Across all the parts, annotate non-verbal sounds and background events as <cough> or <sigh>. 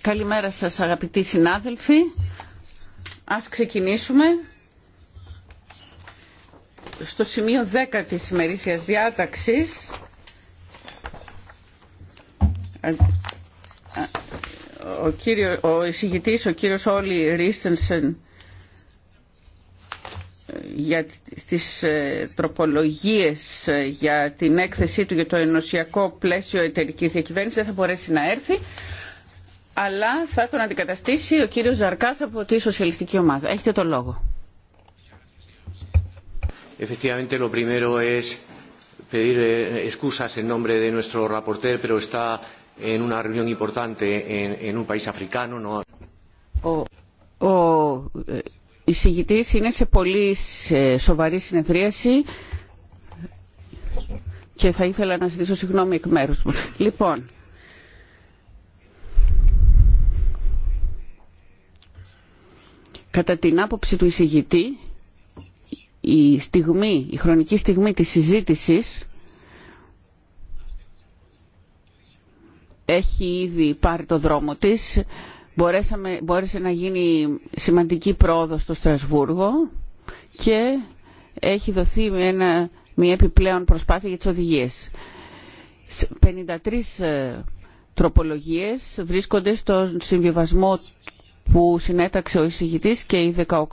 Καλημέρα σας αγαπητοί συνάδελφοι. Ας ξεκινήσουμε. Στο σημείο 10 της ημερήσιας διάταξης ο, κύριο, ο εισηγητής, ο κύριος Όλη Ρίστενσεν για τις ε, τροπολογίες ε, για την έκθεσή του για το ενωσιακό πλαίσιο εταιρική διακυβέρνηση δεν θα μπορέσει να έρθει αλλά θα τον αντικαταστήσει ο κύριος Ζαρκάς από τη Σοσιαλιστική Ομάδα. Έχετε το λόγο. Efectivamente, lo primero es pedir eh, excusas en nombre de nuestro reporter, pero está en una reunión importante en, en un país africano. ¿no? Ο, ο εισηγητής είναι σε πολύ ε, σοβαρή συνεδρίαση και θα ήθελα να ζητήσω συγγνώμη εκ μέρου. μου. Λοιπόν, κατά την άποψη του εισηγητή, η στιγμή, η χρονική στιγμή της συζήτησης έχει ήδη πάρει το δρόμο της μπόρεσε να γίνει σημαντική πρόοδος στο Στρασβούργο και έχει δοθεί μια επιπλέον προσπάθεια για τις οδηγίες. 53 ε, τροπολογίες βρίσκονται στο συμβιβασμό που συνέταξε ο εισηγητής και οι 18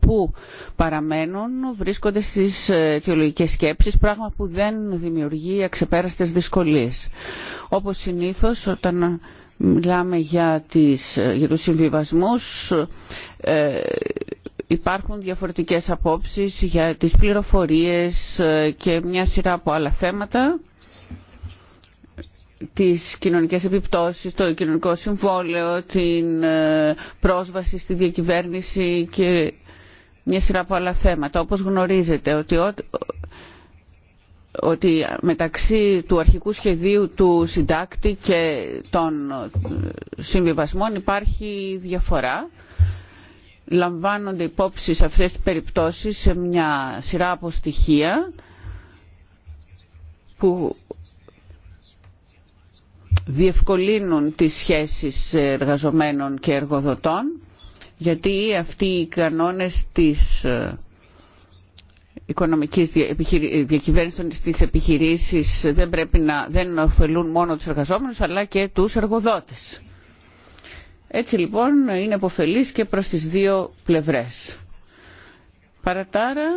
που παραμένουν βρίσκονται στις ε, αιτιολογικές σκέψεις, πράγμα που δεν δημιουργεί αξεπέραστες δυσκολίες. Όπως συνήθως όταν μιλάμε για, τις, για τους συμβιβασμούς ε, υπάρχουν διαφορετικές απόψεις για τις πληροφορίες ε, και μια σειρά από άλλα θέματα τις κοινωνικές επιπτώσεις, το κοινωνικό συμβόλαιο, την ε, πρόσβαση στη διακυβέρνηση και μια σειρά από άλλα θέματα. Όπως γνωρίζετε ότι ότι μεταξύ του αρχικού σχεδίου του συντάκτη και των συμβιβασμών υπάρχει διαφορά. Λαμβάνονται υπόψη σε αυτές τις περιπτώσεις σε μια σειρά από στοιχεία που διευκολύνουν τις σχέσεις εργαζομένων και εργοδοτών γιατί αυτοί οι κανόνες της ε, οικονομικής ε, διακυβέρνησης στις επιχειρήσεις δεν πρέπει να δεν ωφελούν μόνο τους εργαζόμενους αλλά και τους εργοδότες. Έτσι λοιπόν είναι επωφελής και προς τις δύο πλευρές. Παρατάρα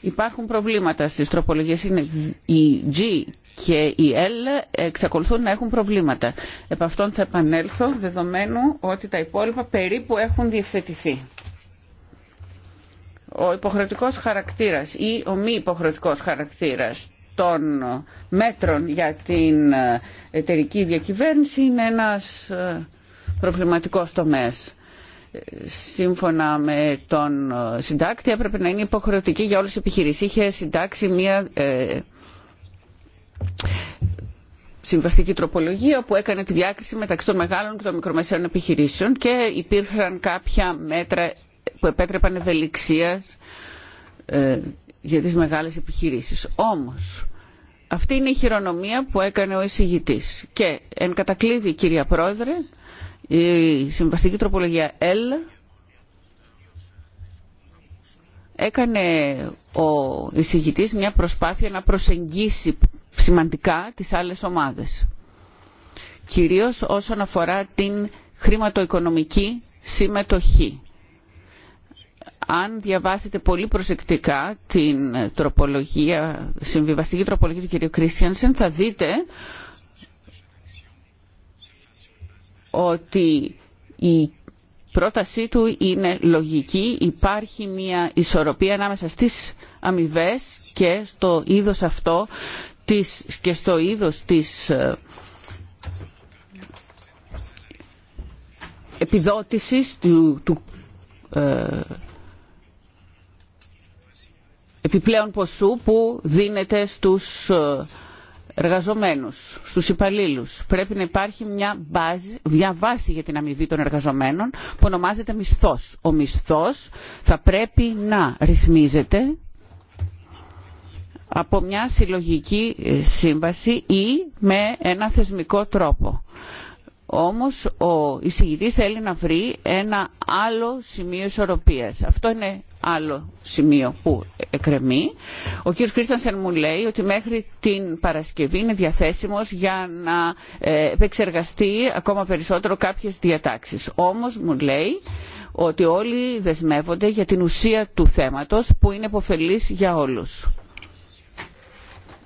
υπάρχουν προβλήματα στις τροπολογίες είναι η G και η L εξακολουθούν να έχουν προβλήματα. Επ' αυτόν θα επανέλθω δεδομένου ότι τα υπόλοιπα περίπου έχουν διευθετηθεί ο υποχρεωτικός χαρακτήρας ή ο μη υποχρεωτικός χαρακτήρας των μέτρων για την εταιρική διακυβέρνηση είναι ένας ε, προβληματικός τομέας. Σύμφωνα με τον ε, συντάκτη έπρεπε να είναι υποχρεωτική για όλες τις επιχειρήσεις. Είχε συντάξει μια ε, συμβαστική τροπολογία που έκανε τη διάκριση μεταξύ των μεγάλων και των μικρομεσαίων επιχειρήσεων και υπήρχαν κάποια μέτρα που επέτρεπαν ευελιξία ε, για τις μεγάλες επιχειρήσεις. Όμως, αυτή είναι η χειρονομία που έκανε ο εισηγητής. Και εν κατακλείδη, κυρία Πρόεδρε, η συμβαστική τροπολογία L έκανε ο εισηγητής μια προσπάθεια να προσεγγίσει σημαντικά τις άλλες ομάδες. Κυρίως όσον αφορά την χρηματοοικονομική συμμετοχή αν διαβάσετε πολύ προσεκτικά την τροπολογία, συμβιβαστική τροπολογία του κ. Κρίστιανσεν, θα δείτε ότι η πρότασή του είναι λογική. Υπάρχει μια ισορροπία ανάμεσα στις αμοιβέ και στο είδος αυτό της, και στο είδος της ε, επιδότησης του, του ε, επιπλέον ποσού που δίνεται στους ε, εργαζομένους, στους υπαλλήλους. Πρέπει να υπάρχει μια, βάση, μια βάση για την αμοιβή των εργαζομένων που ονομάζεται μισθός. Ο μισθός θα πρέπει να ρυθμίζεται από μια συλλογική ε, σύμβαση ή με ένα θεσμικό τρόπο. Όμως ο εισηγητής θέλει να βρει ένα άλλο σημείο ισορροπίας. Αυτό είναι άλλο σημείο που εκρεμεί. Ο κ. Κρίστανσεν μου λέει ότι μέχρι την Παρασκευή είναι διαθέσιμος για να ε, επεξεργαστεί ακόμα περισσότερο κάποιες διατάξεις. Όμως μου λέει ότι όλοι δεσμεύονται για την ουσία του θέματος που είναι υποφελής για όλους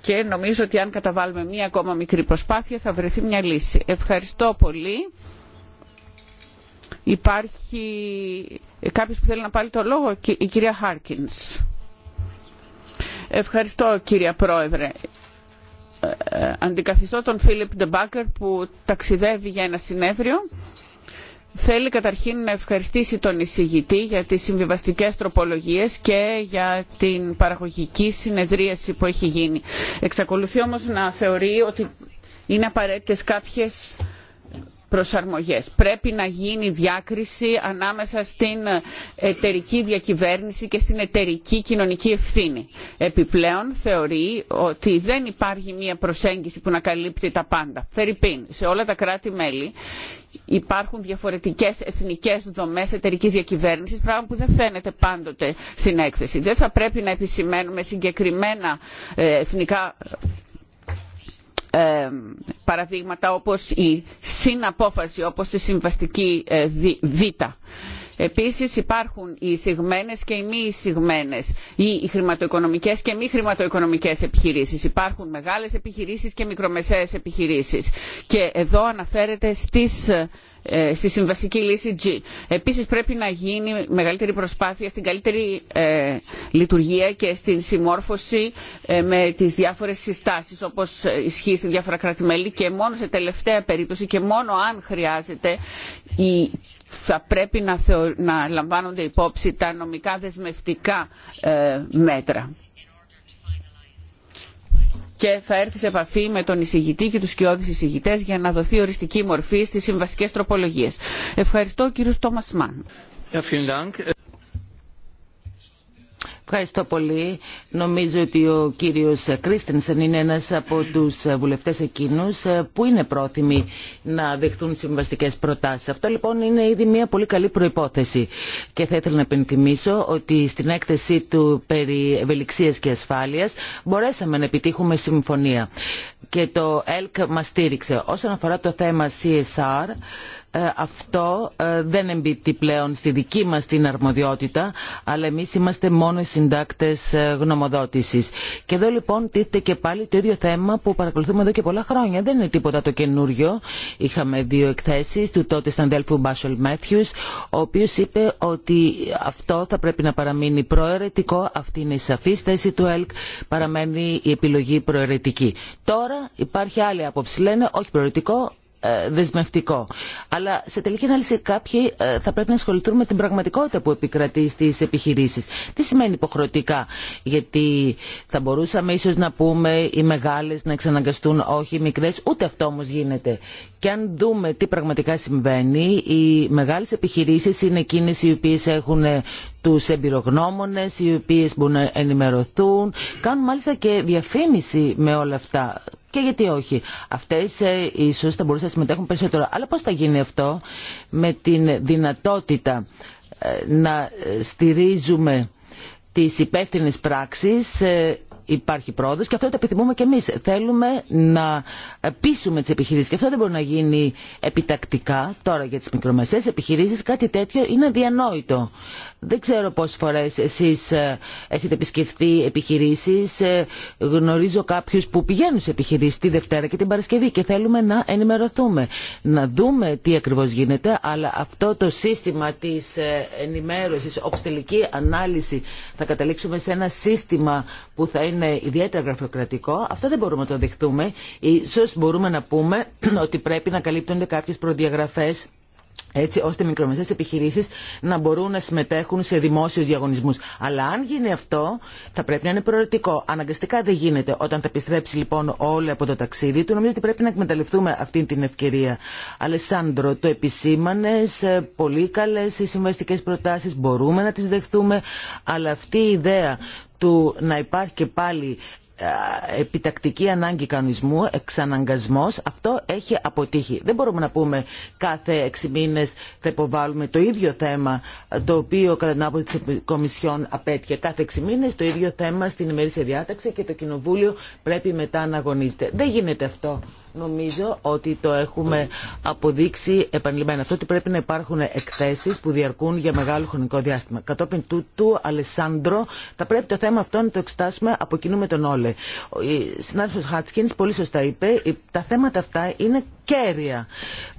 και νομίζω ότι αν καταβάλουμε μία ακόμα μικρή προσπάθεια θα βρεθεί μια λύση. Ευχαριστώ πολύ. Υπάρχει κάποιος που θέλει να πάρει το λόγο, η κυρία Χάρκινς. Ευχαριστώ κυρία Πρόεδρε. Ε, ε, αντικαθιστώ τον Φίλιπ Ντεμπάκερ που ταξιδεύει για ένα συνέδριο θέλει καταρχήν να ευχαριστήσει τον εισηγητή για τις συμβιβαστικές τροπολογίες και για την παραγωγική συνεδρίαση που έχει γίνει. Εξακολουθεί όμως να θεωρεί ότι είναι απαραίτητες κάποιες προσαρμογές. Πρέπει να γίνει διάκριση ανάμεσα στην εταιρική διακυβέρνηση και στην εταιρική κοινωνική ευθύνη. Επιπλέον θεωρεί ότι δεν υπάρχει μία προσέγγιση που να καλύπτει τα πάντα. Φερρυπίν, σε όλα τα κράτη-μέλη υπάρχουν διαφορετικές εθνικές δομές εταιρικής διακυβέρνησης, πράγμα που δεν φαίνεται πάντοτε στην έκθεση. Δεν θα πρέπει να επισημαίνουμε συγκεκριμένα ε, εθνικά ε, παραδείγματα όπως η συναπόφαση, όπως τη συμβαστική δίτα. Ε, Επίσης υπάρχουν οι εισηγμένες και οι μη εισηγμένες οι χρηματοοικονομικές και μη χρηματοοικονομικές επιχειρήσεις. Υπάρχουν μεγάλες επιχειρήσεις και μικρομεσαίες επιχειρήσεις. Και εδώ αναφέρεται ε, στη συμβαστική λύση G. Επίσης πρέπει να γίνει μεγαλύτερη προσπάθεια στην καλύτερη ε, λειτουργία και στην συμμόρφωση ε, με τις διάφορες συστάσεις όπως ισχύει στη διάφορα κράτη-μέλη και μόνο σε τελευταία περίπτωση και μόνο αν χρειάζεται η θα πρέπει να, λαμβάνονται υπόψη τα νομικά δεσμευτικά ε, μέτρα. Και θα έρθει σε επαφή με τον εισηγητή και τους σκιώδεις εισηγητές για να δοθεί οριστική μορφή στις συμβαστικές τροπολογίες. Ευχαριστώ κύριο Τόμας Μάν. Ευχαριστώ πολύ. Νομίζω ότι ο κύριος Κρίστενσεν είναι ένας από τους βουλευτές εκείνους ε, που είναι πρόθυμοι να δεχθούν συμβαστικές προτάσεις. Αυτό λοιπόν είναι ήδη μια πολύ καλή προϋπόθεση. Και θα ήθελα να επενθυμίσω ότι στην έκθεσή του περί και ασφάλειας μπορέσαμε να επιτύχουμε συμφωνία. Και το ΕΛΚ μας στήριξε. Όσον αφορά το θέμα CSR, ε, αυτό ε, δεν εμπίπτει πλέον στη δική μας την αρμοδιότητα, αλλά εμείς είμαστε μόνο οι συντάκτες ε, γνωμοδότησης. Και εδώ λοιπόν τίθεται και πάλι το ίδιο θέμα που παρακολουθούμε εδώ και πολλά χρόνια. Δεν είναι τίποτα το καινούριο. Είχαμε δύο εκθέσεις του τότε συναδέλφου Μπάσολ Μέθιους, ο οποίος είπε ότι αυτό θα πρέπει να παραμείνει προαιρετικό, αυτή είναι η σαφή θέση του ΕΛΚ, παραμένει η επιλογή προαιρετική. Τώρα υπάρχει άλλη άποψη. Λένε όχι προαιρετικό, ε, δεσμευτικό. Αλλά σε τελική ανάλυση κάποιοι ε, θα πρέπει να ασχοληθούν με την πραγματικότητα που επικρατεί στις επιχειρήσεις. Τι σημαίνει υποχρεωτικά, γιατί θα μπορούσαμε ίσως να πούμε οι μεγάλες να εξαναγκαστούν όχι οι μικρές, ούτε αυτό όμως γίνεται. Και αν δούμε τι πραγματικά συμβαίνει, οι μεγάλες επιχειρήσεις είναι εκείνες οι οποίες έχουν του εμπειρογνώμονες οι οποίες μπορούν να ενημερωθούν. Κάνουν μάλιστα και διαφήμιση με όλα αυτά. Και γιατί όχι. Αυτές ε, ίσως θα μπορούσαν να συμμετέχουν περισσότερο. Αλλά πώς θα γίνει αυτό με την δυνατότητα ε, να στηρίζουμε τις υπεύθυνε πράξεις ε, υπάρχει πρόοδο και αυτό το επιθυμούμε και εμεί. Θέλουμε να πείσουμε τι επιχειρήσει και αυτό δεν μπορεί να γίνει επιτακτικά τώρα για τι μικρομεσαίε επιχειρήσει. Κάτι τέτοιο είναι αδιανόητο. Δεν ξέρω πόσες φορές εσείς ε, έχετε επισκεφτεί επιχειρήσεις. Ε, γνωρίζω κάποιους που πηγαίνουν σε επιχειρήσεις τη Δευτέρα και την Παρασκευή και θέλουμε να ενημερωθούμε. Να δούμε τι ακριβώς γίνεται, αλλά αυτό το σύστημα της ε, ενημέρωσης, όπω ανάλυση θα καταλήξουμε σε ένα σύστημα που θα είναι ιδιαίτερα γραφειοκρατικό, αυτό δεν μπορούμε να το δεχτούμε. Ίσως μπορούμε να πούμε <clears throat> ότι πρέπει να καλύπτονται κάποιες προδιαγραφές έτσι ώστε μικρομεσαίες επιχειρήσεις να μπορούν να συμμετέχουν σε δημόσιους διαγωνισμούς. Αλλά αν γίνει αυτό θα πρέπει να είναι προαιρετικό. Αναγκαστικά δεν γίνεται. Όταν θα επιστρέψει λοιπόν όλοι από το ταξίδι του, νομίζω ότι πρέπει να εκμεταλλευτούμε αυτή την ευκαιρία. Αλεσάνδρο, το επισήμανε ε, πολύ καλέ οι συμβαστικές προτάσεις, μπορούμε να τις δεχθούμε, αλλά αυτή η ιδέα του να υπάρχει και πάλι ε, επιτακτική ανάγκη κανονισμού, εξαναγκασμός, αυτό έχει αποτύχει. Δεν μπορούμε να πούμε κάθε έξι μήνες θα υποβάλουμε το ίδιο θέμα το οποίο κατά την άποψη της Κομισιόν απέτυχε. Κάθε έξι μήνες το ίδιο θέμα στην ημερήσια διάταξη και το Κοινοβούλιο πρέπει μετά να αγωνίζεται. Δεν γίνεται αυτό Νομίζω ότι το έχουμε αποδείξει επανειλημμένα. Αυτό ότι πρέπει να υπάρχουν εκθέσει που διαρκούν για μεγάλο χρονικό διάστημα. Κατόπιν τούτου, Αλεσάνδρο, θα πρέπει το θέμα αυτό να το εξετάσουμε από κοινού με τον Όλε. Ο συνάδελφο Χάτσκιν πολύ σωστά είπε, τα θέματα αυτά είναι κέρια.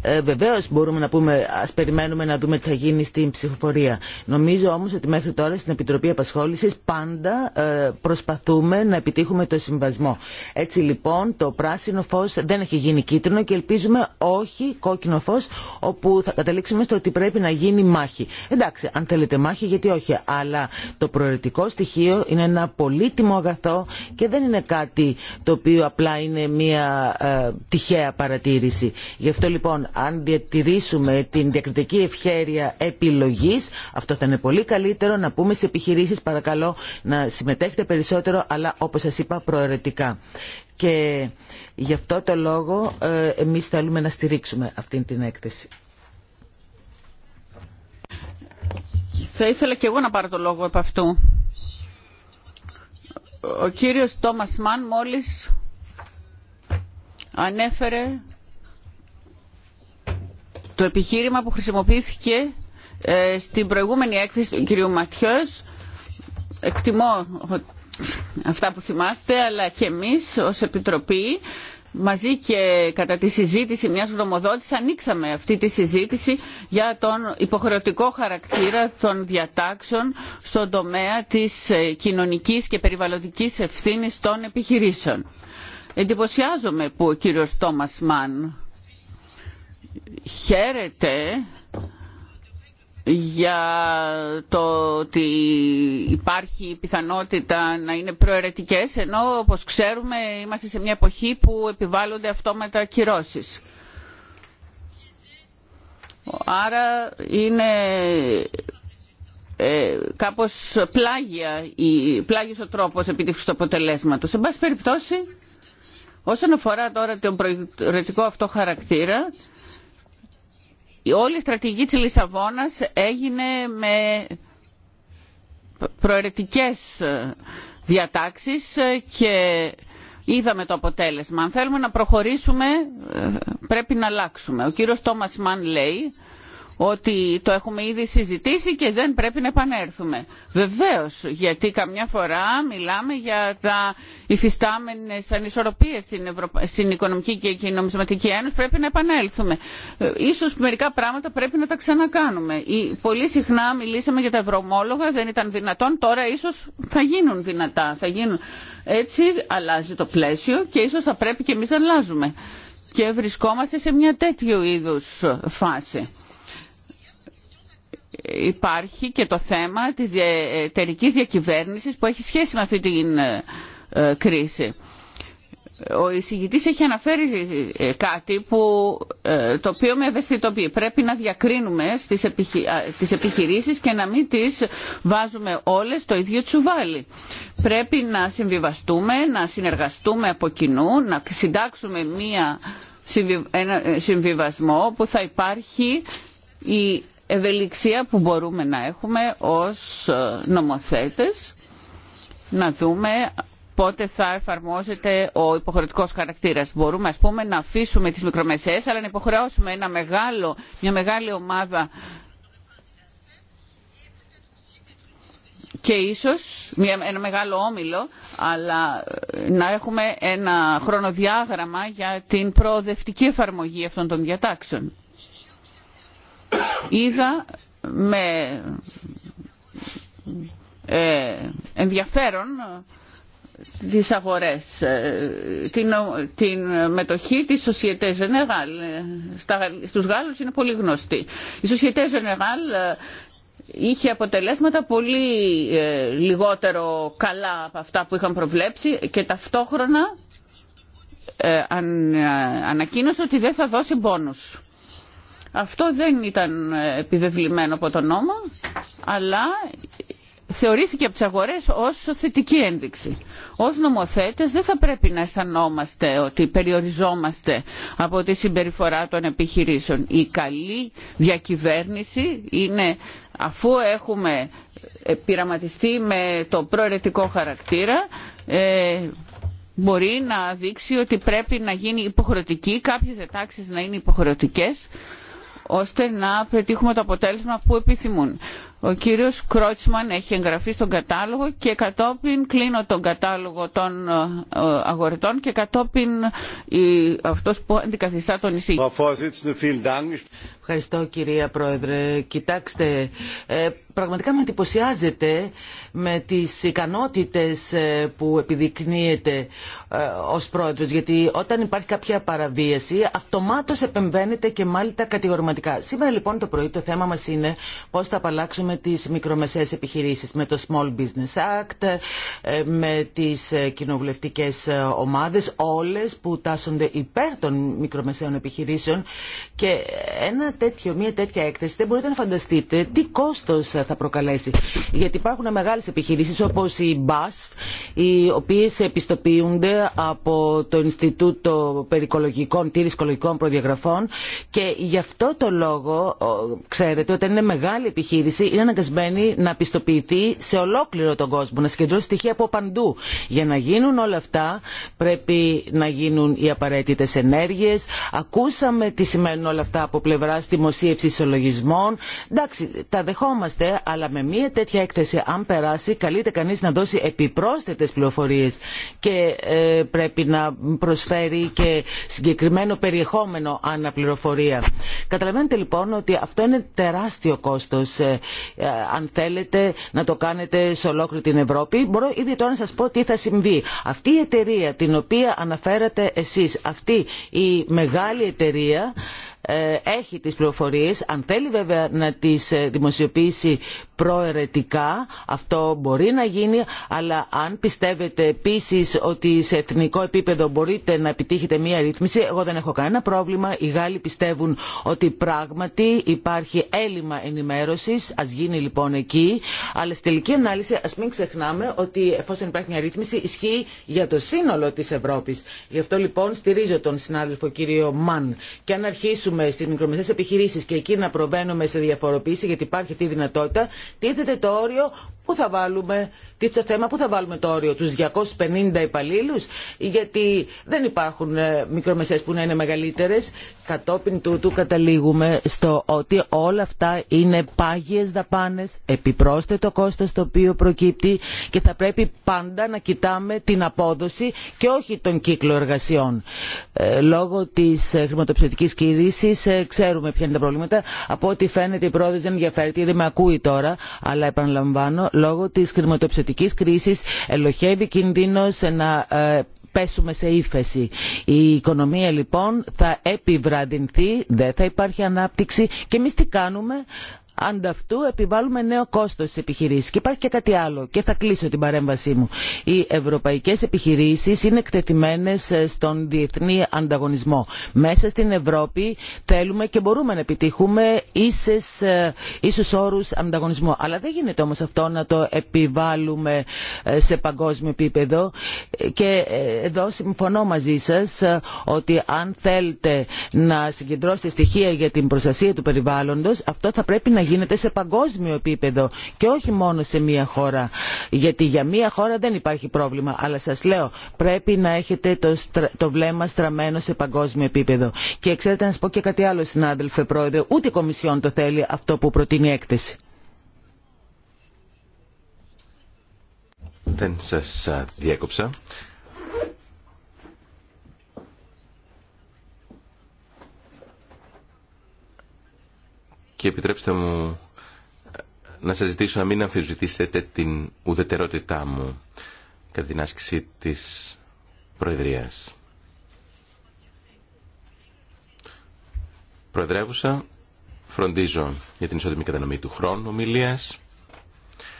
Ε, Βεβαίω μπορούμε να πούμε α περιμένουμε να δούμε τι θα γίνει στην ψηφοφορία. Νομίζω όμω ότι μέχρι τώρα στην Επιτροπή Απασχόληση πάντα ε, προσπαθούμε να επιτύχουμε το συμβασμό. Έτσι λοιπόν το πράσινο φω δεν έχει γίνει κίτρινο και ελπίζουμε όχι κόκκινο φω όπου θα καταλήξουμε στο ότι πρέπει να γίνει μάχη. Εντάξει, αν θέλετε μάχη γιατί όχι. Αλλά το προαιρετικό στοιχείο είναι ένα πολύτιμο αγαθό και δεν είναι κάτι το οποίο απλά είναι μια ε, τυχαία παρατήρηση. Γι' αυτό λοιπόν αν διατηρήσουμε την διακριτική ευχέρεια επιλογής, αυτό θα είναι πολύ καλύτερο να πούμε σε επιχειρήσει. παρακαλώ να συμμετέχετε περισσότερο αλλά όπως σα είπα προαιρετικά. Και γι' αυτό το λόγο ε, εμείς θέλουμε να στηρίξουμε αυτή την έκθεση. Θα ήθελα και εγώ να πάρω το λόγο επ' αυτού. Ο κύριος Τόμας Μαν μόλις ανέφερε το επιχείρημα που χρησιμοποιήθηκε ε, στην προηγούμενη έκθεση του κυρίου Ματιός εκτιμώ αυτά που θυμάστε αλλά και εμείς ως Επιτροπή μαζί και κατά τη συζήτηση μιας γνωμοδότης ανοίξαμε αυτή τη συζήτηση για τον υποχρεωτικό χαρακτήρα των διατάξεων στον τομέα της ε, κοινωνικής και περιβαλλοντικής ευθύνης των επιχειρήσεων. Εντυπωσιάζομαι που ο κύριος Τόμας Μαν χαίρεται για το ότι υπάρχει πιθανότητα να είναι προαιρετικές ενώ όπως ξέρουμε είμαστε σε μια εποχή που επιβάλλονται αυτόματα κυρώσεις. Άρα είναι ε, κάπως πλάγια, η, πλάγιος ο τρόπος επίτευξης του αποτελέσματος. Σε πάση περιπτώσει, όσον αφορά τώρα τον προαιρετικό αυτό χαρακτήρα, όλη η στρατηγική της Λισαβόνας έγινε με προαιρετικές διατάξεις και είδαμε το αποτέλεσμα. Αν θέλουμε να προχωρήσουμε ε, πρέπει να αλλάξουμε. Ο κύριος Τόμας Μαν λέει ότι το έχουμε ήδη συζητήσει και δεν πρέπει να επανέλθουμε. Βεβαίως, γιατί καμιά φορά μιλάμε για τα υφιστάμενες ανισορροπίες στην, Ευρω... στην Οικονομική και Νομισματική Ένωση, πρέπει να επανέλθουμε. Ε, ίσως μερικά πράγματα πρέπει να τα ξανακάνουμε. Πολύ συχνά μιλήσαμε για τα ευρωομόλογα, δεν ήταν δυνατόν, τώρα ίσως θα γίνουν δυνατά. Θα Έτσι αλλάζει το πλαίσιο και ίσως θα πρέπει και εμείς να αλλάζουμε. Και βρισκόμαστε σε μια τέτοιου είδους φάση υπάρχει και το θέμα της εταιρικής διακυβέρνησης που έχει σχέση με αυτή την ε, ε, κρίση. Ο εισηγητής έχει αναφέρει ε, κάτι που, το οποίο με ευαισθητοποιεί. Πρέπει να διακρίνουμε στις επιχειρήσεις και να μην τις βάζουμε όλες το ίδιο τσουβάλι. Πρέπει να συμβιβαστούμε, να συνεργαστούμε από κοινού, να συντάξουμε μία, ένα συμβιβασμό που θα υπάρχει ευελιξία που μπορούμε να έχουμε ως ε, νομοθέτες να δούμε πότε θα εφαρμόζεται ο υποχρεωτικός χαρακτήρας. Μπορούμε ας πούμε να αφήσουμε τις μικρομεσαίες αλλά να υποχρεώσουμε ένα μεγάλο, μια μεγάλη ομάδα και ίσως ένα μεγάλο όμιλο, αλλά ε, να έχουμε ένα χρονοδιάγραμμα για την προοδευτική εφαρμογή αυτών των διατάξεων είδα με ε, ενδιαφέρον τις αγορές, ε, την, την μετοχή της Société Générale. Στα, στους Γάλλους είναι πολύ γνωστή. Η Société Générale ε, είχε αποτελέσματα πολύ λιγότερο καλά από αυτά που είχαν προβλέψει και ταυτόχρονα ανακοίνωσε ότι δεν θα δώσει μπόνους. Αυτό δεν ήταν επιβεβλημένο από τον νόμο, αλλά θεωρήθηκε από τις αγορές ως θετική ένδειξη. Ως νομοθέτες δεν θα πρέπει να αισθανόμαστε ότι περιοριζόμαστε από τη συμπεριφορά των επιχειρήσεων. Η καλή διακυβέρνηση είναι αφού έχουμε πειραματιστεί με το προαιρετικό χαρακτήρα ε, μπορεί να δείξει ότι πρέπει να γίνει υποχρεωτική, κάποιες διατάξεις να είναι υποχρεωτικές ώστε να πετύχουμε το αποτέλεσμα που επιθυμούν. Ο κύριος Κρότσμαν έχει εγγραφεί στον κατάλογο και κατόπιν κλείνω τον κατάλογο των ε, αγορετών και κατόπιν ε, αυτός που αντικαθιστά τον νησί. Ευχαριστώ κυρία Πρόεδρε. Κοιτάξτε, ε, πραγματικά με εντυπωσιάζεται με τις ικανότητες ε, που επιδεικνύεται ε, ως πρόεδρος γιατί όταν υπάρχει κάποια παραβίαση αυτομάτως επεμβαίνεται και μάλιστα κατηγορηματικά. Σήμερα λοιπόν το πρωί το θέμα μας είναι πώς θα απαλλάξουμε τις μικρομεσαίες επιχειρήσεις με το Small Business Act, ε, με τις κοινοβουλευτικές ομάδες όλες που τάσσονται υπέρ των μικρομεσαίων επιχειρήσεων και ένα τέτοιο, μια τέτοια έκθεση δεν μπορείτε να φανταστείτε τι κόστος θα προκαλέσει. Γιατί υπάρχουν μεγάλε επιχειρήσει όπω η BASF, οι οποίε επιστοποιούνται από το Ινστιτούτο Περικολογικών Τήρη Κολογικών Προδιαγραφών και γι' αυτό το λόγο, ξέρετε, όταν είναι μεγάλη επιχείρηση, είναι αναγκασμένη να πιστοποιηθεί σε ολόκληρο τον κόσμο, να συγκεντρώσει στοιχεία από παντού. Για να γίνουν όλα αυτά, πρέπει να γίνουν οι απαραίτητε ενέργειε. Ακούσαμε τι σημαίνουν όλα αυτά από πλευρά δημοσίευση ισολογισμών. Εντάξει, τα δεχόμαστε, αλλά με μια τέτοια έκθεση, αν περάσει, καλείται κανείς να δώσει επιπρόσθετες πληροφορίες και ε, πρέπει να προσφέρει και συγκεκριμένο περιεχόμενο αναπληροφορία. Καταλαβαίνετε λοιπόν ότι αυτό είναι τεράστιο κόστος. Ε, ε, αν θέλετε να το κάνετε σε ολόκληρη την Ευρώπη, μπορώ ήδη τώρα να σας πω τι θα συμβεί. Αυτή η εταιρεία την οποία αναφέρατε εσείς, αυτή η μεγάλη εταιρεία, ε, έχει τις πληροφορίες, αν θέλει βέβαια να τις ε, δημοσιοποιήσει προαιρετικά, αυτό μπορεί να γίνει, αλλά αν πιστεύετε επίσης ότι σε εθνικό επίπεδο μπορείτε να επιτύχετε μία ρύθμιση, εγώ δεν έχω κανένα πρόβλημα, οι Γάλλοι πιστεύουν ότι πράγματι υπάρχει έλλειμμα ενημέρωσης, ας γίνει λοιπόν εκεί, αλλά στη τελική ανάλυση ας μην ξεχνάμε ότι εφόσον υπάρχει μια ρύθμιση ισχύει για το σύνολο της Ευρώπης. Γι' αυτό λοιπόν στηρίζω τον συνάδελφο κύριο Μαν και αν αρχίσουμε στηρίξουμε στι επιχειρήσει επιχειρήσεις και εκεί να προβαίνουμε σε διαφοροποίηση γιατί υπάρχει αυτή η δυνατότητα, τίθεται το όριο Πού θα βάλουμε, τι το θέμα, πού θα βάλουμε το όριο, τους 250 υπαλλήλους, γιατί δεν υπάρχουν ε, μικρομεσαίες που να είναι μεγαλύτερες. Κατόπιν τούτου καταλήγουμε στο ότι όλα αυτά είναι πάγιες δαπάνες, επιπρόσθετο κόστος το οποίο προκύπτει και θα πρέπει πάντα να κοιτάμε την απόδοση και όχι τον κύκλο εργασιών. Ε, λόγω της ε, χρηματοπιστωτικής κρίση ξέρουμε ποια είναι τα προβλήματα. Από ό,τι φαίνεται η πρόοδος δεν ενδιαφέρει, δεν με ακούει τώρα, αλλά επαναλαμβάνω λόγω της χρηματοψητικής κρίσης ελοχεύει κινδύνος να ε, πέσουμε σε ύφεση. Η οικονομία λοιπόν θα επιβραδυνθεί, δεν θα υπάρχει ανάπτυξη και εμεί τι κάνουμε, ανταυτού επιβάλλουμε νέο κόστο στι επιχειρήσει. Και υπάρχει και κάτι άλλο και θα κλείσω την παρέμβασή μου. Οι ευρωπαϊκέ επιχειρήσει είναι εκτεθειμένε ε, στον διεθνή ανταγωνισμό. Μέσα στην Ευρώπη θέλουμε και μπορούμε να επιτύχουμε ε, ίσου όρου ανταγωνισμού. Αλλά δεν γίνεται όμω αυτό να το επιβάλλουμε ε, σε παγκόσμιο επίπεδο και εδώ συμφωνώ μαζί σα ότι αν θέλετε να συγκεντρώσετε στοιχεία για την προστασία του περιβάλλοντο, αυτό θα πρέπει να γίνεται σε παγκόσμιο επίπεδο και όχι μόνο σε μία χώρα. Γιατί για μία χώρα δεν υπάρχει πρόβλημα. Αλλά σας λέω, πρέπει να έχετε το, το βλέμμα στραμμένο σε παγκόσμιο επίπεδο. Και ξέρετε να σας πω και κάτι άλλο συνάδελφε πρόεδρε, ούτε η Κομισιόν το θέλει αυτό που προτείνει η έκθεση. Δεν σας διέκοψα. και επιτρέψτε μου να σας ζητήσω να μην αμφισβητήσετε την ουδετερότητά μου κατά την άσκηση της Προεδρίας. Προεδρεύουσα, φροντίζω για την ισότιμη κατανομή του χρόνου ομιλίας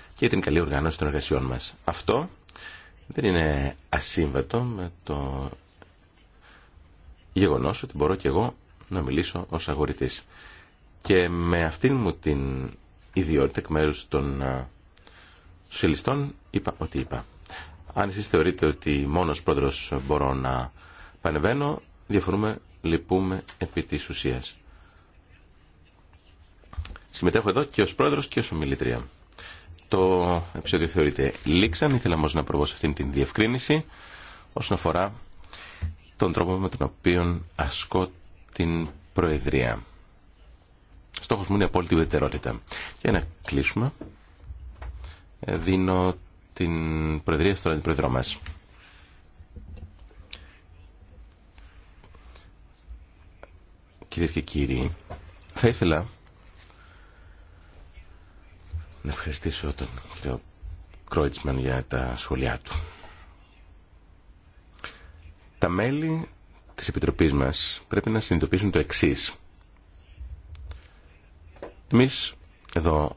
και για την καλή οργάνωση των εργασιών μας. Αυτό δεν είναι ασύμβατο με το γεγονός ότι μπορώ και εγώ να μιλήσω ως αγορητής και με αυτήν μου την ιδιότητα εκ μέρους των σοσιαλιστών είπα ότι είπα. Αν εσείς θεωρείτε ότι μόνος πρόεδρος μπορώ να πανεβαίνω, διαφορούμε, λυπούμε επί της ουσίας. Συμμετέχω εδώ και ως πρόεδρος και ως ομιλητρία. Το επεισόδιο θεωρείται λήξαν, ήθελα όμως να προβώ σε αυτήν την διευκρίνηση όσον αφορά τον τρόπο με τον οποίο ασκώ την Προεδρία. Στόχο μου είναι η απόλυτη ουδετερότητα. Για να κλείσουμε, ε, δίνω την Προεδρία στον Αντιπρόεδρό μας. Κυρίε και κύριοι, θα ήθελα να ευχαριστήσω τον κύριο Κρόιτσμαν για τα σχόλιά του. Τα μέλη της Επιτροπής μας πρέπει να συνειδητοποιήσουν το εξής. Εμεί εδώ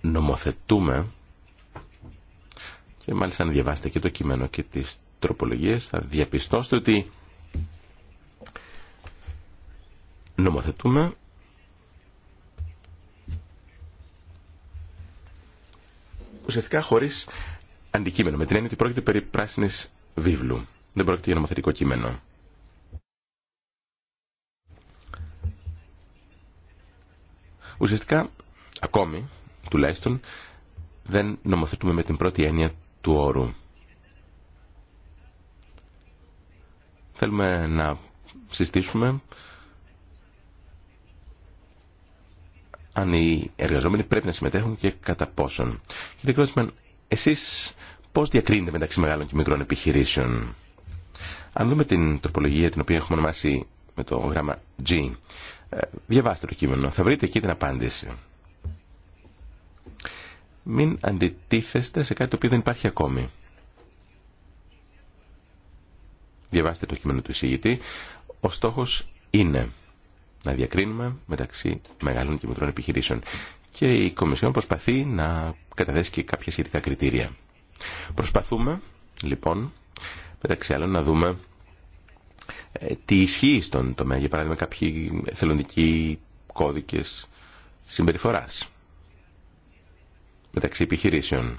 νομοθετούμε και μάλιστα αν διαβάσετε και το κείμενο και τις τροπολογίες θα διαπιστώσετε ότι νομοθετούμε ουσιαστικά χωρίς αντικείμενο με την έννοια ότι πρόκειται περί πράσινης βίβλου δεν πρόκειται για νομοθετικό κείμενο Ουσιαστικά, ακόμη, τουλάχιστον, δεν νομοθετούμε με την πρώτη έννοια του όρου. Θέλουμε να συστήσουμε αν οι εργαζόμενοι πρέπει να συμμετέχουν και κατά πόσον. Κύριε Κρότσμαν, εσείς πώς διακρίνετε μεταξύ μεγάλων και μικρών επιχειρήσεων. Αν δούμε την τροπολογία την οποία έχουμε ονομάσει με το γράμμα G, διαβάστε το κείμενο. Θα βρείτε εκεί την απάντηση. Μην αντιτίθεστε σε κάτι το οποίο δεν υπάρχει ακόμη. Διαβάστε το κείμενο του εισηγητή. Ο στόχος είναι να διακρίνουμε μεταξύ μεγάλων και μικρών επιχειρήσεων. Και η Κομισιόν προσπαθεί να καταθέσει και κάποια σχετικά κριτήρια. Προσπαθούμε, λοιπόν, μεταξύ άλλων να δούμε ε, τι ισχύει στον τομέα. Για παράδειγμα, κάποιοι θελοντικοί κώδικες συμπεριφοράς μεταξύ επιχειρήσεων.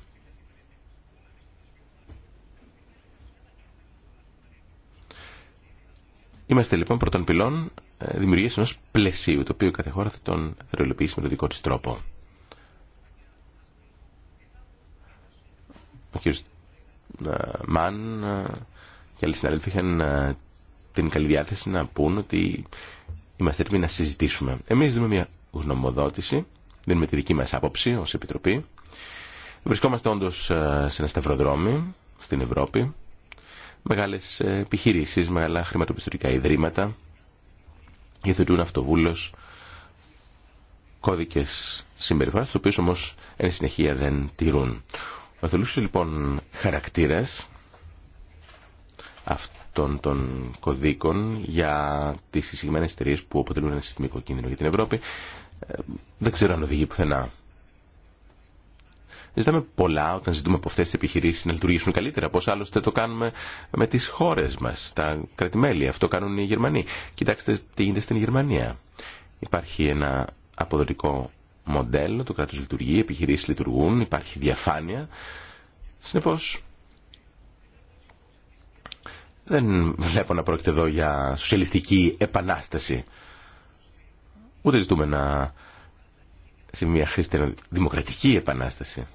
Είμαστε λοιπόν πρώτον πυλών ε, δημιουργίας ενός πλαισίου, το οποίο κάθε χώρα θα τον θεωρηλοποιήσει με τον δικό της τρόπο. Ο κ. Ε, Μαν και άλλοι συνάδελφοι είχαν την καλή διάθεση να πούν ότι είμαστε έτοιμοι να συζητήσουμε. Εμείς δίνουμε μια γνωμοδότηση, δίνουμε τη δική μας άποψη ως Επιτροπή. Βρισκόμαστε όντως ε, σε ένα σταυροδρόμι στην Ευρώπη. Μεγάλες ε, επιχειρήσεις, μεγάλα χρηματοπιστωτικά ιδρύματα υιοθετούν αυτοβούλως κώδικες συμπεριφοράς, τους οποίους όμως εν συνεχεία δεν τηρούν. Ο εθελούσιος λοιπόν χαρακτήρας αυτών των κωδίκων για τι συγκεκριμένε εταιρείε που αποτελούν ένα συστημικό κίνδυνο για την Ευρώπη ε, δεν ξέρω αν οδηγεί πουθενά. Ζητάμε πολλά όταν ζητούμε από αυτέ τι επιχειρήσει να λειτουργήσουν καλύτερα. Πώ άλλωστε το κάνουμε με τι χώρε μα, τα κρατημέλη. Αυτό κάνουν οι Γερμανοί. Κοιτάξτε τι γίνεται στην Γερμανία. Υπάρχει ένα αποδοτικό μοντέλο, το κράτο λειτουργεί, οι επιχειρήσεις λειτουργούν, υπάρχει διαφάνεια. Συνεπώ. Δεν βλέπω να πρόκειται εδώ για σοσιαλιστική επανάσταση. Ούτε ζητούμε να σε μια δημοκρατική επανάσταση.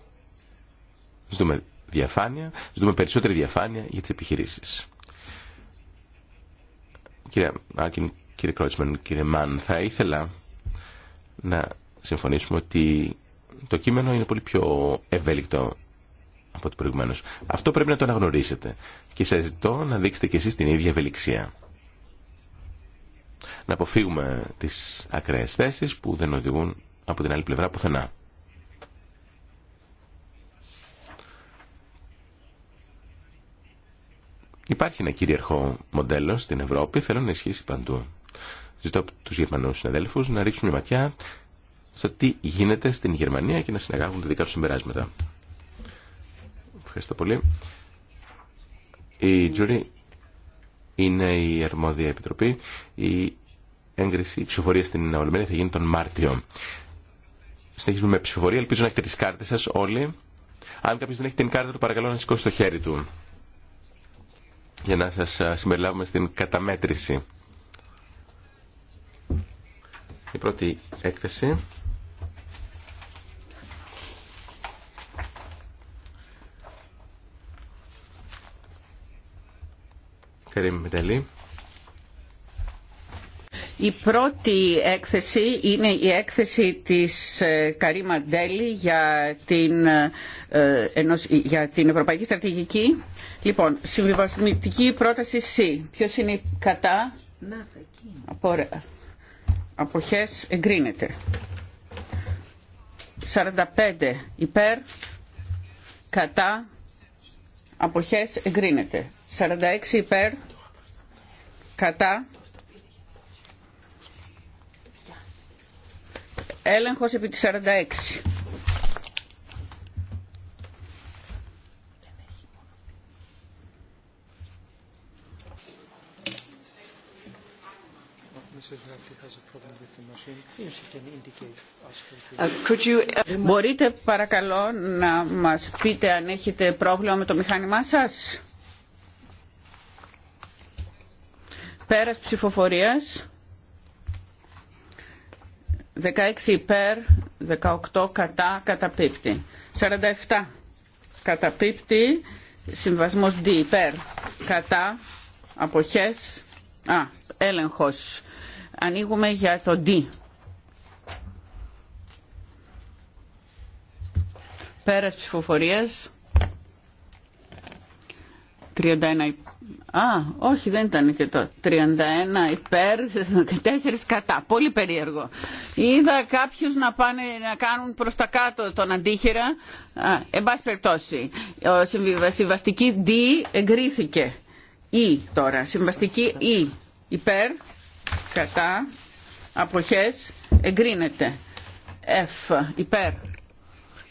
Ζητούμε διαφάνεια, ζητούμε περισσότερη διαφάνεια για τις επιχειρήσεις. Κύριε Άρκιν, κύριε Κρότσμαν, κύριε Μαν, θα ήθελα να συμφωνήσουμε ότι το κείμενο είναι πολύ πιο ευέλικτο αυτό πρέπει να το αναγνωρίσετε. Και σα ζητώ να δείξετε κι εσείς την ίδια ευελιξία. Να αποφύγουμε τι ακραίε θέσει που δεν οδηγούν από την άλλη πλευρά πουθενά. Υπάρχει ένα κυρίαρχο μοντέλο στην Ευρώπη, θέλω να ισχύσει παντού. Ζητώ από του Γερμανού συναδέλφου να ρίξουν μια ματιά στο τι γίνεται στην Γερμανία και να συναγράφουν τα δικά του συμπεράσματα. Ευχαριστώ πολύ. Η Τζούρι είναι η αρμόδια επιτροπή. Η έγκριση, η ψηφοφορία στην Ολυμένη θα γίνει τον Μάρτιο. Συνεχίζουμε με ψηφοφορία. Ελπίζω να έχετε τι κάρτε σα όλοι. Αν κάποιο δεν έχει την κάρτα του, παρακαλώ να σηκώσει το χέρι του. Για να σα συμπεριλάβουμε στην καταμέτρηση. Η πρώτη έκθεση. Η πρώτη έκθεση είναι η έκθεση της ε, Καρίμα Μαντέλη για την, ε, την Ευρωπαϊκή Στρατηγική. Λοιπόν, συμβιβασμητική πρόταση C. Ποιος είναι κατά? Να, Αποχές εγκρίνεται. 45 υπέρ, κατά, αποχές εγκρίνεται. 46 υπέρ κατά έλεγχος επί της 46 Μπορείτε παρακαλώ να μας πείτε αν έχετε πρόβλημα με το μηχάνημά σας. Πέρας ψηφοφορίας. 16 υπέρ, 18 κατά, καταπίπτει. 47 καταπίπτει, συμβασμός D υπέρ, κατά, αποχές, α, έλεγχος. Ανοίγουμε για το D. Πέρας ψηφοφορίας. 31 Α, όχι, δεν ήταν και το 31 υπέρ, 4 κατά. Πολύ περίεργο. Είδα κάποιους να πάνε να κάνουν προς τα κάτω τον αντίχειρα. Α, εν συμβαστική D εγκρίθηκε. Ή e τώρα, συμβαστική Ή. E, υπέρ, κατά, αποχές, εγκρίνεται. F, υπέρ,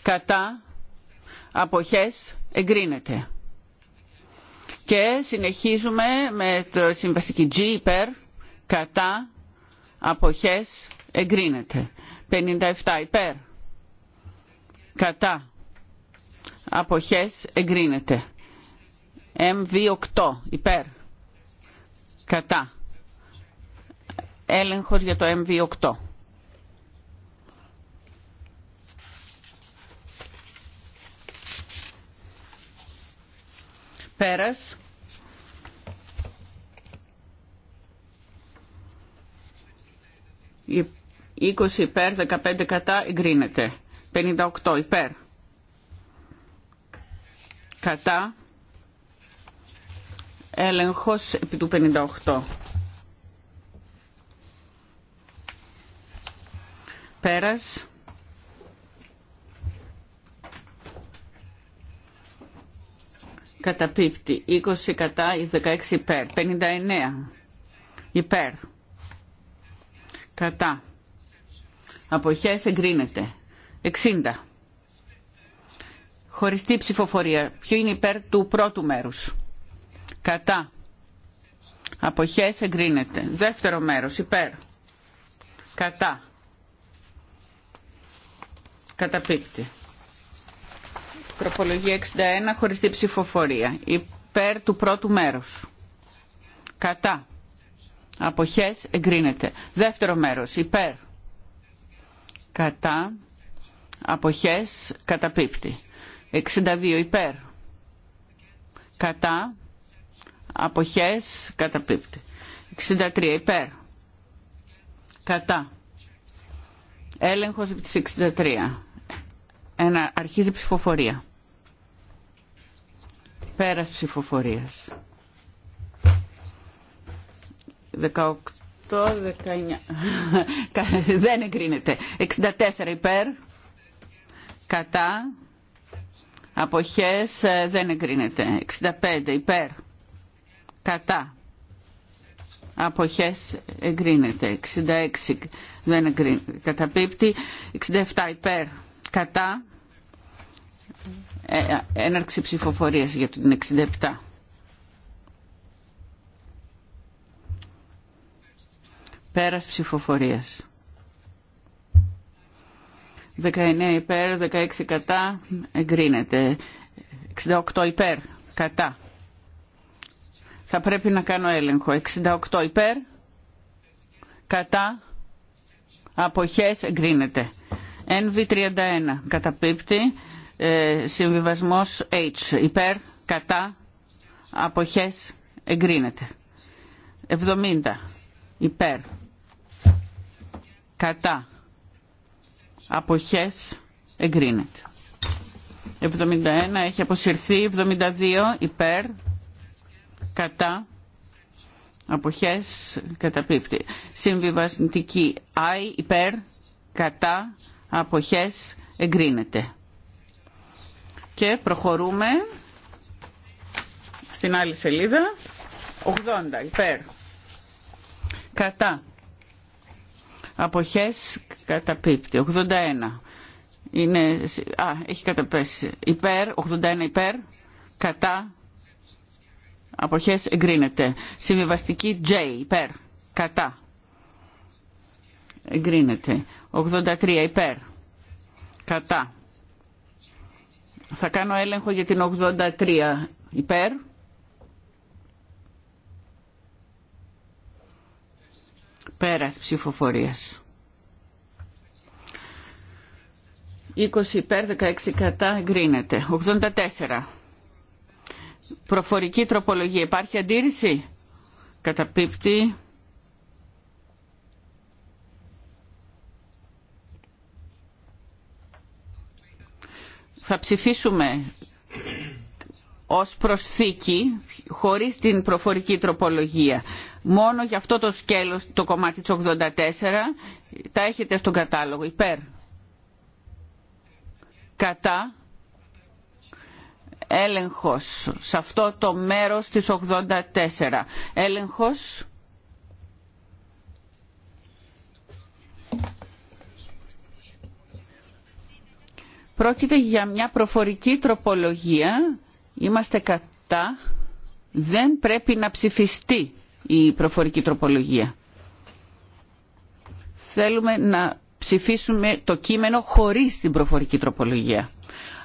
κατά, αποχές, εγκρίνεται. Και συνεχίζουμε με το συμβαστική G υπέρ, κατά, αποχές, εγκρίνεται. 57 υπέρ, κατά, αποχές, εγκρίνεται. MV8 υπέρ, κατά, έλεγχος για το MV8. Πέρας. Η 20 υπέρ, 15 κατά, εγκρίνεται. 58 υπέρ. Κατά. Έλεγχος επί του 58. Πέρας. καταπίπτει. 20 κατά, 16 υπέρ. 59 υπέρ. Κατά. Αποχές εγκρίνεται. 60. Χωριστή ψηφοφορία. Ποιο είναι υπέρ του πρώτου μέρους. Κατά. Αποχές εγκρίνεται. Δεύτερο μέρος. Υπέρ. Κατά. Καταπίπτει. Τροπολογία 61 χωριστή ψηφοφορία. Υπέρ του πρώτου μέρους. Κατά. Αποχές εγκρίνεται. Δεύτερο μέρος. Υπέρ. Κατά. Αποχές καταπίπτει. 62 υπέρ. Κατά. Αποχές καταπίπτει. 63 υπέρ. Κατά. Έλεγχος επί της 63. Ένα, αρχίζει ψηφοφορία. Πέρας ψηφοφορίας. 18, 19. <laughs> Δεν εγκρίνεται. 64 υπέρ. Κατά. Αποχές ε, δεν εγκρίνεται. 65 υπέρ. Κατά. Αποχές εγκρίνεται. 66 δεν εγκρίνεται. Καταπίπτει. 67 υπέρ κατά ε, έναρξη ψηφοφορίας για την 67. Πέρας ψηφοφορίας. 19 υπέρ, 16 κατά, εγκρίνεται. 68 υπέρ, κατά. Θα πρέπει να κάνω έλεγχο. 68 υπέρ, κατά, αποχές, εγκρίνεται. NV31 καταπίπτει ε, συμβιβασμός H υπέρ κατά αποχές εγκρίνεται 70 υπέρ κατά αποχές εγκρίνεται 71 έχει αποσυρθεί 72 υπέρ κατά αποχές καταπίπτει Συμβιβαστική I υπέρ κατά αποχές εγκρίνεται. Και προχωρούμε στην άλλη σελίδα. 80 υπέρ. Κατά. Αποχές καταπίπτει. 81. Είναι, α, έχει καταπέσει. Υπέρ, 81 υπέρ, κατά, αποχές εγκρίνεται. Συμβιβαστική J, υπέρ, κατά, εγκρίνεται. 83 υπέρ. Κατά. Θα κάνω έλεγχο για την 83 υπέρ. Πέρας ψηφοφορίας. 20 υπέρ, 16 κατά, εγκρίνεται. 84. Προφορική τροπολογία. Υπάρχει αντίρρηση. Καταπίπτει. θα ψηφίσουμε ως προσθήκη χωρίς την προφορική τροπολογία. Μόνο για αυτό το σκέλος, το κομμάτι της 84, τα έχετε στον κατάλογο. Υπέρ. Κατά. Έλεγχος. Σε αυτό το μέρος της 84. Έλεγχος. Πρόκειται για μια προφορική τροπολογία. Είμαστε κατά. Δεν πρέπει να ψηφιστεί η προφορική τροπολογία. Θέλουμε να ψηφίσουμε το κείμενο χωρίς την προφορική τροπολογία.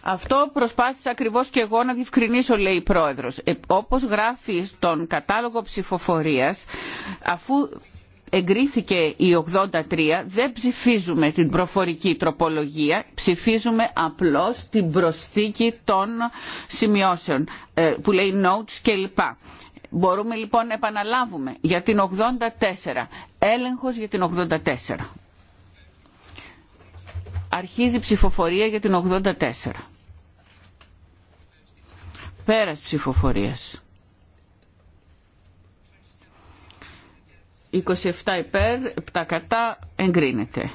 Αυτό προσπάθησα ακριβώς και εγώ να διευκρινίσω, λέει η Πρόεδρος. Ε, όπως γράφει στον κατάλογο ψηφοφορίας, αφού εγκρίθηκε η 83 δεν ψηφίζουμε την προφορική τροπολογία, ψηφίζουμε απλώς την προσθήκη των σημειώσεων ε, που λέει notes κλπ. Μπορούμε λοιπόν να επαναλάβουμε για την 84, έλεγχος για την 84. Αρχίζει ψηφοφορία για την 84. Πέρας ψηφοφορίας. 27 υπέρ, 7 κατά, εγκρίνεται.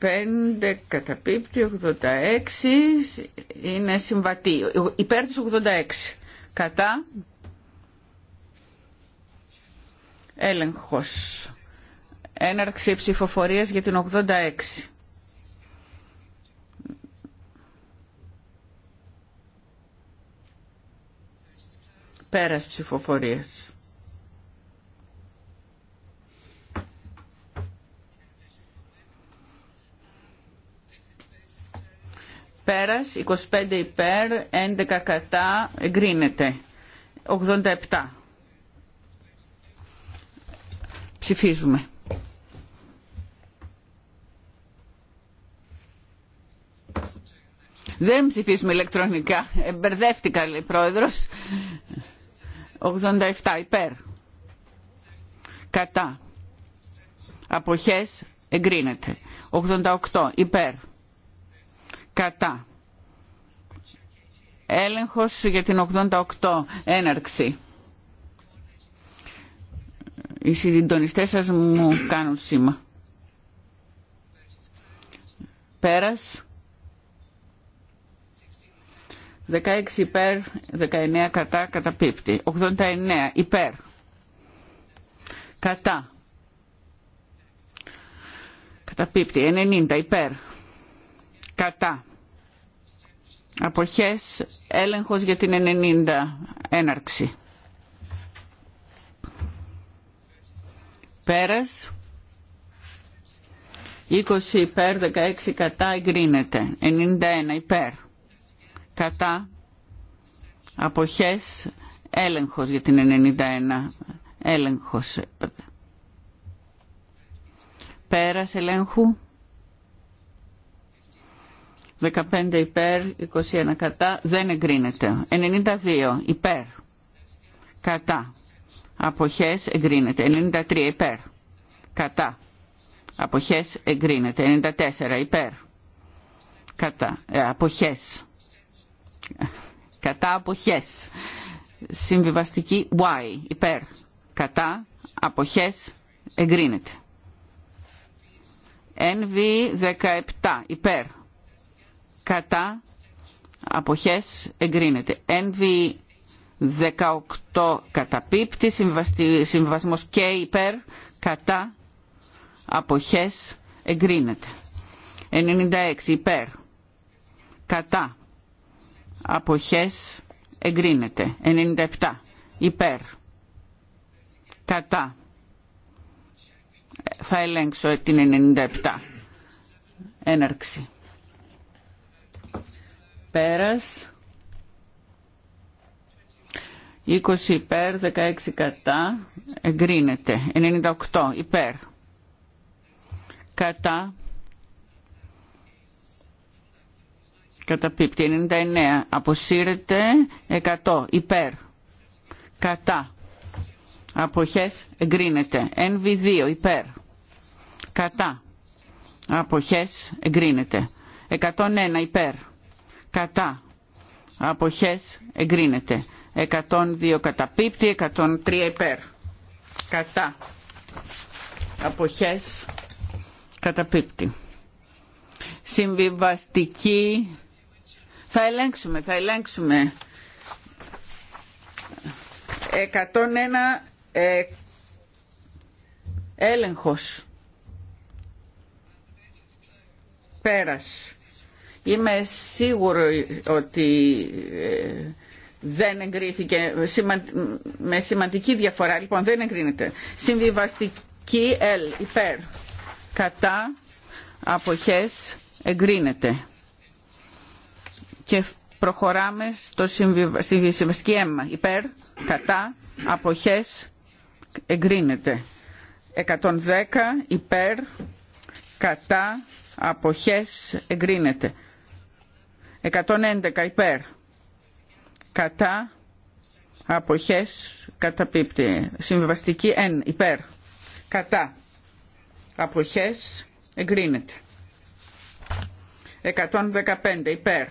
«85 καταπίπτει, 86 είναι συμβατή, υπέρ της 86, κατά έλεγχος, έναρξη ψηφοφορίας για την 86». Πέρας ψηφοφορίας. Πέρας, 25 υπέρ, 11 κατά, εγκρίνεται. 87. Ψηφίζουμε. Δεν ψηφίζουμε ηλεκτρονικά. Εμπερδεύτηκα, λέει πρόεδρος. 87 υπέρ. Κατά. Αποχές εγκρίνεται. 88 υπέρ. Κατά. Έλεγχος για την 88 έναρξη. Οι συντονιστέ σας μου κάνουν σήμα. Πέρας. 16 υπέρ, 19 κατά, καταπίπτει. 89 υπέρ, κατά, καταπίπτει. 90 υπέρ, κατά. Αποχές, έλεγχος για την 90, έναρξη. Πέρας, 20 υπέρ, 16 κατά, εγκρίνεται. 91 υπέρ κατά αποχές έλεγχος για την 91 έλεγχος πέρας ελέγχου 15 υπέρ 21 κατά δεν εγκρίνεται 92 υπέρ κατά αποχές εγκρίνεται 93 υπέρ κατά αποχές εγκρίνεται 94 υπέρ κατά ε, αποχές κατά αποχές. Συμβιβαστική Y υπέρ κατά αποχές εγκρίνεται. NV17 υπέρ κατά αποχές εγκρίνεται. NV18 καταπίπτει συμβιβασμός K υπέρ κατά αποχές εγκρίνεται. 96 υπέρ κατά αποχές εγκρίνεται 97 υπέρ κατά θα ελέγξω την 97 έναρξη πέρας 20 υπέρ 16 κατά εγκρίνεται 98 υπέρ κατά Καταπίπτει. 99. Αποσύρεται. 100. Υπέρ. Κατά. Αποχές. Εγκρίνεται. NV2. Υπέρ. Κατά. Αποχές. Εγκρίνεται. 101. Υπέρ. Κατά. Αποχές. Εγκρίνεται. 102. Καταπίπτει. 103. Υπέρ. Κατά. Αποχές. Καταπίπτει. Συμβιβαστική θα ελέγξουμε, θα ελέγξουμε. 101 ε, έλεγχος. Πέρας. Είμαι σίγουρο ότι ε, δεν εγκρίθηκε με σημαντική διαφορά. Λοιπόν, δεν εγκρίνεται. Συμβιβαστική L υπέρ κατά αποχές εγκρίνεται και προχωράμε στο συμβιβαστική αίμα. Υπέρ, κατά, αποχές, εγκρίνεται. 110 υπέρ, κατά, αποχές, εγκρίνεται. 111 υπέρ, κατά, αποχές, καταπίπτει. Συμβιβαστική εν, υπέρ, κατά, αποχές, εγκρίνεται. 115 υπέρ,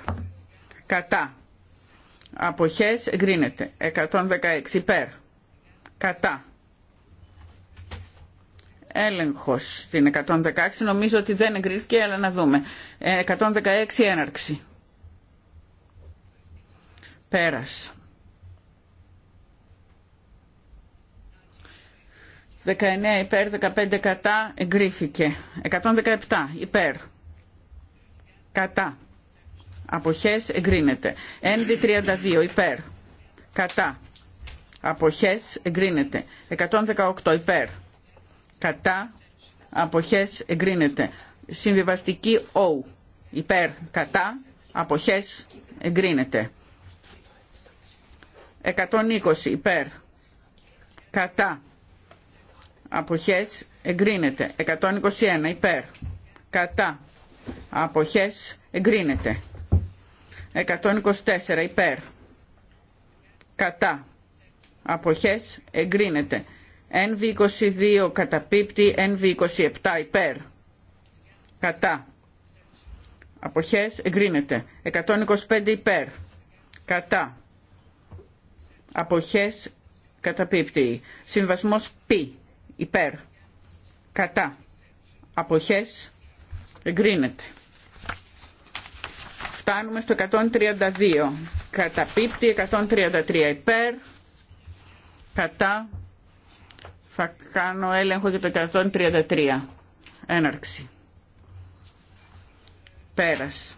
κατά, αποχές εγκρίνεται. 116 υπέρ, κατά. Έλεγχος στην 116, νομίζω ότι δεν εγκρίθηκε, αλλά να δούμε. 116 ε, έναρξη. Πέρας. 19 υπέρ, 15 κατά, εγκρίθηκε. 117 υπέρ, κατά Αποχές εγκρίνεται. NV32 υπέρ. Κατά. Αποχές εγκρίνεται. 118 υπέρ. Κατά. Αποχές εγκρίνεται. Συμβιβαστική O. Υπέρ. Κατά. Αποχές εγκρίνεται. 120 υπέρ. Κατά. Αποχές εγκρίνεται. 121 υπέρ. Κατά. Αποχές εγκρίνεται. 124 υπέρ. Κατά. Αποχές εγκρίνεται. NV22 καταπίπτει. NV27 υπέρ. Κατά. Αποχές εγκρίνεται. 125 υπέρ. Κατά. Αποχές καταπίπτει. Συμβασμός π. Υπέρ. Κατά. Αποχές εγκρίνεται φτάνουμε στο 132. Καταπίπτει 133 υπέρ, κατά, θα κάνω έλεγχο για το 133. Έναρξη. Πέρας.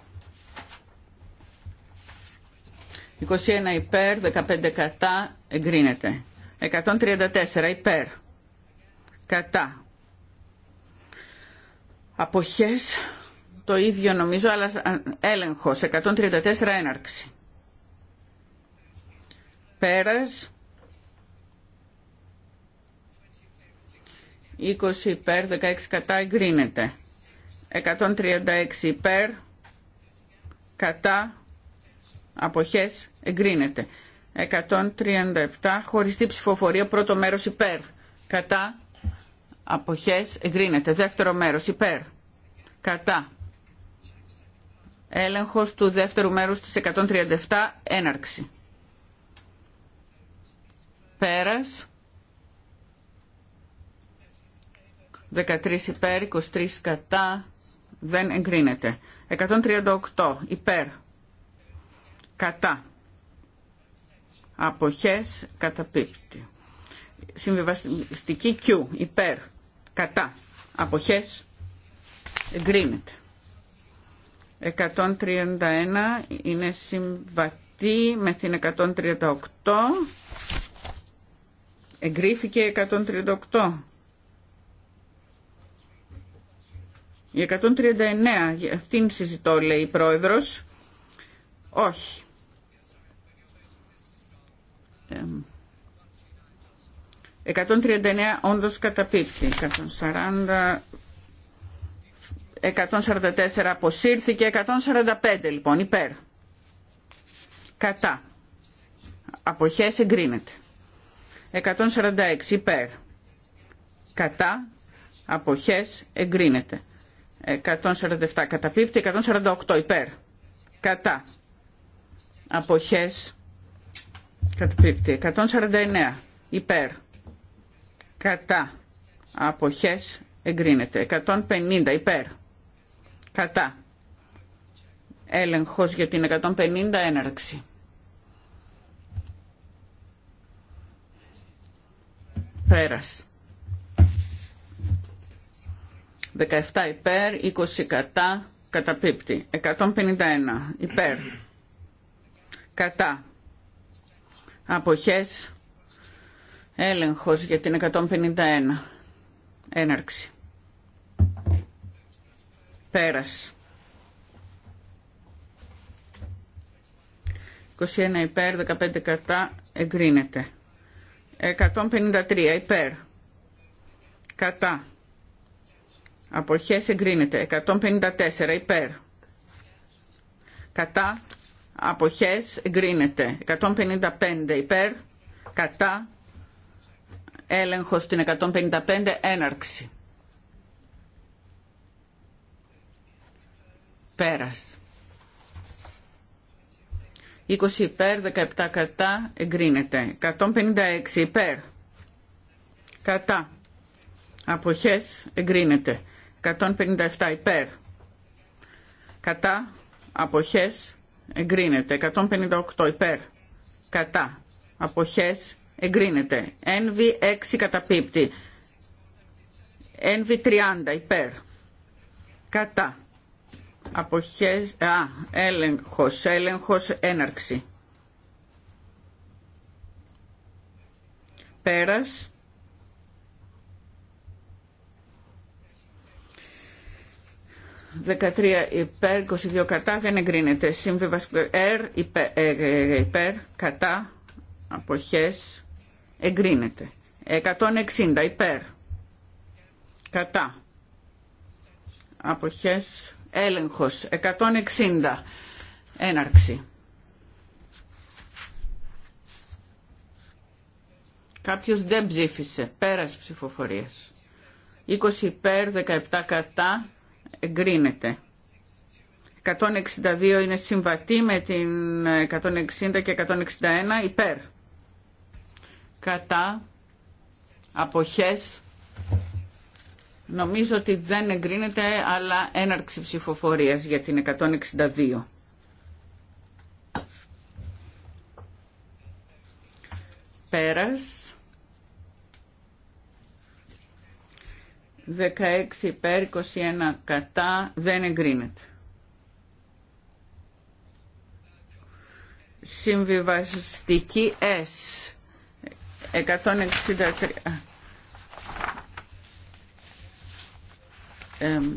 21 υπέρ, 15 κατά, εγκρίνεται. 134 υπέρ, κατά. Αποχές το ίδιο νομίζω, αλλά έλεγχο. 134 έναρξη. Πέρας. 20 υπέρ, 16 κατά, εγκρίνεται. 136 υπέρ, κατά, αποχές, εγκρίνεται. 137 χωριστή ψηφοφορία, πρώτο μέρος υπέρ, κατά, αποχές, εγκρίνεται. Δεύτερο μέρος υπέρ, κατά, Έλεγχος του δεύτερου μέρους της 137, έναρξη. Πέρας. 13 υπέρ, 23 κατά, δεν εγκρίνεται. 138 υπέρ, κατά. Αποχές, καταπίπτει. Συμβιβαστική Q, υπέρ, κατά. Αποχές, εγκρίνεται. 131 είναι συμβατή με την 138. Εγκρίθηκε 138. Η 139, αυτήν συζητώ λέει η πρόεδρος. Όχι. 139 όντως καταπίπτει. 140 144 αποσύρθηκε, 145 λοιπόν υπέρ. Κατά. Αποχές εγκρίνεται. 146 υπέρ. Κατά. Αποχές εγκρίνεται. 147 καταπίπτει, 148 υπέρ. Κατά. Αποχές καταπίπτει. 149 υπέρ. Κατά. Αποχές εγκρίνεται. 150 υπέρ. Κατά. Έλεγχος για την 150 έναρξη. Πέρας. 17 υπέρ, 20 κατά, καταπίπτει. 151 υπέρ, κατά. Αποχές, έλεγχος για την 151 έναρξη. Πέρας. 21 υπέρ, 15 κατά, εγκρίνεται. 153 υπέρ, κατά. Αποχές εγκρίνεται. 154 υπέρ. Κατά. Αποχές εγκρίνεται. 155 υπέρ. Κατά. Έλεγχος στην 155 έναρξη. Πέρας. 20 υπέρ, 17 κατά, εγκρίνεται. 156 υπέρ, κατά, αποχές, εγκρίνεται. 157 υπέρ, κατά, αποχές, εγκρίνεται. 158 υπέρ, κατά, αποχές, εγκρίνεται. NV6 καταπίπτει. NV30 υπέρ, κατά, Αποχές, α, έλεγχος, έλεγχος, έναρξη. Πέρας. Δεκατρία υπέρ, 22 κατά, δεν εγκρίνεται. Σύμβιβας R υπέρ, ε, ε, ε, υπέρ, κατά, αποχές, εγκρίνεται. 160 υπέρ, κατά, αποχές, Έλεγχος 160. Έναρξη. Κάποιος δεν ψήφισε. Πέρας ψηφοφορίας. 20 υπέρ, 17 κατά. Εγκρίνεται. 162 είναι συμβατή με την 160 και 161 υπέρ. Κατά. Αποχές. Νομίζω ότι δεν εγκρίνεται, αλλά έναρξη ψηφοφορίας για την 162. Πέρας. 16 υπέρ, 21 κατά, δεν εγκρίνεται. Συμβιβαστική S.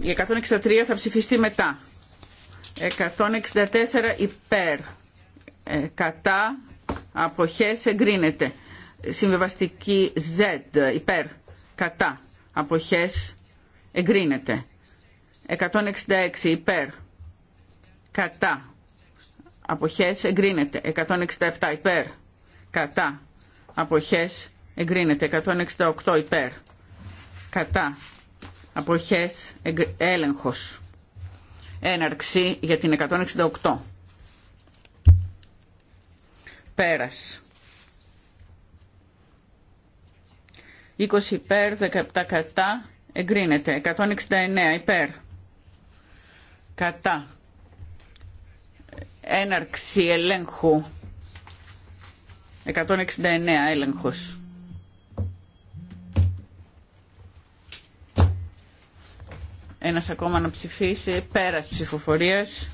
η 163 θα ψηφιστεί μετά. 164 υπέρ. Ε, κατά αποχές εγκρίνεται. Συμβεβαστική Z υπέρ. Κατά αποχές εγκρίνεται. 166 υπέρ. Κατά αποχές εγκρίνεται. 167 υπέρ. Κατά αποχές εγκρίνεται. 168 υπέρ. Κατά αποχές έλεγχος έναρξη για την 168 πέρας 20 υπέρ 17 κατά εγκρίνεται 169 υπέρ κατά έναρξη ελέγχου 169 έλεγχος Ένας ακόμα να ψηφίσει. Πέρας ψηφοφορίας.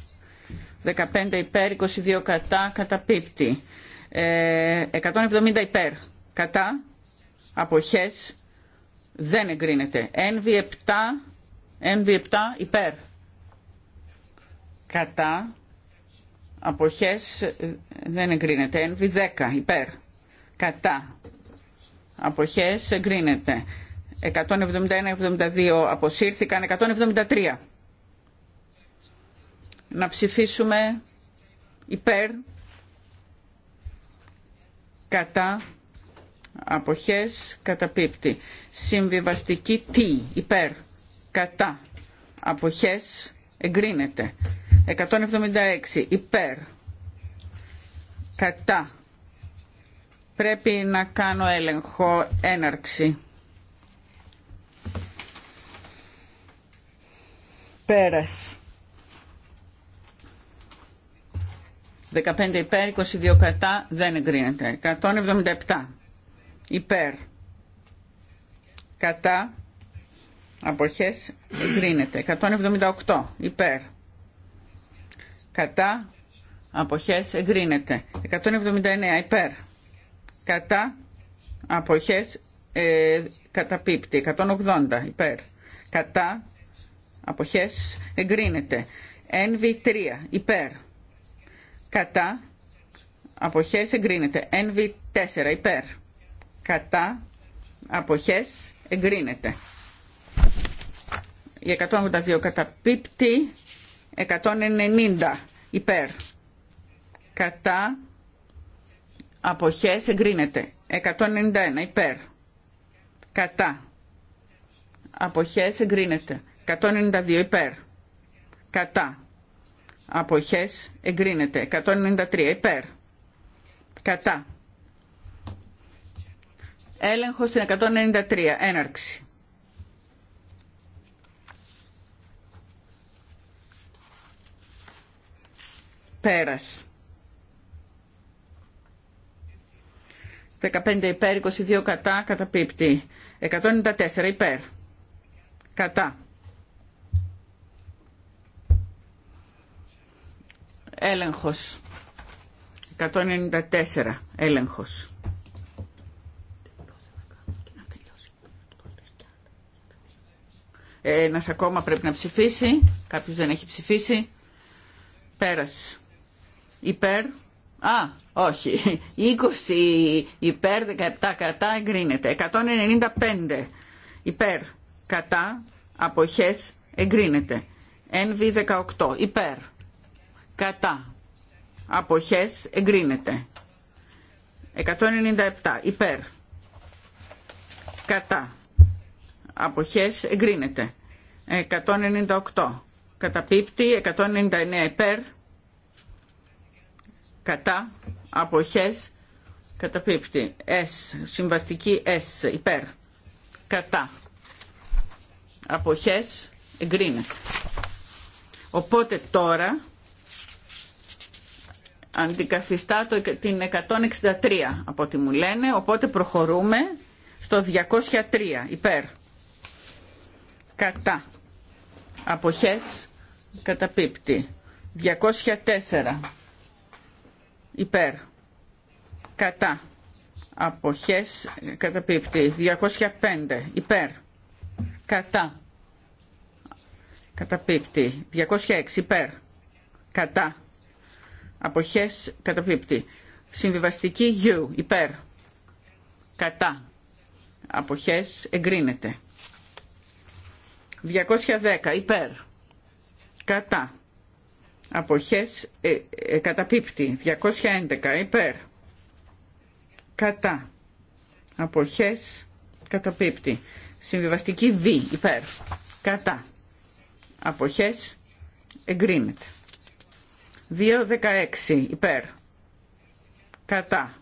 15 υπέρ, 22 κατά, καταπίπτει. Ε, 170 υπέρ, κατά, αποχές, δεν εγκρίνεται. NV7, NV7 υπέρ, κατά, αποχές, δεν εγκρίνεται. NV10 υπέρ, κατά, αποχές, εγκρίνεται. 171-72 αποσύρθηκαν, 173. Να ψηφίσουμε υπέρ, κατά, αποχές, καταπίπτει. Συμβιβαστική τι, υπέρ, κατά, αποχές, εγκρίνεται. 176 υπέρ, κατά. Πρέπει να κάνω έλεγχο έναρξη. Πέρας. 15 υπέρ, 22 κατά, δεν εγκρίνεται. 177 υπέρ, κατά, αποχές, εγκρίνεται. 178 υπέρ, κατά, αποχές, εγκρίνεται. 179 υπέρ, κατά, αποχές, ε, καταπίπτει. 180 υπέρ, κατά, αποχές εγκρίνεται. NV3 υπέρ κατά αποχές εγκρίνεται. NV4 υπέρ κατά αποχές εγκρίνεται. Η 182 καταπίπτει 190 υπέρ κατά αποχές εγκρίνεται. 191 υπέρ κατά αποχές εγκρίνεται. 192 υπέρ. Κατά. Αποχές εγκρίνεται. 193 υπέρ. Κατά. Έλεγχο στην 193. Έναρξη. Πέρας. 15 υπέρ, 22 κατά, καταπίπτει. 194 υπέρ. Κατά. Έλεγχος. 194. Έλεγχος. Ένας ακόμα πρέπει να ψηφίσει. Κάποιος δεν έχει ψηφίσει. Πέρασε. Υπέρ. Α, όχι. 20 <laughs> υπέρ, 17 κατά, εγκρίνεται. 195 υπέρ, κατά, αποχές, εγκρίνεται. NV18 υπέρ κατά, αποχές, εγκρίνεται. 197 υπέρ, κατά, αποχές, εγκρίνεται. 198 καταπίπτει, 199 υπέρ, κατά, αποχές, καταπίπτει. S, συμβαστική S, υπέρ, κατά, αποχές, εγκρίνεται. Οπότε τώρα αντικαθιστά το, την 163 από ό,τι μου λένε, οπότε προχωρούμε στο 203 υπέρ. Κατά. Αποχές καταπίπτει. 204 υπέρ. Κατά. Αποχές καταπίπτει. 205 υπέρ. Κατά. Καταπίπτει. 206 υπέρ. Κατά αποχές καταπληκτή. Συμβιβαστική U υπέρ κατά αποχές εγκρίνεται. 210 υπέρ κατά αποχές ε, ε καταπίπτει. 211 υπέρ κατά αποχές καταπίπτει. Συμβιβαστική Β υπέρ κατά αποχές εγκρίνεται. 2.16 υπέρ. Κατά.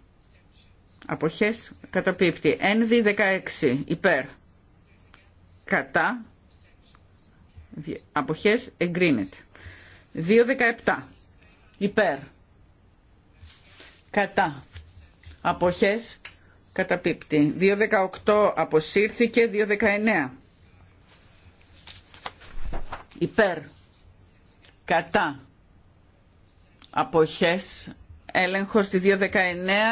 Αποχές καταπίπτει. NV16 υπέρ. Κατά. Αποχές εγκρίνεται. 2.17 υπέρ. Κατά. Αποχές καταπίπτει. 2.18 αποσύρθηκε. 2.19 υπέρ. Κατά αποχές έλεγχος τη 219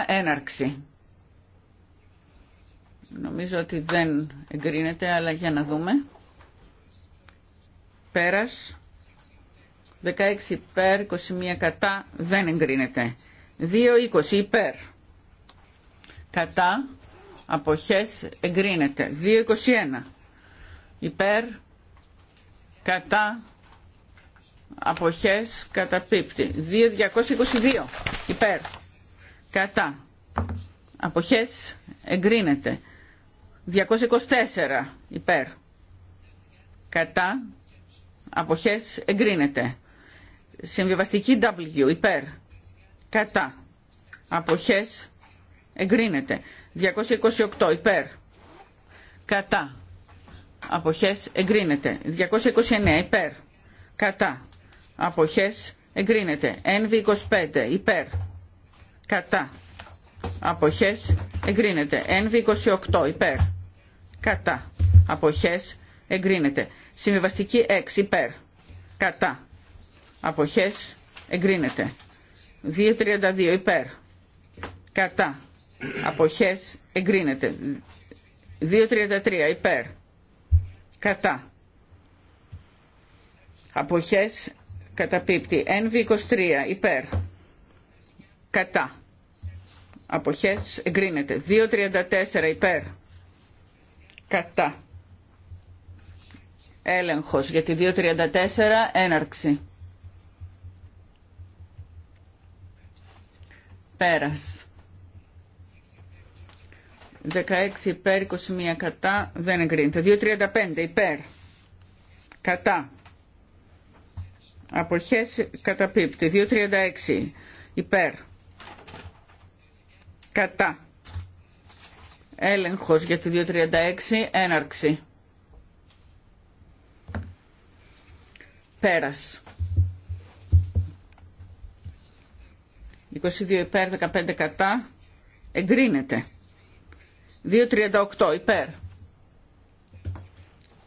έναρξη. Νομίζω ότι δεν εγκρίνεται, αλλά για να δούμε. Πέρας. 16 υπέρ, 21 κατά, δεν εγκρίνεται. 2,20 υπέρ. Κατά, αποχές, εγκρίνεται. 2,21 υπέρ, κατά, αποχές καταπίπτει. 222. υπέρ κατά αποχές εγκρίνεται. 224 υπέρ κατά αποχές εγκρίνεται. Συμβιβαστική W υπέρ κατά αποχές εγκρίνεται. 228 υπέρ κατά αποχές εγκρίνεται. 229 υπέρ κατά αποχές εγκρίνεται. NV25 υπέρ κατά αποχές εγκρίνεται. NV28 υπέρ κατά αποχές εγκρίνεται. Συμβιβαστική 6 υπέρ κατά αποχές εγκρίνεται. 232 υπέρ κατά αποχές εγκρίνεται. 233 υπέρ κατά αποχές Καταπίπτει. NV23 υπέρ. Κατά. Αποχές εγκρίνεται. 2.34 υπέρ. Κατά. Έλεγχος για τη 2.34 έναρξη. Πέρας. 16 υπέρ, 21 κατά, δεν εγκρίνεται. 2.35 υπέρ. Κατά αποχές καταπίπτει 2.36 υπέρ κατά έλεγχος για τη 2.36 έναρξη πέρας 22 υπέρ 15 κατά εγκρίνεται 2.38 υπέρ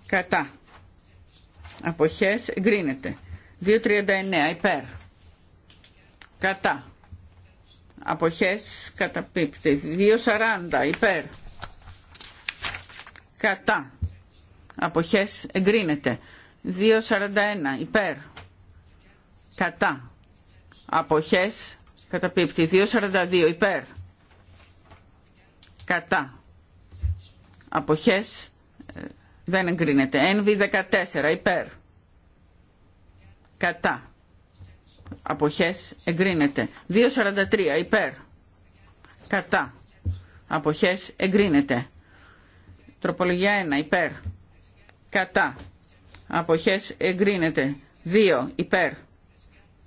κατά αποχές εγκρίνεται 2.39 υπέρ. Κατά. Αποχές καταπίπτει. 2.40 υπέρ. Κατά. Αποχές εγκρίνεται. 2.41 υπέρ. Κατά. Αποχές καταπίπτει. 2.42 υπέρ. Κατά. Αποχές ε, δεν εγκρίνεται. NV14 υπέρ κατά, αποχές, εγκρίνεται. 2.43 υπέρ, κατά, αποχές, εγκρίνεται. Τροπολογία 1 υπέρ, κατά, αποχές, εγκρίνεται. 2 υπέρ,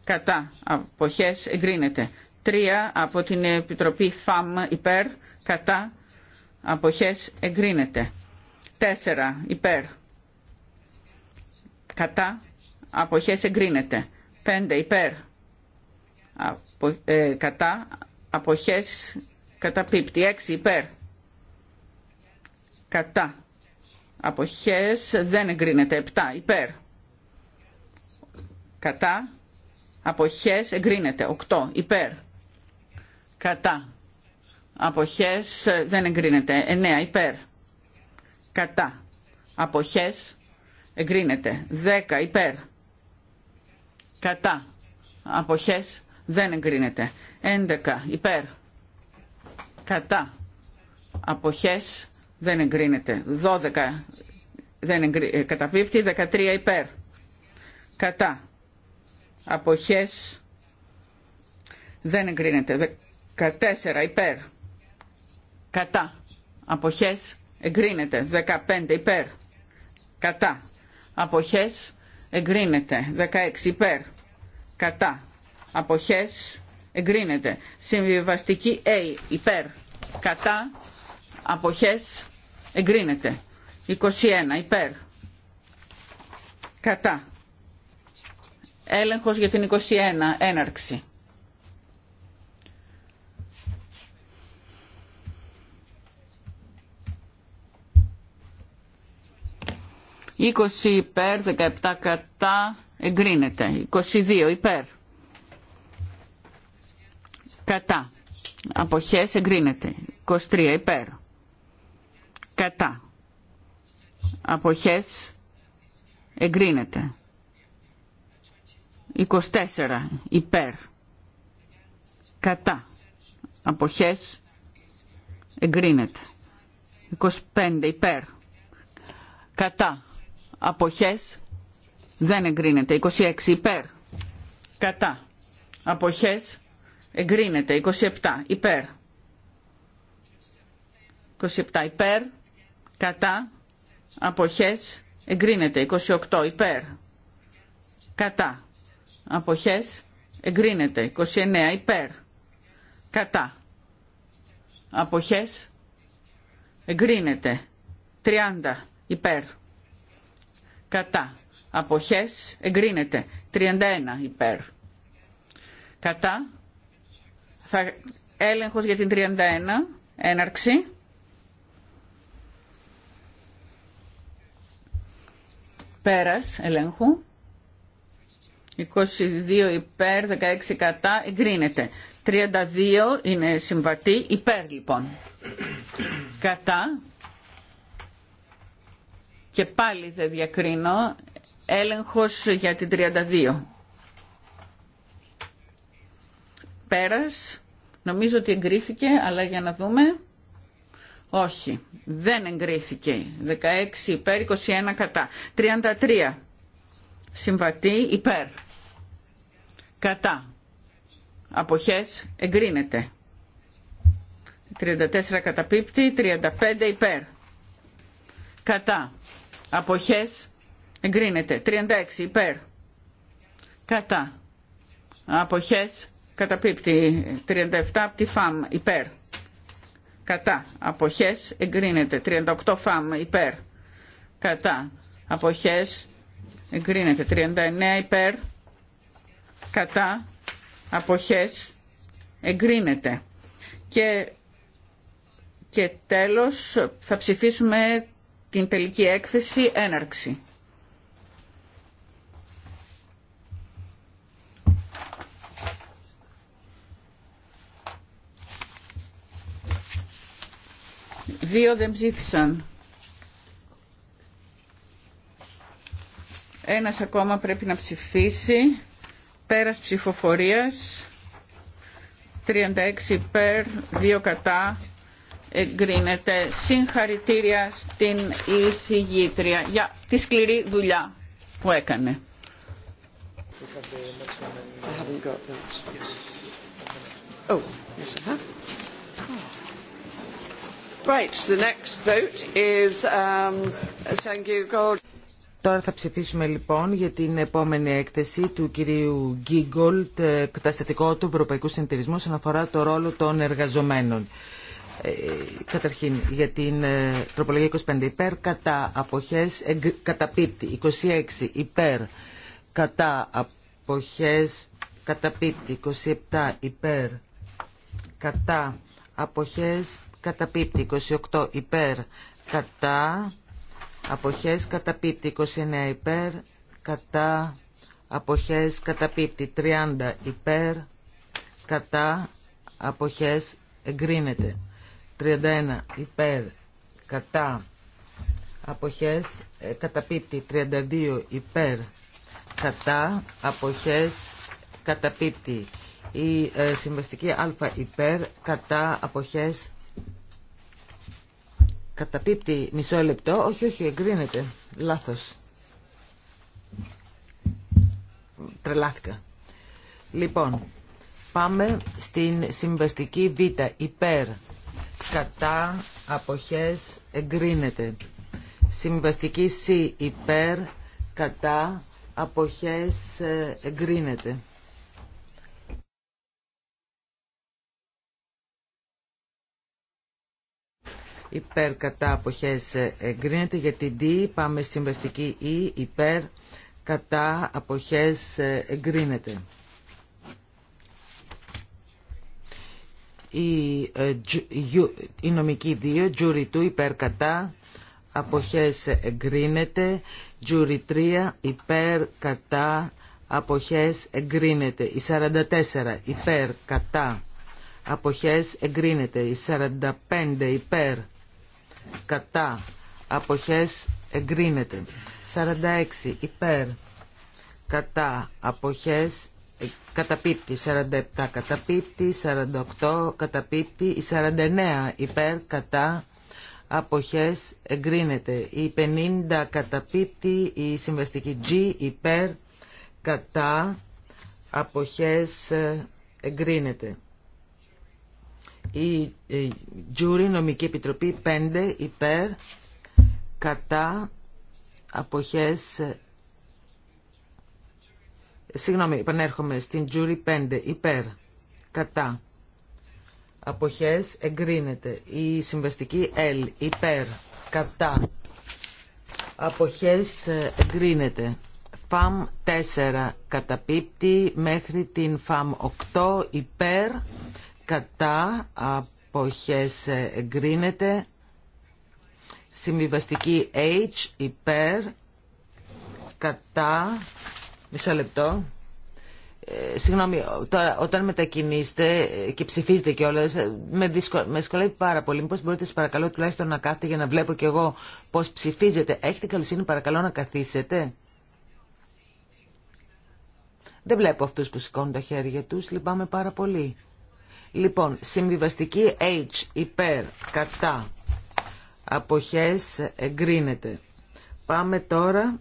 κατά, αποχές, εγκρίνεται. 3 από την Επιτροπή ΦΑΜ υπέρ, κατά, αποχές, εγκρίνεται. 4 υπέρ, κατά, αποχές εγκρίνεται. 5 υπέρ Κατά. Αποχέ ε, κατά αποχές καταπίπτει. 6 υπέρ κατά αποχές δεν εγκρίνεται. 7 υπέρ κατά αποχές εγκρίνεται. 8 υπέρ κατά αποχές δεν εγκρίνεται. 9 υπέρ κατά αποχές εγκρίνεται. 10 υπέρ κατά αποχές δεν εγκρίνεται 11 υπέρ κατά αποχές δεν εγκρίνεται 12 δεν εγκρι... Ε, καταπίπτει 13 υπέρ κατά αποχές δεν εγκρίνεται 14 υπέρ κατά αποχές εγκρίνεται 15 υπέρ κατά αποχές εγκρίνεται. 16 υπέρ, κατά, αποχές, εγκρίνεται. Συμβιβαστική A υπέρ, κατά, αποχές, εγκρίνεται. 21 υπέρ, κατά. Έλεγχος για την 21, έναρξη. 20 υπέρ, 17 κατά, εγκρίνεται. 22 υπέρ, κατά. Αποχές εγκρίνεται. 23 υπέρ, κατά. Αποχές εγκρίνεται. 24 υπέρ, κατά. Αποχές εγκρίνεται. 25 υπέρ, κατά αποχές δεν εγκρίνεται. 26 υπέρ. Κατά. Αποχές εγκρίνεται. 27 υπέρ. 27 υπέρ. Κατά. Αποχές εγκρίνεται. 28 υπέρ. Κατά. Αποχές εγκρίνεται. 29 υπέρ. Κατά. Αποχές εγκρίνεται. 30 υπέρ κατά, αποχές, εγκρίνεται. 31 υπέρ, κατά, θα, έλεγχος για την 31, έναρξη. Πέρας ελέγχου. 22 υπέρ, 16 κατά, εγκρίνεται. 32 είναι συμβατή, υπέρ λοιπόν. Κατά, και πάλι δεν διακρίνω έλεγχος για την 32 πέρας νομίζω ότι εγκρίθηκε αλλά για να δούμε όχι δεν εγκρίθηκε 16 υπέρ 21 κατά 33 συμβατή υπέρ κατά αποχές εγκρίνεται 34 καταπίπτει 35 υπέρ κατά αποχές εγκρίνεται 36 υπέρ κατά αποχές καταπίπτει 37 από τη ΦΑΜ υπέρ κατά αποχές εγκρίνεται 38 ΦΑΜ υπέρ κατά αποχές εγκρίνεται 39 υπέρ κατά αποχές εγκρίνεται και, και τέλος θα ψηφίσουμε την τελική έκθεση έναρξη. Δύο δεν ψήφισαν. Ένας ακόμα πρέπει να ψηφίσει. Πέρας ψηφοφορίας. 36 υπέρ, 2 κατά, εγκρίνεται. Συγχαρητήρια στην εισηγήτρια για τη σκληρή δουλειά που έκανε. Oh, the next vote is, um, Τώρα θα ψηφίσουμε λοιπόν για την επόμενη έκθεση του κυρίου Γκίγκολτ, ε, καταστατικό του Ευρωπαϊκού Συντηρισμού σε αφορά το ρόλο των εργαζομένων. Ε, καταρχήν για την ε, τροπολογία 25 υπέρ κατά αποχές καταπίπτει 26 υπέρ κατά αποχές καταπίπτει 27 υπέρ κατά αποχές καταπίπτει 28 υπέρ κατά αποχές καταπίπτει 29 υπέρ κατά αποχές καταπίπτει 30 υπέρ κατά αποχές εγκρίνεται 31 υπέρ κατά αποχές ε, καταπίπτει 32 υπέρ κατά αποχές καταπίπτει η ε, συμβαστική α υπέρ κατά αποχές καταπίπτει μισό λεπτό όχι όχι εγκρίνεται λάθος τρελάθηκα λοιπόν πάμε στην συμβαστική β υπέρ κατά αποχές εγκρίνεται. Συμβαστική C υπέρ κατά αποχές ε, εγκρίνεται. Υπέρ κατά αποχές ε, εγκρίνεται. Για την D πάμε συμβαστική E υπέρ κατά αποχές ε, εγκρίνεται. Ε, η νομική 2, jury 2 υπέρ κατά, αποχές εγκρίνεται, jury 3 υπέρ κατά, αποχές εγκρίνεται, η 44 υπέρ κατά, αποχές εγκρίνεται, η 45 υπέρ κατά, αποχές εγκρίνεται, 46 υπέρ κατά, αποχές καταπίπτει, 47 καταπίπτει, 48 καταπίπτει, 49 υπέρ κατά αποχές εγκρίνεται. Η 50 καταπίπτει, η συμβαστική G υπέρ κατά αποχές ε, εγκρίνεται. Η ε, Τζούρι Νομική Επιτροπή 5 υπέρ κατά αποχές Συγγνώμη, επανέρχομαι στην Τζούρι 5, υπέρ, κατά. Αποχές εγκρίνεται. Η συμβαστική L, υπέρ, κατά. Αποχές εγκρίνεται. ΦΑΜ 4 καταπίπτει μέχρι την ΦΑΜ 8 υπέρ, κατά, αποχές εγκρίνεται. Συμβιβαστική H υπέρ, κατά, Μισό λεπτό. Ε, συγγνώμη, τώρα όταν μετακινήσετε και ψηφίζετε κιόλα, ε, με, δυσκο... με δυσκολεύει πάρα πολύ. Μήπω μπορείτε, σα παρακαλώ, τουλάχιστον να κάθετε για να βλέπω κι εγώ πώ ψηφίζετε. Έχετε καλοσύνη, παρακαλώ, να καθίσετε. Δεν βλέπω αυτού που σηκώνουν τα χέρια τους, λυπάμαι πάρα πολύ. Λοιπόν, συμβιβαστική H υπέρ κατά αποχές εγκρίνεται. Πάμε τώρα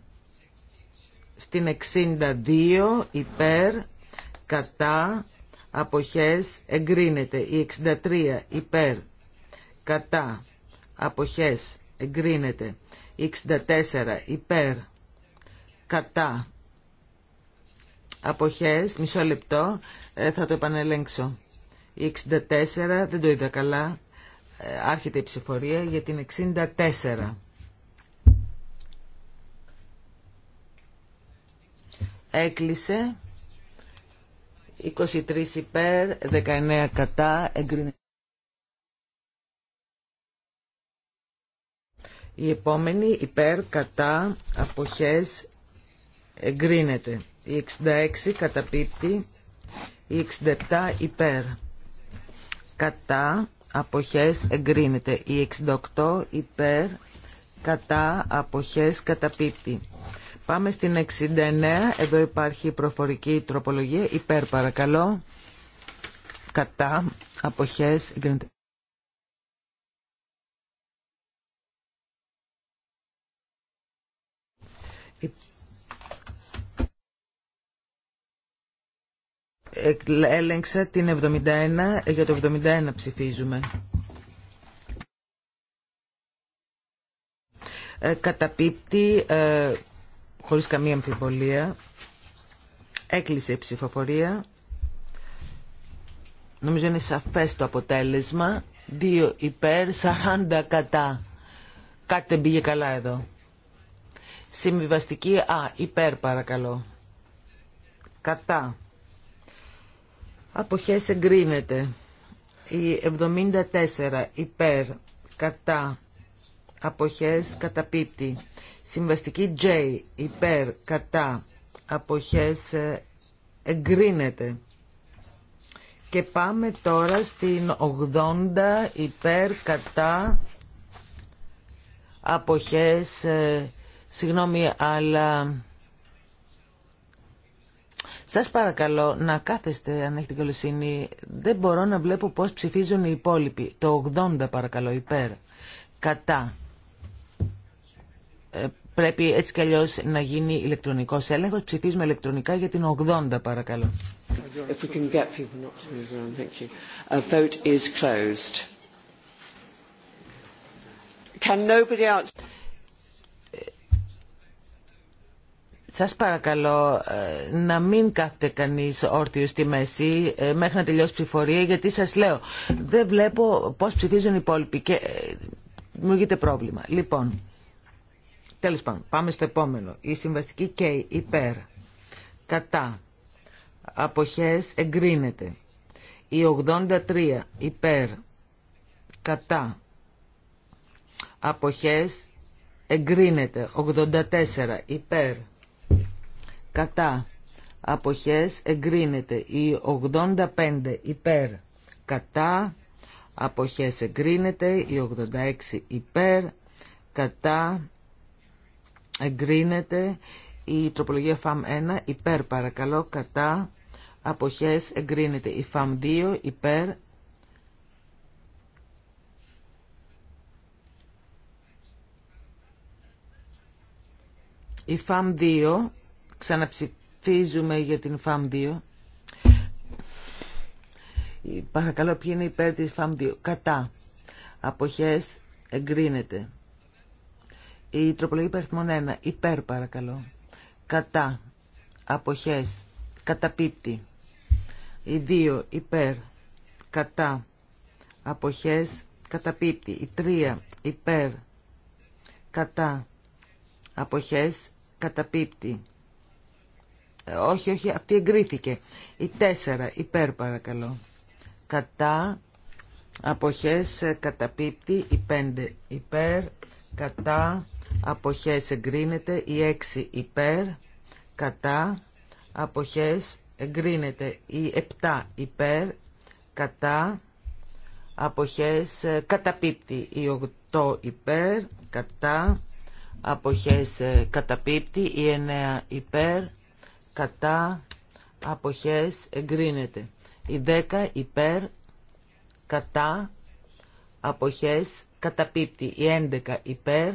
στην 62 υπέρ κατά αποχές εγκρίνεται. Η 63 υπέρ κατά αποχές εγκρίνεται. Η 64 υπέρ κατά αποχές, μισό λεπτό, ε, θα το επανελέγξω. Η 64, δεν το είδα καλά, ε, άρχεται η ψηφορία για την 64. Έκλεισε. 23 υπέρ, 19 κατά, εγκρίνεται. Η επόμενη υπέρ, κατά, αποχές, εγκρίνεται. Η 66 καταπίπτει, η 67 υπέρ, κατά, αποχές, εγκρίνεται. Η 68 υπέρ, κατά, αποχές, καταπίπτει. Πάμε στην 69. Εδώ υπάρχει προφορική τροπολογία. Υπέρ παρακαλώ. Κατά. Αποχές. Ε, Έλεγξα την 71. Για το 71 ψηφίζουμε. Ε, καταπίπτει ε, χωρίς καμία αμφιβολία έκλεισε η ψηφοφορία νομίζω είναι σαφές το αποτέλεσμα Δύο υπέρ 40 κατά κάτι δεν πήγε καλά εδώ συμβιβαστική α υπέρ παρακαλώ κατά αποχές εγκρίνεται η 74 υπέρ κατά αποχές καταπίπτει Συμβαστική J υπέρ κατά αποχές ε, εγκρίνεται. Και πάμε τώρα στην 80 υπέρ κατά αποχές, ε, συγγνώμη, αλλά σας παρακαλώ να κάθεστε αν έχετε καλοσύνη. Δεν μπορώ να βλέπω πώς ψηφίζουν οι υπόλοιποι. Το 80 παρακαλώ υπέρ, κατά. Ε, πρέπει έτσι κι αλλιώς να γίνει ηλεκτρονικός έλεγχος. Ψηφίζουμε ηλεκτρονικά για την 80 παρακαλώ. Σα ε, Σας παρακαλώ ε, να μην κάθετε κανείς όρθιος στη μέση ε, μέχρι να τελειώσει ψηφορία γιατί σας λέω δεν βλέπω πώς ψηφίζουν οι υπόλοιποι και γίνεται πρόβλημα. Λοιπόν, Τέλος πάντων, πάμε στο επόμενο. Η συμβαστική K υπέρ κατά αποχές εγκρίνεται. Η 83 υπέρ κατά αποχές εγκρίνεται. 84 υπέρ κατά αποχές εγκρίνεται. Η 85 υπέρ κατά αποχές εγκρίνεται. Η 86 υπέρ κατά εγκρίνεται η τροπολογία ΦΑΜ 1 υπέρ παρακαλώ κατά αποχές εγκρίνεται η ΦΑΜ 2 υπέρ η ΦΑΜ 2 ξαναψηφίζουμε για την ΦΑΜ 2 Παρακαλώ ποιοι είναι υπέρ της ΦΑΜ 2 κατά αποχές εγκρίνεται η τροπολογία υπαριθμών 1. Υπέρ παρακαλώ. Κατά. Αποχές. Καταπίπτει. Η 2. Υπέρ. Κατά. Αποχές. Καταπίπτει. Η 3. Υπέρ. Κατά. Αποχές. Καταπίπτει. Ε, όχι, όχι, αυτή εγκρίθηκε. Η 4. Υπέρ παρακαλώ. Κατά. Αποχές. Καταπίπτει. Η 5. Υπέρ. Κατά αποχές εγκρίνεται. Η 6 υπέρ, κατά, αποχές εγκρίνεται. Η 7 ε, ε, υπέρ, κατά, αποχές καταπίπτει. Η 8 υπέρ, κατά, αποχές καταπίπτει. Η 9 υπέρ, κατά, αποχές εγκρίνεται. Η 10 υπέρ, κατά, αποχές καταπίπτει. Η 11 υπέρ,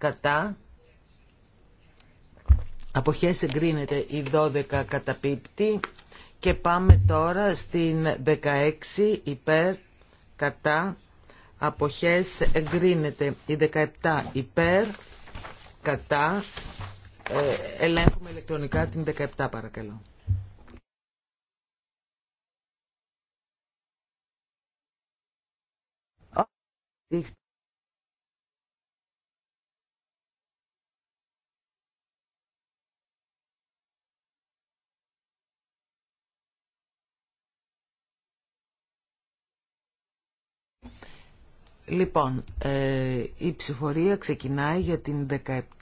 κατά αποχές εγκρίνεται η 12 καταπίπτει και πάμε τώρα στην 16 υπέρ κατά αποχές εγκρίνεται η 17 υπέρ κατά ε, ελέγχουμε ηλεκτρονικά την 17 παρακαλώ Λοιπόν, ε, η ψηφορία ξεκινάει για την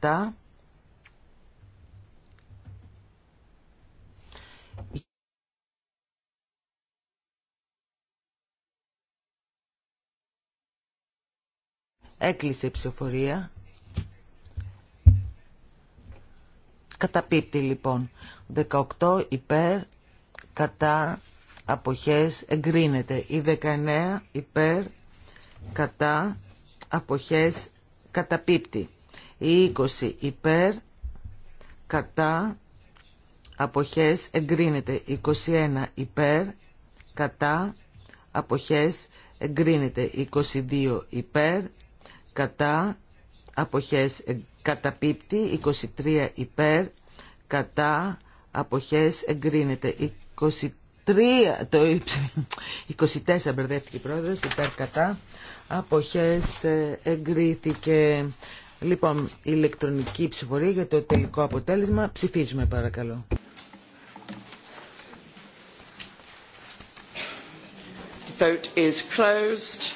17 Έκλεισε η ψηφοφορία. Καταπίπτει λοιπόν. 18 υπέρ, κατά, αποχές, εγκρίνεται. Η 19 υπέρ, κατά αποχές καταπίπτει. Η 20 υπέρ κατά αποχές εγκρίνεται. 21 υπέρ κατά αποχές εγκρίνεται. 22 υπέρ κατά αποχές ε, καταπίπτει. 23 υπέρ κατά αποχές εγκρίνεται. 24 23, το 24 μπερδεύτηκε η πρόεδρος, υπέρ κατά, αποχές ε, εγκρίθηκε. Λοιπόν, ηλεκτρονική ψηφορία για το τελικό αποτέλεσμα. Ψηφίζουμε παρακαλώ. The vote is closed.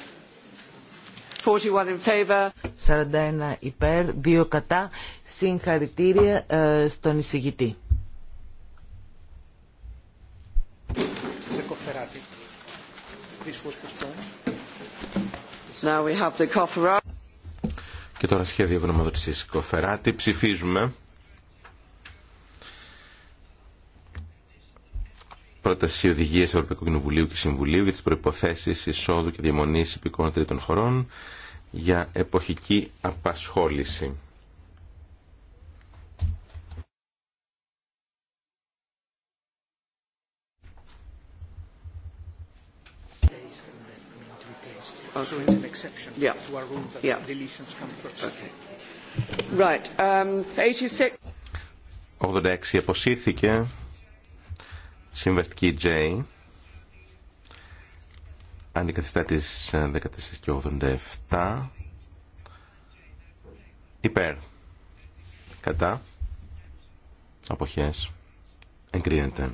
41 in υπέρ, 2 κατά. Συγχαρητήρια ε, στον εισηγητή. και τώρα σχέδιο γνωμοδοτησής Κοφεράτη. Ψηφίζουμε. Πρόταση οδηγίε Ευρωπαϊκού Κοινοβουλίου και Συμβουλίου για τι προποθέσει εισόδου και διαμονή υπηκών τρίτων χωρών για εποχική απασχόληση. it's an exception yeah. to our rule that yeah. deletions come first. Okay. Right. Um, 86. 86 αποσύρθηκε συμβαστική J αντικαθιστά τη 14 ε, και 87 υπέρ κατά αποχές εγκρίνεται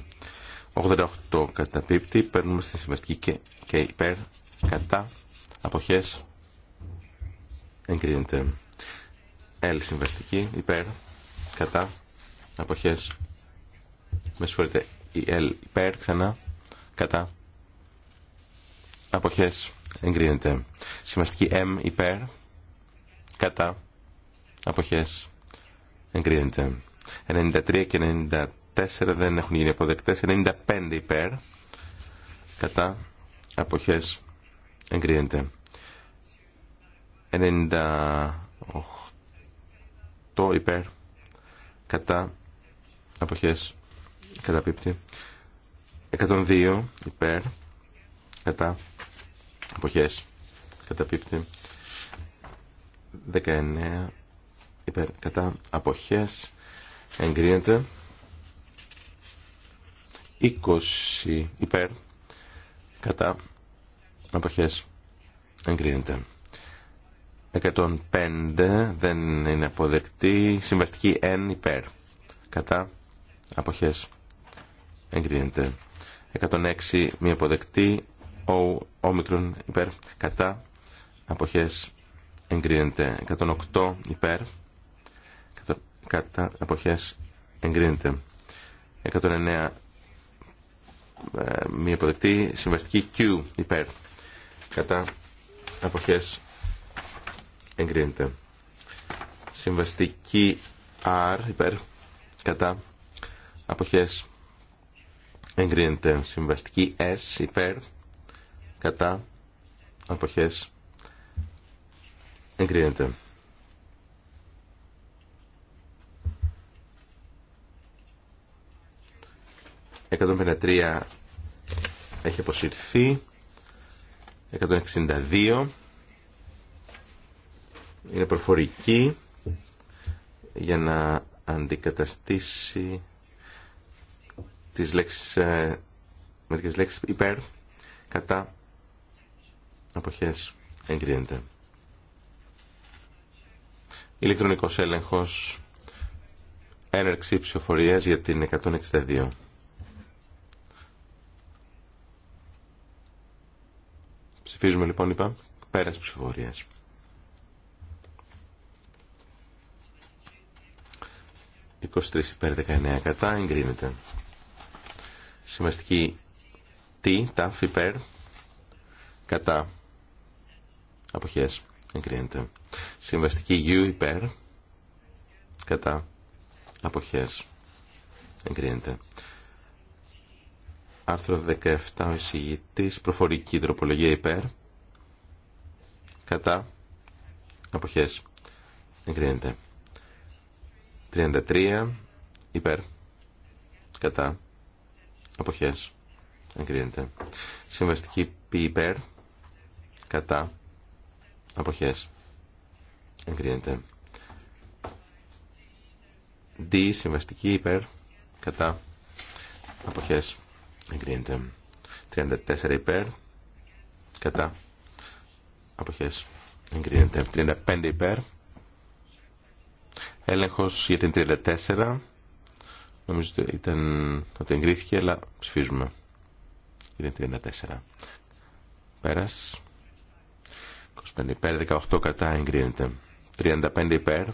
88 καταπίπτει παίρνουμε στη συμβαστική και, και υπέρ κατά Αποχές. Εγκρίνεται. L συμβαστική. Υπέρ. Κατά. Αποχές. Με συγχωρείτε. Η L υπέρ. Ξανά. Κατά. Αποχές. Εγκρίνεται. Συμβαστική M υπέρ. Κατά. Αποχές. Εγκρίνεται. 93 και 94 δεν έχουν γίνει αποδεκτές. 95 υπέρ. Κατά. Αποχές εγκρίνεται 98 υπέρ κατά αποχές καταπίπτει 102 υπέρ κατά αποχές καταπίπτει 19 υπέρ κατά αποχές εγκρίνεται 20 υπέρ κατά Αποχές. Εγκρίνεται. 105 δεν είναι αποδεκτή. Συμβαστική N υπέρ. Κατά. Αποχές. Εγκρίνεται. 106 μη αποδεκτή. Ο όμικρον υπέρ. Κατά. Αποχές. Εγκρίνεται. 108 υπέρ. Κατά. Αποχές. Εγκρίνεται. 109 ε, μη αποδεκτή. Συμβαστική Q υπέρ κατά αποχές εγκρίνεται συμβαστική R υπέρ κατά αποχές εγκρίνεται συμβαστική S υπέρ κατά αποχές εγκρίνεται ...153 έχει αποσυρθεί... 162 είναι προφορική για να αντικαταστήσει τις λέξεις, ε, μερικές λέξεις υπέρ, κατά, αποχές, εγκρίνεται. Ηλεκτρονικός έλεγχος, έναρξη ψηφοφορίας για την 162. Ψηφίζουμε λοιπόν είπα πέρας ψηφοφορίας. ...23 υπέρ 19 κατά εγκρίνεται. Συμβαστική T, ταφ, υπέρ, κατά, αποχές, εγκρίνεται. Συμβαστική U υπέρ, κατά, αποχές, εγκρίνεται. Άρθρο 17. Ο εισηγητής προφορική τροπολογία υπέρ. Κατά. Αποχές. Εγκρίνεται. 33. Υπέρ. Κατά. Αποχές. Εγκρίνεται. Συμβαστική πι υπέρ. Κατά. Αποχές. Εγκρίνεται. D. Συμβαστική υπέρ. Κατά. Αποχές. Εγκρίνεται. 34 υπέρ. Κατά. Αποχές. Εγκρίνεται. 35 υπέρ. Έλεγχος για την 34. Νομίζω ότι, ήταν, ότι εγκρίθηκε, αλλά ψηφίζουμε. την 34. Πέρας. 25 υπέρ, 18 κατά εγκρίνεται. 35 υπέρ.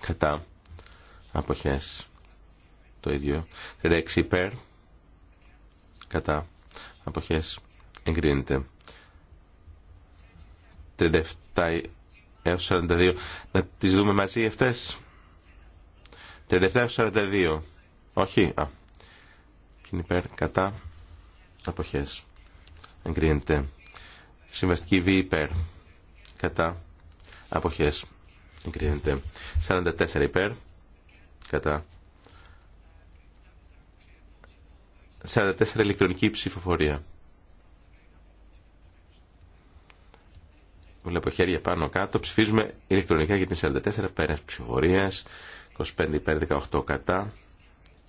Κατά. Αποχές. Το ίδιο. 36 υπέρ κατά αποχές εγκρίνεται 37 έως 42 να τις δούμε μαζί αυτές 37 έως 42 όχι α είναι υπέρ κατά αποχές εγκρίνεται συμβαστική βή υπέρ κατά αποχές εγκρίνεται 44 υπέρ κατά 44 ηλεκτρονική ψηφοφορία. Βλέπω χέρια πάνω κάτω. Ψηφίζουμε ηλεκτρονικά για την 44 πέρα ψηφοφορία, 25 υπέρ 18 κατά.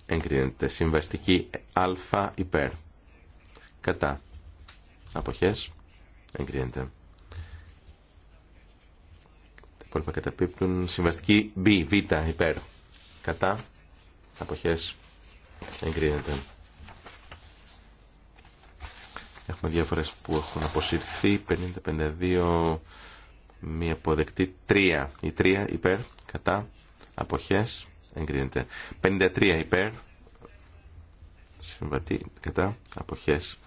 Εγκρίνεται. Συμβαστική α υπέρ. Κατά. Αποχές. Εγκρίνεται. Τα υπόλοιπα καταπίπτουν. Συμβαστική β, β υπέρ. Κατά. Αποχές. Εγκρίνεται. Έχουμε διάφορες που έχουν αποσυρθεί. 50-52 μη αποδεκτή. 3. Η 3 υπέρ. Κατά. Αποχές. Εγκρίνεται. 53 υπέρ. Συμβατή. Κατά. Αποχές.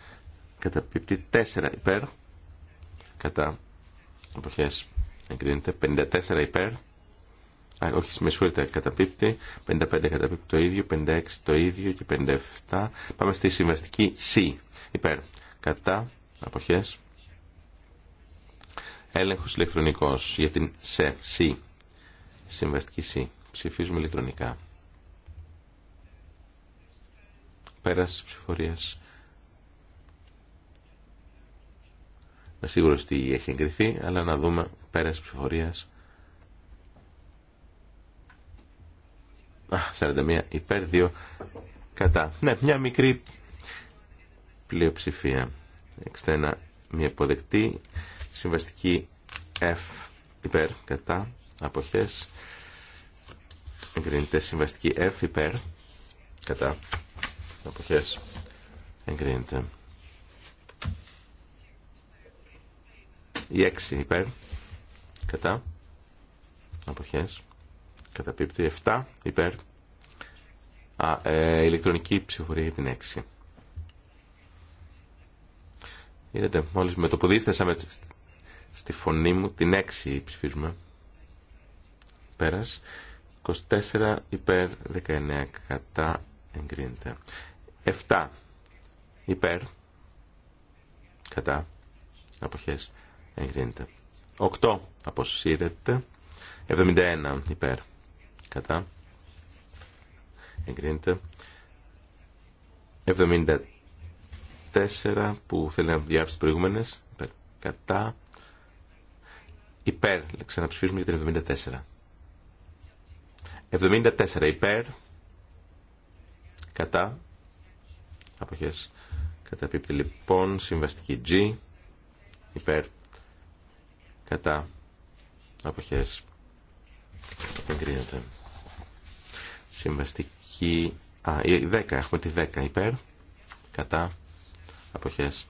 καταπίπτη. 4 υπέρ. Κατά. Αποχές. Εγκρίνεται. 54 υπέρ. Α, όχι, με συγχωρείτε, καταπίπτει. 55 καταπίπτει το ίδιο, 56 το ίδιο και 57. Πάμε στη συμβαστική C. Υπέρ κατά αποχές έλεγχος ηλεκτρονικός για την σε, συμβαστική σι. Ψηφίζουμε ηλεκτρονικά. Πέρας ψηφορίας. Να σίγουρος ότι έχει εγκριθεί, αλλά να δούμε πέρας ψηφορίας. Α, 41 υπέρ 2 κατά. Ναι, μια μικρή πλειοψηφία. 61 μη αποδεκτή. Συμβαστική F υπέρ κατά αποχές. Εγκρίνεται συμβαστική F υπέρ κατά αποχές. Εγκρίνεται. Η 6 υπέρ κατά αποχές. Καταπίπτει 7 υπέρ. Α, ε, ηλεκτρονική ψηφορία για την 6. Είδατε, μόλις με το που δίστασα στη φωνή μου, την 6 ψηφίζουμε. Πέρας. 24 υπέρ, 19 κατά, εγκρίνεται. 7 υπέρ, κατά, αποχές, εγκρίνεται. 8 αποσύρεται. 71 υπέρ, κατά, εγκρίνεται που θέλει να διάρθει τις προηγούμενες. Υπέρ. Κατά. Υπέρ. Ξαναψηφίζουμε για την 74. 74 υπέρ. Κατά. Αποχές. Καταπίπτει λοιπόν συμβαστική G. Υπέρ. Κατά. Αποχές. Εγκρίνεται. Συμβαστική... Α, η 10. Έχουμε τη 10 υπέρ. Κατά αποχές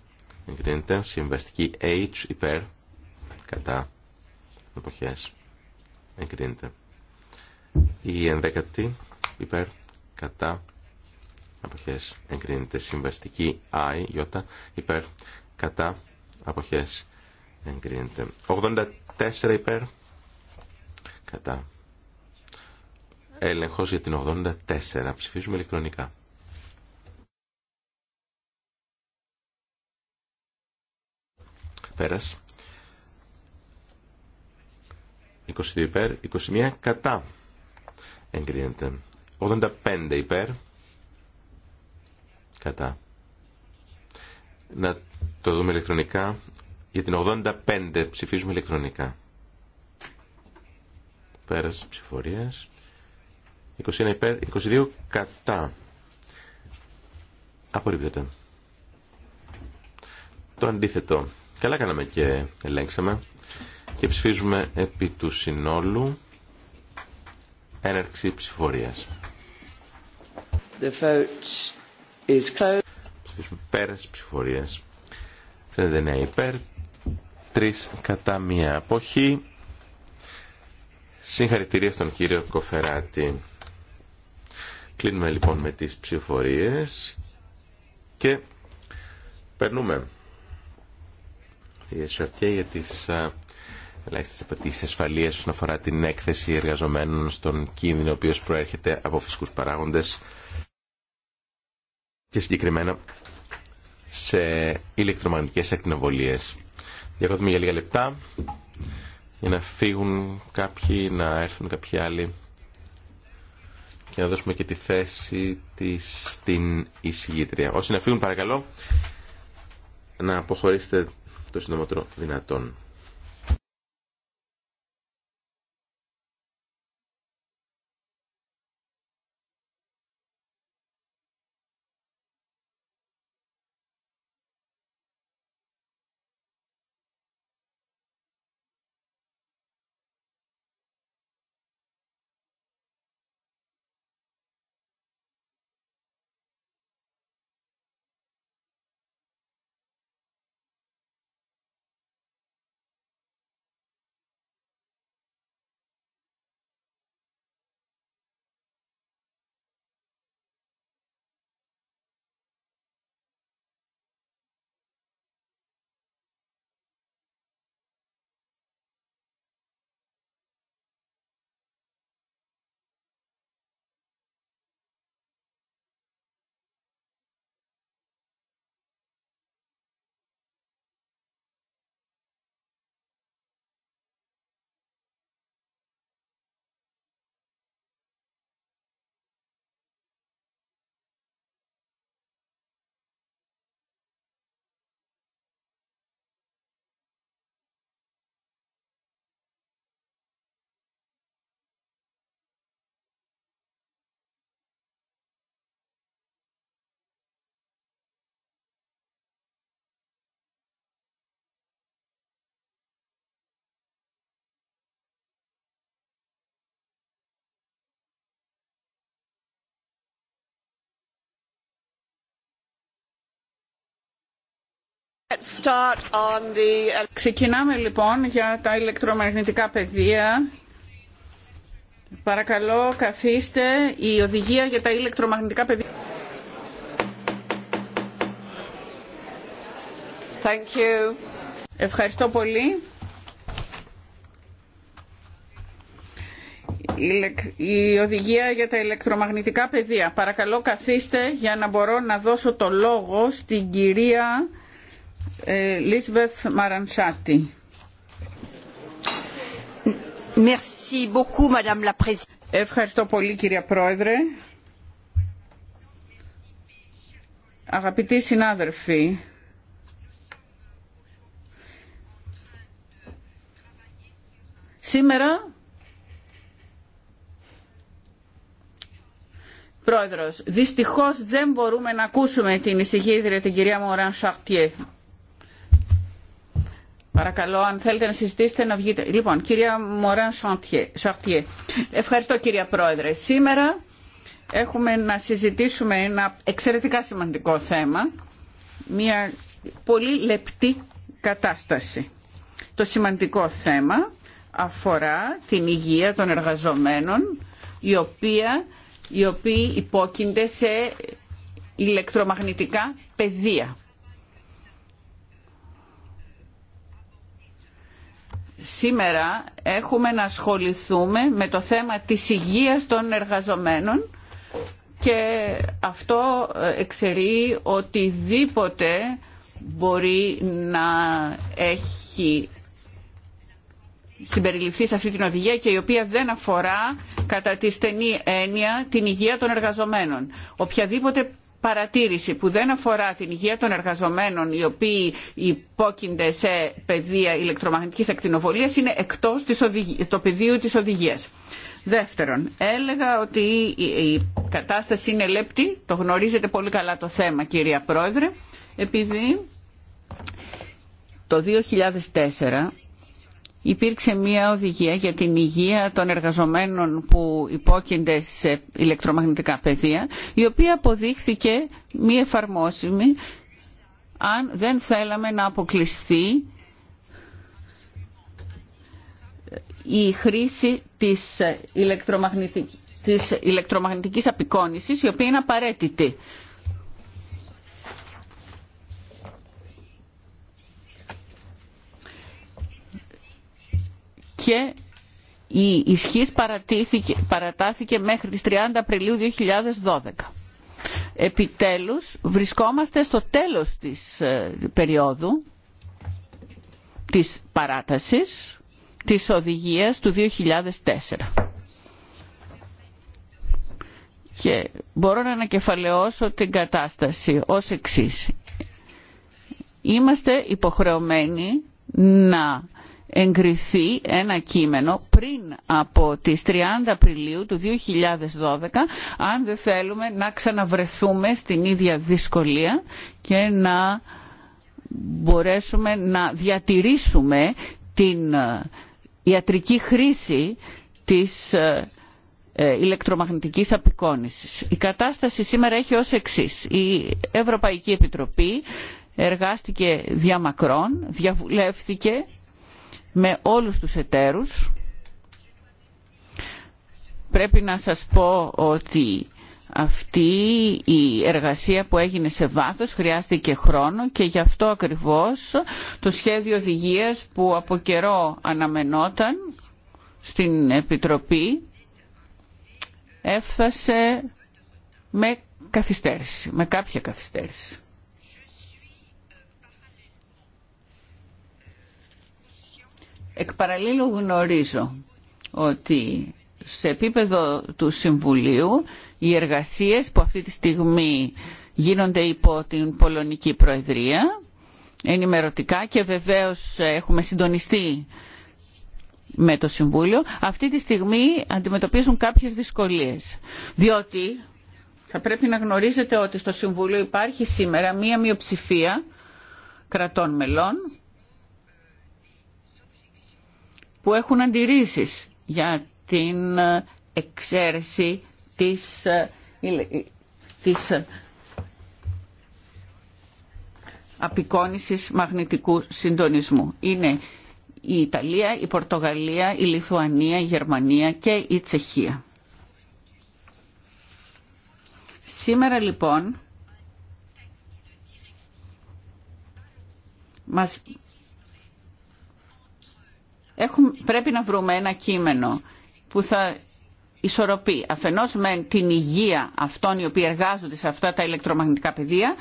εγκρίνεται. Συμβαστική H υπέρ κατά αποχές εγκρίνεται. Η ενδέκατη υπέρ κατά αποχές εγκρίνεται. Συμβαστική I Ι υπέρ κατά αποχές εγκρίνεται. 84 υπέρ κατά έλεγχος για την 84. Ψηφίζουμε ηλεκτρονικά. Πέρας. 22 υπέρ, 21 κατά. Εγκρίνεται. 85 υπέρ. Κατά. Να το δούμε ηλεκτρονικά. Για την 85 ψηφίζουμε ηλεκτρονικά. Πέρας ψηφορία 21 υπέρ, 22 κατά. Απορρίπτεται. Το αντίθετο. Καλά κάναμε και ελέγξαμε και ψηφίζουμε επί του συνόλου έναρξη ψηφορίας. The vote is closed. πέρας ψηφορίας. 39 υπέρ, 3 κατά μία αποχή. Συγχαρητήρια στον κύριο Κοφεράτη. Κλείνουμε λοιπόν με τις ψηφορίες και περνούμε διασωκέ για τις ελάχιστες απαιτήσεις ασφαλείας όσον αφορά την έκθεση εργαζομένων στον κίνδυνο ο οποίος προέρχεται από φυσικούς παράγοντες και συγκεκριμένα σε ηλεκτρομαγνητικές ακτινοβολίες. Διακόπτουμε για λίγα λεπτά για να φύγουν κάποιοι, να έρθουν κάποιοι άλλοι και να δώσουμε και τη θέση της στην εισηγήτρια. Όσοι να φύγουν παρακαλώ να αποχωρήσετε το συντομότερο δυνατόν. Ξεκινάμε λοιπόν για τα ηλεκτρομαγνητικά πεδία. Παρακαλώ, καθίστε. Η οδηγία για τα ηλεκτρομαγνητικά πεδία. Thank you. Ευχαριστώ πολύ. η οδηγία για τα ηλεκτρομαγνητικά πεδία. Παρακαλώ καθίστε για να μπορώ να δώσω το λόγο στην κυρία ε, Ευχαριστώ πολύ κυρία Πρόεδρε. Αγαπητοί συνάδελφοι, σήμερα Πρόεδρος, δυστυχώς δεν μπορούμε να ακούσουμε την εισηγήτρια την κυρία Μωράν Σαρτιέ Παρακαλώ, αν θέλετε να συζητήσετε, να βγείτε. Λοιπόν, κυρία Μωράν Σαρτιέ. Ευχαριστώ, κυρία Πρόεδρε. Σήμερα έχουμε να συζητήσουμε ένα εξαιρετικά σημαντικό θέμα. Μια πολύ λεπτή κατάσταση. Το σημαντικό θέμα αφορά την υγεία των εργαζομένων, η οποία, οι οποίοι υπόκεινται σε ηλεκτρομαγνητικά πεδία. σήμερα έχουμε να ασχοληθούμε με το θέμα της υγείας των εργαζομένων και αυτό ε, εξαιρεί οτιδήποτε μπορεί να έχει συμπεριληφθεί σε αυτή την οδηγία και η οποία δεν αφορά κατά τη στενή έννοια την υγεία των εργαζομένων. Οποιαδήποτε παρατήρηση που δεν αφορά την υγεία των εργαζομένων οι οποίοι υπόκεινται σε πεδία ηλεκτρομαγνητικής ακτινοβολίας είναι εκτός της το πεδίο της οδηγίας. Δεύτερον, έλεγα ότι η κατάσταση είναι λεπτή, το γνωρίζετε πολύ καλά το θέμα κυρία Πρόεδρε, επειδή το 2004 υπήρξε μια οδηγία για την υγεία των εργαζομένων που υπόκεινται σε ηλεκτρομαγνητικά πεδία, η οποία αποδείχθηκε μη εφαρμόσιμη αν δεν θέλαμε να αποκλειστεί η χρήση της ηλεκτρομαγνητικής, της ηλεκτρομαγνητικής απεικόνησης, η οποία είναι απαραίτητη. και η ισχύς παρατάθηκε μέχρι τις 30 Απριλίου 2012. Επιτέλους βρισκόμαστε στο τέλος της ε, περίοδου της παράτασης της οδηγίας του 2004 και μπορώ να ανακεφαλαιώσω την κατάσταση ως εξής. Είμαστε υποχρεωμένοι να εγκριθεί ένα κείμενο πριν από τις 30 Απριλίου του 2012 αν δεν θέλουμε να ξαναβρεθούμε στην ίδια δυσκολία και να μπορέσουμε να διατηρήσουμε την ε, ιατρική χρήση της ε, ε, ηλεκτρομαγνητικής απεικόνησης. Η κατάσταση σήμερα έχει ως εξής. Η Ευρωπαϊκή Επιτροπή εργάστηκε διαμακρών, διαβουλεύθηκε με όλους τους εταίρους. Πρέπει να σας πω ότι αυτή η εργασία που έγινε σε βάθος χρειάστηκε χρόνο και γι' αυτό ακριβώς το σχέδιο οδηγίας που από καιρό αναμενόταν στην Επιτροπή έφτασε με καθυστέρηση, με κάποια καθυστέρηση. Εκ παραλίλου γνωρίζω ότι σε επίπεδο του Συμβουλίου οι εργασίες που αυτή τη στιγμή γίνονται υπό την Πολωνική Προεδρία ενημερωτικά και βεβαίως έχουμε συντονιστεί με το Συμβούλιο αυτή τη στιγμή αντιμετωπίζουν κάποιες δυσκολίες διότι θα πρέπει να γνωρίζετε ότι στο Συμβούλιο υπάρχει σήμερα μία μειοψηφία κρατών μελών που έχουν αντιρρήσεις για την ε, εξαίρεση της, ε, ε, της μαγνητικού συντονισμού. Είναι η Ιταλία, η Πορτογαλία, η Λιθουανία, η Γερμανία και η Τσεχία. Σήμερα λοιπόν μας έχουμε, πρέπει να βρούμε ένα κείμενο που θα ισορροπεί αφενός με την υγεία αυτών οι οποίοι εργάζονται σε αυτά τα ηλεκτρομαγνητικά πεδία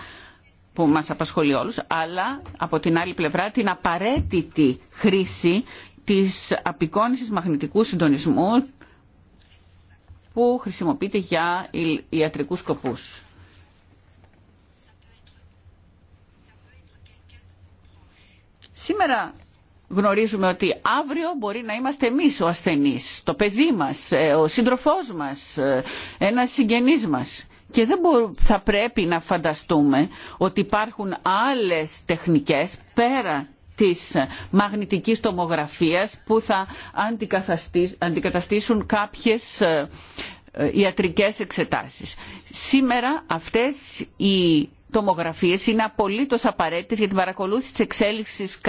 που μας απασχολεί όλους, αλλά από την άλλη πλευρά την απαραίτητη χρήση της απεικόνησης μαγνητικού συντονισμού που χρησιμοποιείται για ιατρικούς σκοπούς. Σήμερα γνωρίζουμε ότι αύριο μπορεί να είμαστε εμείς ο ασθενής, το παιδί μας, ε, ο σύντροφός μας, ε, ένας συγγενής μας. Και δεν θα πρέπει να φανταστούμε ότι υπάρχουν άλλες τεχνικές πέρα της μαγνητικής τομογραφίας που θα αντικαταστήσουν κάποιες ε, ιατρικές εξετάσεις. Σήμερα αυτές οι τομογραφίες είναι απολύτως απαραίτητες για την παρακολούθηση της εξέλιξης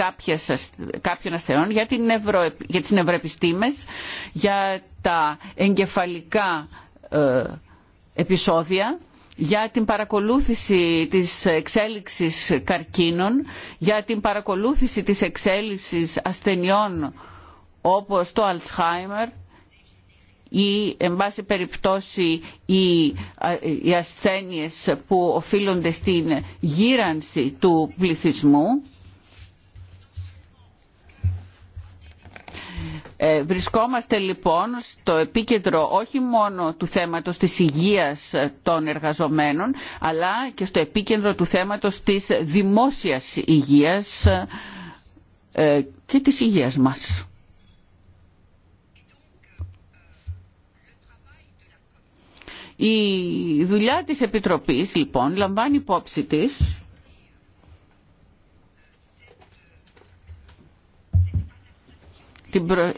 κάποιων ασθενών, για, την νευρο για τις νευροεπιστήμες, για τα εγκεφαλικά ε, επεισόδια, για την παρακολούθηση της εξέλιξης καρκίνων, για την παρακολούθηση της εξέλιξης ασθενειών όπως το Αλτσχάιμερ, ή εν πάση περιπτώσει οι, οι ασθένειες που οφείλονται στην γύρανση του πληθυσμού ε, βρισκόμαστε λοιπόν στο επίκεντρο όχι μόνο του θέματος της υγείας των εργαζομένων αλλά και στο επίκεντρο του θέματος της δημόσιας υγείας ε, και της υγείας μας. Η δουλειά της Επιτροπής λοιπόν λαμβάνει υπόψη της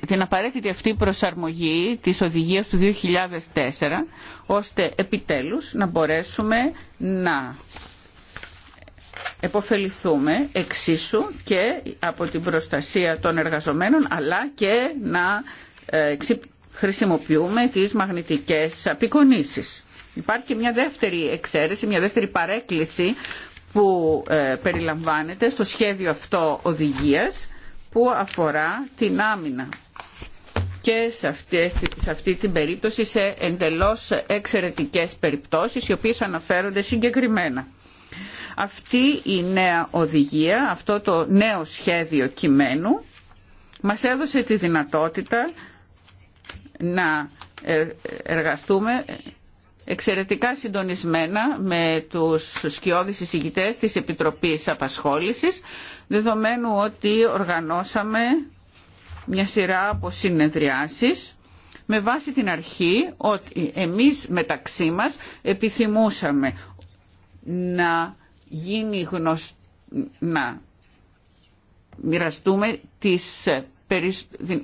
την απαραίτητη αυτή προσαρμογή της οδηγίας του 2004 ώστε επιτέλους να μπορέσουμε να εποφεληθούμε εξίσου και από την προστασία των εργαζομένων αλλά και να ε, χρησιμοποιούμε τις μαγνητικές απεικονίσεις. Υπάρχει μια δεύτερη εξαίρεση, μια δεύτερη παρέκκληση που ε, περιλαμβάνεται στο σχέδιο αυτό οδηγίας που αφορά την άμυνα και σε αυτή, αυτή την περίπτωση σε εντελώς εξαιρετικές περιπτώσεις οι οποίες αναφέρονται συγκεκριμένα. Αυτή η νέα οδηγία, αυτό το νέο σχέδιο κειμένου μας έδωσε τη δυνατότητα να ε, εργαστούμε εξαιρετικά συντονισμένα με τους σκιώδεις εισηγητές της Επιτροπής Απασχόλησης, δεδομένου ότι οργανώσαμε μια σειρά από συνεδριάσεις με βάση την αρχή ότι εμείς μεταξύ μας επιθυμούσαμε να γίνει γνωστό να μοιραστούμε τις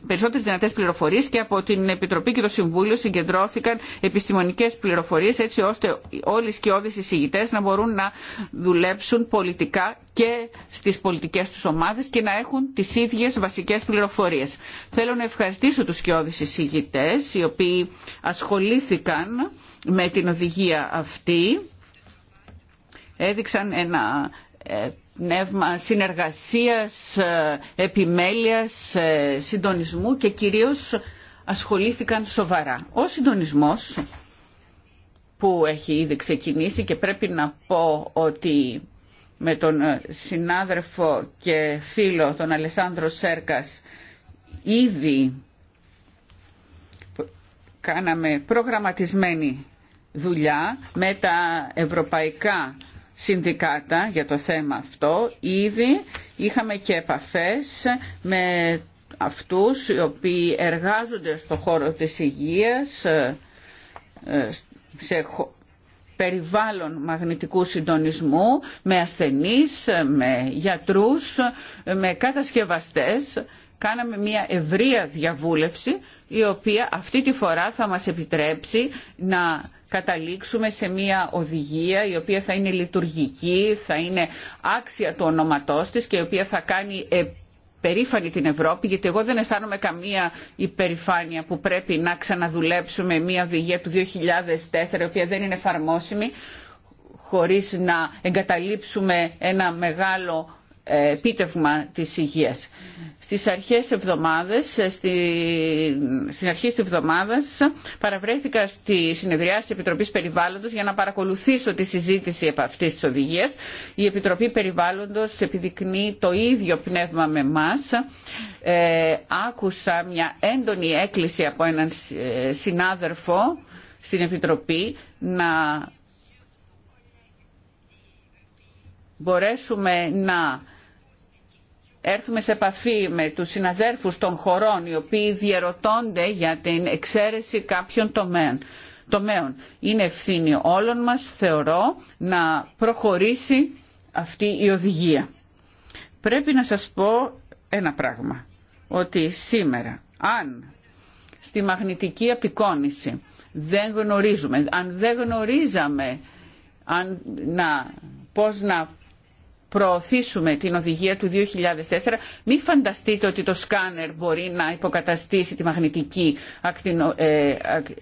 περισσότερες δυνατές πληροφορίες και από την Επιτροπή και το Συμβούλιο συγκεντρώθηκαν επιστημονικές πληροφορίες έτσι ώστε όλοι οι σκιώδεις εισηγητές να μπορούν να δουλέψουν πολιτικά και στις πολιτικές τους ομάδες και να έχουν τις ίδιες βασικές πληροφορίες. Θέλω να ευχαριστήσω τους σκιώδεις εισηγητές οι οποίοι ασχολήθηκαν με την οδηγία αυτή έδειξαν ένα ε, πνεύμα συνεργασίας, ε, επιμέλειας, ε, συντονισμού και κυρίως ασχολήθηκαν σοβαρά. Ο συντονισμός που έχει ήδη ξεκινήσει και πρέπει να πω ότι με τον ε, συνάδελφο και φίλο τον Αλεσάνδρο Σέρκας ήδη κάναμε προγραμματισμένη δουλειά με τα ευρωπαϊκά συνδικάτα για το θέμα αυτό. Ήδη είχαμε και επαφές με αυτούς οι οποίοι εργάζονται στο χώρο της υγείας ε, ε, σε περιβάλλον μαγνητικού συντονισμού με ασθενείς, με γιατρούς, με κατασκευαστές. Κάναμε μια ευρεία διαβούλευση η οποία αυτή τη φορά θα μας επιτρέψει να καταλήξουμε σε μια οδηγία η οποία θα είναι λειτουργική, θα είναι άξια του ονοματός της και η οποία θα κάνει ε, περήφανη την Ευρώπη, γιατί εγώ δεν αισθάνομαι καμία υπερηφάνεια που πρέπει να ξαναδουλέψουμε μια οδηγία του 2004, η οποία δεν είναι εφαρμόσιμη, χωρίς να εγκαταλείψουμε ένα μεγάλο επίτευγμα της υγείας. Στις αρχές εβδομάδες, ε, στη, στην αρχή της εβδομάδας παραβρέθηκα στη συνεδριά της Επιτροπής Περιβάλλοντος για να παρακολουθήσω τη συζήτηση από αυτής της οδηγίας. Η Επιτροπή Περιβάλλοντος επιδεικνύει το ίδιο πνεύμα με μας. Ε, άκουσα μια έντονη έκκληση από έναν ε, συνάδελφο στην Επιτροπή να μπορέσουμε να έρθουμε σε επαφή με τους συναδέρφους των χωρών οι οποίοι διαιρωτώνται για την εξαίρεση κάποιων τομέων. τομέων. Είναι ευθύνη όλων μας, θεωρώ, να προχωρήσει αυτή η οδηγία. Πρέπει να σας πω ένα πράγμα, ότι σήμερα αν στη μαγνητική απεικόνηση δεν γνωρίζουμε, αν δεν γνωρίζαμε αν, πώς να προωθήσουμε την οδηγία του 2004, μην φανταστείτε ότι το σκάνερ μπορεί να υποκαταστήσει τη μαγνητική ε,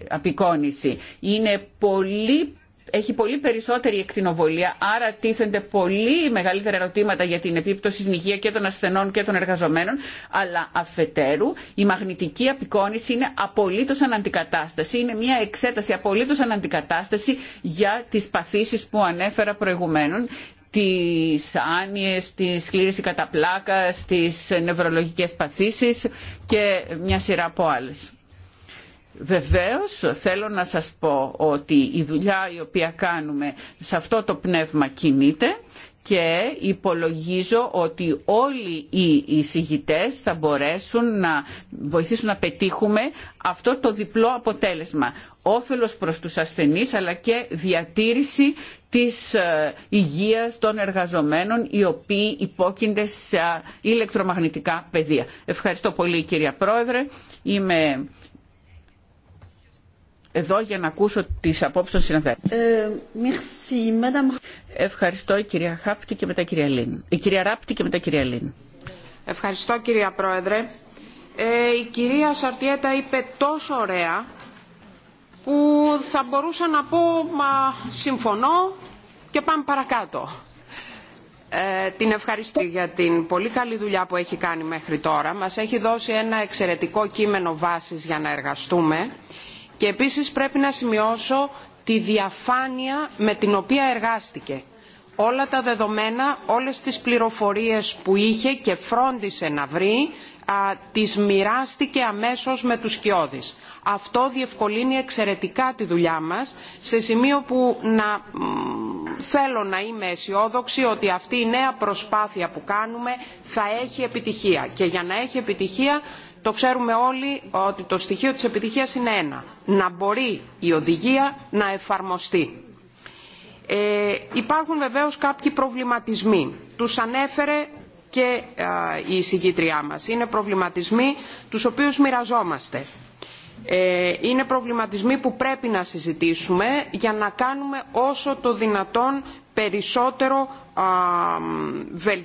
απεικόνηση. Είναι πολύ έχει πολύ περισσότερη εκτινοβολία, άρα τίθενται πολύ μεγαλύτερα ερωτήματα για την επίπτωση στην υγεία και των ασθενών και των εργαζομένων, αλλά αφετέρου η μαγνητική απεικόνηση είναι απολύτως αναντικατάσταση, είναι μια εξέταση απολύτως αναντικατάσταση για τις παθήσεις που ανέφερα προηγουμένων τις άνοιες, τη σκλήρηση κατά πλάκα, τις νευρολογικές παθήσεις και μια σειρά από άλλες. Βεβαίως θέλω να σας πω ότι η δουλειά η οποία κάνουμε σε αυτό το πνεύμα κινείται και υπολογίζω ότι όλοι οι εισηγητές θα μπορέσουν να βοηθήσουν να πετύχουμε αυτό το διπλό αποτέλεσμα. Όφελος προς τους ασθενείς αλλά και διατήρηση της ε, υγείας των εργαζομένων οι οποίοι υπόκεινται σε ηλεκτρομαγνητικά πεδία. Ευχαριστώ πολύ κυρία Πρόεδρε εδώ για να ακούσω τις απόψεις των συναδέλφων. Ε, ευχαριστώ η κυρία Χάπτη και μετά κυρία Λίν. Η κυρία Ράπτη και μετά η κυρία Λίν. Ευχαριστώ κυρία Πρόεδρε. Ε, η κυρία Σαρτιέτα είπε τόσο ωραία που θα μπορούσα να πω μα συμφωνώ και πάμε παρακάτω. Ε, την ευχαριστώ για την πολύ καλή δουλειά που έχει κάνει μέχρι τώρα. Μας έχει δώσει ένα εξαιρετικό κείμενο βάσης για να εργαστούμε και επίσης πρέπει να σημειώσω τη διαφάνεια με την οποία εργάστηκε. Όλα τα δεδομένα, όλες τις πληροφορίες που είχε και φρόντισε να βρει, α, τις μοιράστηκε αμέσως με τους σκιώδεις. Αυτό διευκολύνει εξαιρετικά τη δουλειά μας, σε σημείο που να, θέλω να είμαι αισιόδοξη ότι αυτή η νέα προσπάθεια που κάνουμε θα έχει επιτυχία. Και για να έχει επιτυχία το ξέρουμε όλοι ότι το στοιχείο της επιτυχίας είναι ένα. Να μπορεί η οδηγία να εφαρμοστεί. Ε, υπάρχουν βεβαίως κάποιοι προβληματισμοί. Τους ανέφερε και η εισηγήτριά μας. Είναι προβληματισμοί τους οποίους μοιραζόμαστε. Ε, είναι προβληματισμοί που πρέπει να συζητήσουμε για να κάνουμε όσο το δυνατόν περισσότερο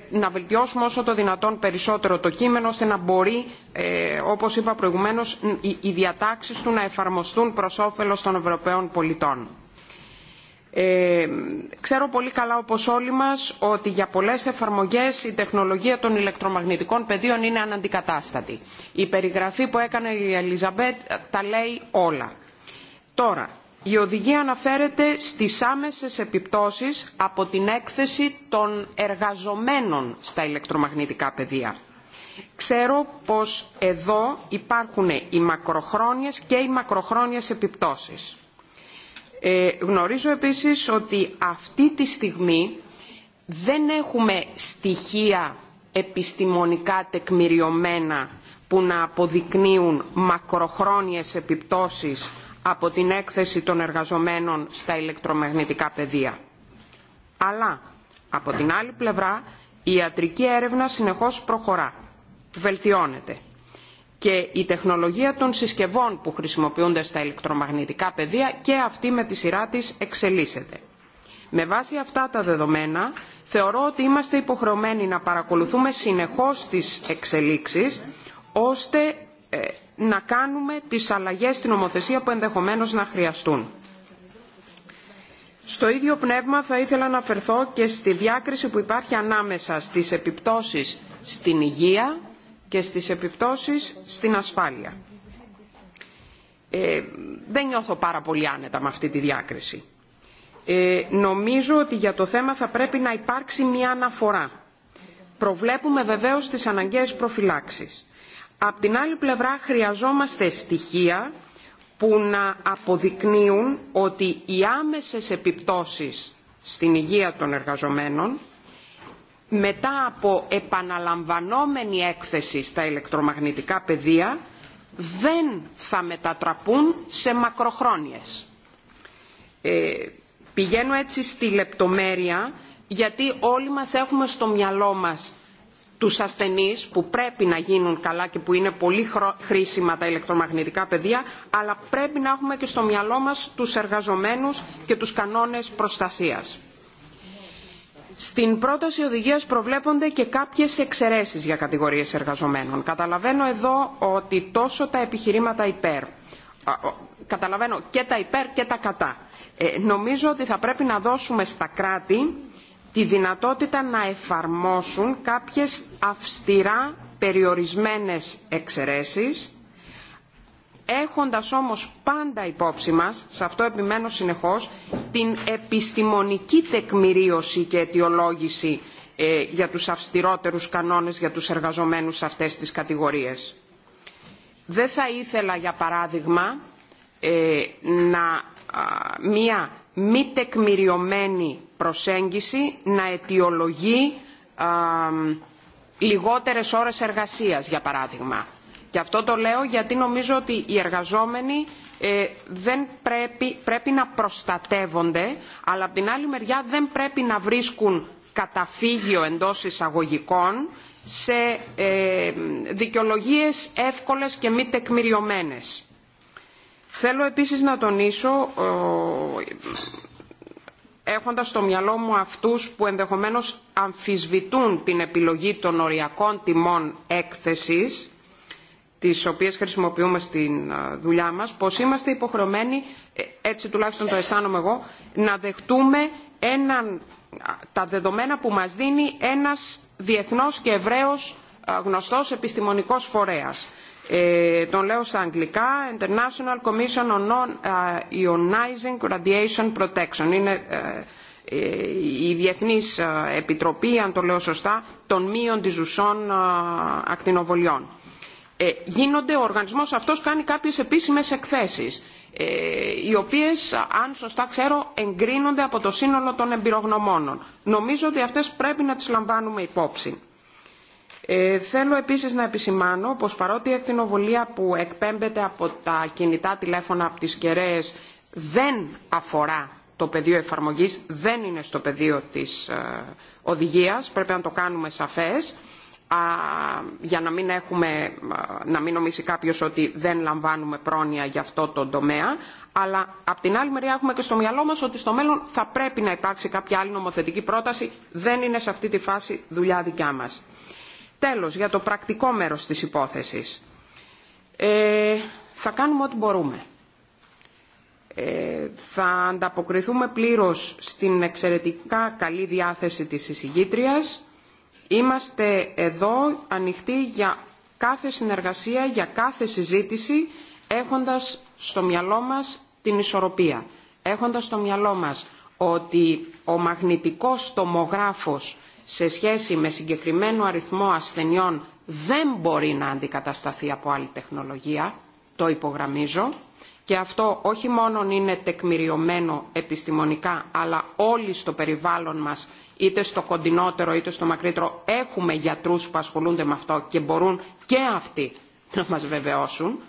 να βελτιώσουμε όσο το δυνατόν περισσότερο το κείμενο ώστε να μπορεί ε, όπως είπα προηγουμένως οι διατάξεις του να εφαρμοστούν προς όφελος των Ευρωπαίων πολιτών. Ε, ξέρω πολύ καλά όπως όλοι μας ότι για πολλές εφαρμογές η τεχνολογία των ηλεκτρομαγνητικών πεδίων είναι αναντικατάστατη. Η περιγραφή που έκανε η Ελιζαμπέτ τα λέει όλα. Τώρα, η οδηγία αναφέρεται στις άμεσες επιπτώσεις από την έκθεση των εργαζομένων στα ηλεκτρομαγνητικά πεδία. Ξέρω πως εδώ υπάρχουν οι μακροχρόνιες και οι μακροχρόνιες επιπτώσεις ε, γνωρίζω επίσης ότι αυτή τη στιγμή δεν έχουμε στοιχεία επιστημονικά τεκμηριωμένα που να αποδεικνύουν μακροχρόνιες επιπτώσεις από την έκθεση των εργαζομένων στα ηλεκτρομαγνητικά πεδία. Αλλά, από την άλλη πλευρά, η ιατρική έρευνα συνεχώς προχωρά, βελτιώνεται και η τεχνολογία των συσκευών που χρησιμοποιούνται στα ηλεκτρομαγνητικά πεδία και αυτή με τη σειρά της εξελίσσεται. Με βάση αυτά τα δεδομένα θεωρώ ότι είμαστε υποχρεωμένοι να παρακολουθούμε συνεχώς τις εξελίξεις ώστε ε, να κάνουμε τις αλλαγές στην ομοθεσία που ενδεχομένως να χρειαστούν. Στο ίδιο πνεύμα θα ήθελα να αφαιρθώ και στη διάκριση που υπάρχει ανάμεσα στις επιπτώσεις στην υγεία και στις επιπτώσεις στην ασφάλεια. Ε, δεν νιώθω πάρα πολύ άνετα με αυτή τη διάκριση. Ε, νομίζω ότι για το θέμα θα πρέπει να υπάρξει μια αναφορά. Προβλέπουμε βεβαίως τις αναγκαίες προφυλάξεις. Απ' την άλλη πλευρά χρειαζόμαστε στοιχεία που να αποδεικνύουν ότι οι άμεσες επιπτώσεις στην υγεία των εργαζομένων μετά από επαναλαμβανόμενη έκθεση στα ηλεκτρομαγνητικά πεδία δεν θα μετατραπούν σε μακροχρόνιες. Ε, πηγαίνω έτσι στη λεπτομέρεια γιατί όλοι μας έχουμε στο μυαλό μας τους ασθενείς που πρέπει να γίνουν καλά και που είναι πολύ χρήσιμα τα ηλεκτρομαγνητικά πεδία αλλά πρέπει να έχουμε και στο μυαλό μας τους εργαζομένους και τους κανόνες προστασίας στην πρόταση οδηγίας προβλέπονται και κάποιες εξαιρέσεις για κατηγορίες εργαζομένων. Καταλαβαίνω εδώ ότι τόσο τα επιχειρήματα υπέρ, καταλαβαίνω και τα υπέρ και τα κατά. Ε, νομίζω ότι θα πρέπει να δώσουμε στα κράτη τη δυνατότητα να εφαρμόσουν κάποιες αυστηρά περιορισμένες εξαιρέσεις έχοντας όμως πάντα υπόψη μας, σε αυτό επιμένω συνεχώς, την επιστημονική τεκμηρίωση και αιτιολόγηση ε, για τους αυστηρότερους κανόνες για τους εργαζομένους σε αυτές τις κατηγορίες. Δεν θα ήθελα, για παράδειγμα, ε, να, μία μη τεκμηριωμένη προσέγγιση να αιτιολογεί α, λιγότερες ώρες εργασίας, για παράδειγμα και αυτό το λέω γιατί νομίζω ότι οι εργαζόμενοι ε, δεν πρέπει, να προστατεύονται, αλλά από την άλλη μεριά δεν πρέπει να βρίσκουν καταφύγιο εντός εισαγωγικών σε ε, δικαιολογίες εύκολες και μη τεκμηριωμένες. Θέλω επίσης να τονίσω, έχοντας στο μυαλό μου αυτούς που ενδεχομένως αμφισβητούν την επιλογή των οριακών τιμών έκθεσης, τις οποίες χρησιμοποιούμε στην δουλειά μας, πως είμαστε υποχρεωμένοι, ε, έτσι τουλάχιστον το αισθάνομαι εγώ, να δεχτούμε έναν, τα δεδομένα που μας δίνει ένας διεθνός και ευραίος γνωστός επιστημονικός φορέας. Ε, τον λέω στα αγγλικά, International Commission on ionizing Radiation Protection. Είναι ε, η Διεθνής Επιτροπή, αν το λέω σωστά, των μείων της ουσών ακτινοβολιών. Ε, γίνονται, ο οργανισμός αυτός κάνει κάποιες επίσημες εκθέσεις, ε, οι οποίες, αν σωστά ξέρω, εγκρίνονται από το σύνολο των εμπειρογνωμόνων. Νομίζω ότι αυτές πρέπει να τις λαμβάνουμε υπόψη. Ε, θέλω επίσης να επισημάνω πως παρότι η εκτινοβολία που εκπέμπεται από τα κινητά τηλέφωνα από τις κεραίες δεν αφορά το πεδίο εφαρμογής, δεν είναι στο πεδίο της ε, οδηγίας, πρέπει να το κάνουμε σαφές για να μην, έχουμε, να μην νομίσει κάποιος ότι δεν λαμβάνουμε πρόνοια για αυτό το τομέα αλλά απ' την άλλη μεριά έχουμε και στο μυαλό μας ότι στο μέλλον θα πρέπει να υπάρξει κάποια άλλη νομοθετική πρόταση δεν είναι σε αυτή τη φάση δουλειά δικιά μας. Τέλος, για το πρακτικό μέρος της υπόθεσης. Ε, θα κάνουμε ό,τι μπορούμε. Ε, θα ανταποκριθούμε πλήρως στην εξαιρετικά καλή διάθεση της εισηγήτριας Είμαστε εδώ ανοιχτοί για κάθε συνεργασία, για κάθε συζήτηση, έχοντας στο μυαλό μας την ισορροπία. Έχοντας στο μυαλό μας ότι ο μαγνητικός τομογράφος σε σχέση με συγκεκριμένο αριθμό ασθενειών δεν μπορεί να αντικατασταθεί από άλλη τεχνολογία, το υπογραμμίζω, και αυτό όχι μόνο είναι τεκμηριωμένο επιστημονικά αλλά όλοι στο περιβάλλον μας είτε στο κοντινότερο είτε στο μακρύτερο έχουμε γιατρούς που ασχολούνται με αυτό και μπορούν και αυτοί να μας βεβαιώσουν.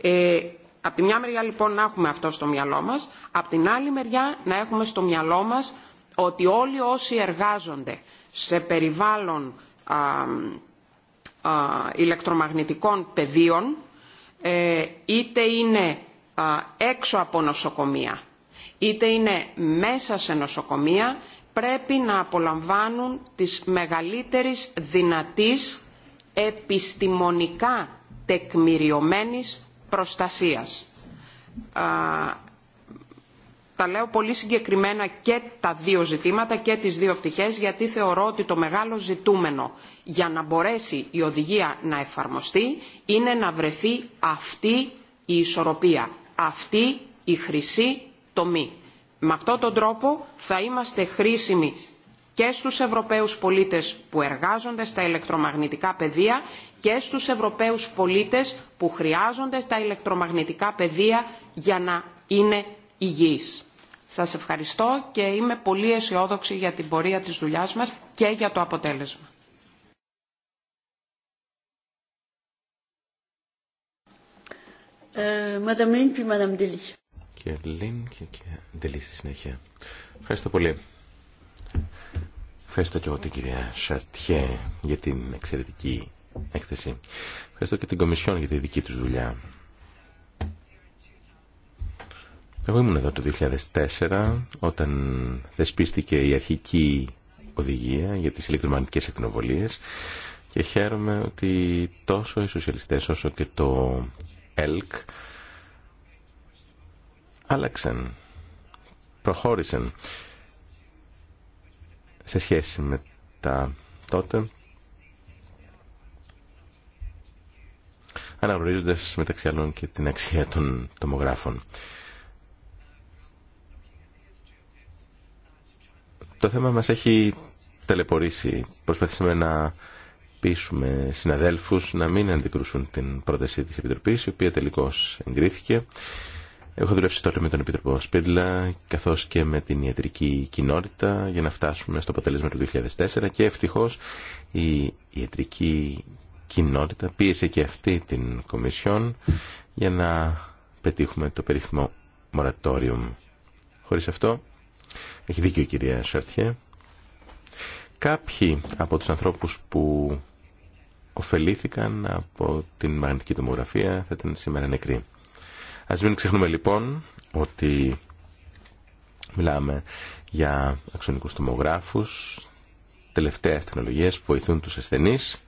Ε, από τη μια μεριά λοιπόν να έχουμε αυτό στο μυαλό μας, από την άλλη μεριά να έχουμε στο μυαλό μας ότι όλοι όσοι εργάζονται σε περιβάλλον ηλεκτρομαγνητικών πεδίων, ε, είτε είναι έξω από νοσοκομεία είτε είναι μέσα σε νοσοκομεία πρέπει να απολαμβάνουν της μεγαλύτερης δυνατής επιστημονικά τεκμηριωμένης προστασίας. τα λέω πολύ συγκεκριμένα και τα δύο ζητήματα και τις δύο πτυχές γιατί θεωρώ ότι το μεγάλο ζητούμενο για να μπορέσει η οδηγία να εφαρμοστεί είναι να βρεθεί αυτή η ισορροπία αυτή η χρυσή τομή. Με αυτόν τον τρόπο θα είμαστε χρήσιμοι και στους Ευρωπαίους πολίτες που εργάζονται στα ηλεκτρομαγνητικά πεδία και στους Ευρωπαίους πολίτες που χρειάζονται στα ηλεκτρομαγνητικά πεδία για να είναι υγιείς. Σας ευχαριστώ και είμαι πολύ αισιόδοξη για την πορεία της δουλειάς μας και για το αποτέλεσμα. Ε, και Lynn και, και στη συνέχεια. Ευχαριστώ πολύ. Ευχαριστώ και εγώ την κυρία Σαρτιέ για την εξαιρετική έκθεση. Ευχαριστώ και την Κομισιόν για τη δική τους δουλειά. Εγώ ήμουν εδώ το 2004 όταν θεσπίστηκε η αρχική οδηγία για τις ηλεκτρομανικές ακτινοβολίες και χαίρομαι ότι τόσο οι σοσιαλιστές όσο και το ΕΛΚ άλλαξαν, προχώρησαν σε σχέση με τα τότε αναγνωρίζοντας μεταξύ άλλων και την αξία των τομογράφων. Το θέμα μας έχει ταλαιπωρήσει. Προσπαθήσαμε να πείσουμε συναδέλφου να μην αντικρούσουν την πρόταση της Επιτροπής, η οποία τελικώς εγκρίθηκε. Έχω δουλέψει τότε με τον Επιτροπό Σπίτλα, καθώς και με την ιατρική κοινότητα, για να φτάσουμε στο αποτέλεσμα του 2004 και ευτυχώ η ιατρική κοινότητα πίεσε και αυτή την Κομισιόν για να πετύχουμε το περίφημο moratorium. Χωρίς αυτό, έχει δίκιο η κυρία Σαρτιέ, Κάποιοι από τους ανθρώπους που ωφελήθηκαν από την μαγνητική τομογραφία θα ήταν σήμερα νεκροί. Ας μην ξεχνούμε λοιπόν ότι μιλάμε για αξιονικούς τομογράφους, τελευταίες τεχνολογίες που βοηθούν τους ασθενείς,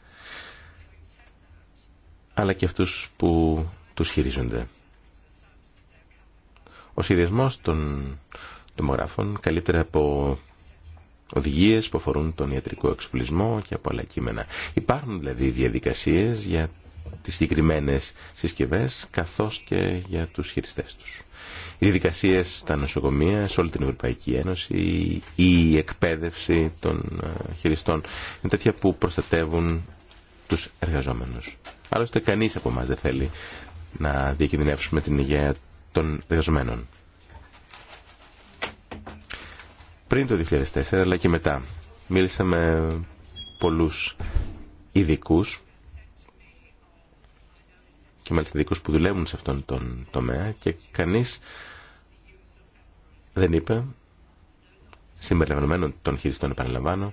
αλλά και αυτούς που τους χειρίζονται. Ο σχεδιασμός των τομογράφων καλύτερα από οδηγίες που αφορούν τον ιατρικό εξοπλισμό και από άλλα κείμενα. Υπάρχουν δηλαδή διαδικασίες για τις συγκεκριμένε συσκευές καθώς και για τους χειριστές τους. Οι διαδικασίες στα νοσοκομεία, σε όλη την Ευρωπαϊκή Ένωση, η εκπαίδευση των ε, χειριστών είναι τέτοια που προστατεύουν τους εργαζόμενους. Άλλωστε κανείς από εμά δεν θέλει να διακινδυνεύσουμε την υγεία των εργαζομένων. πριν το 2004 αλλά και μετά. Μίλησα με πολλούς ειδικού και μάλιστα ειδικού που δουλεύουν σε αυτόν τον τομέα και κανείς δεν είπε συμπεριλαμβανομένων των χειριστών επαναλαμβάνω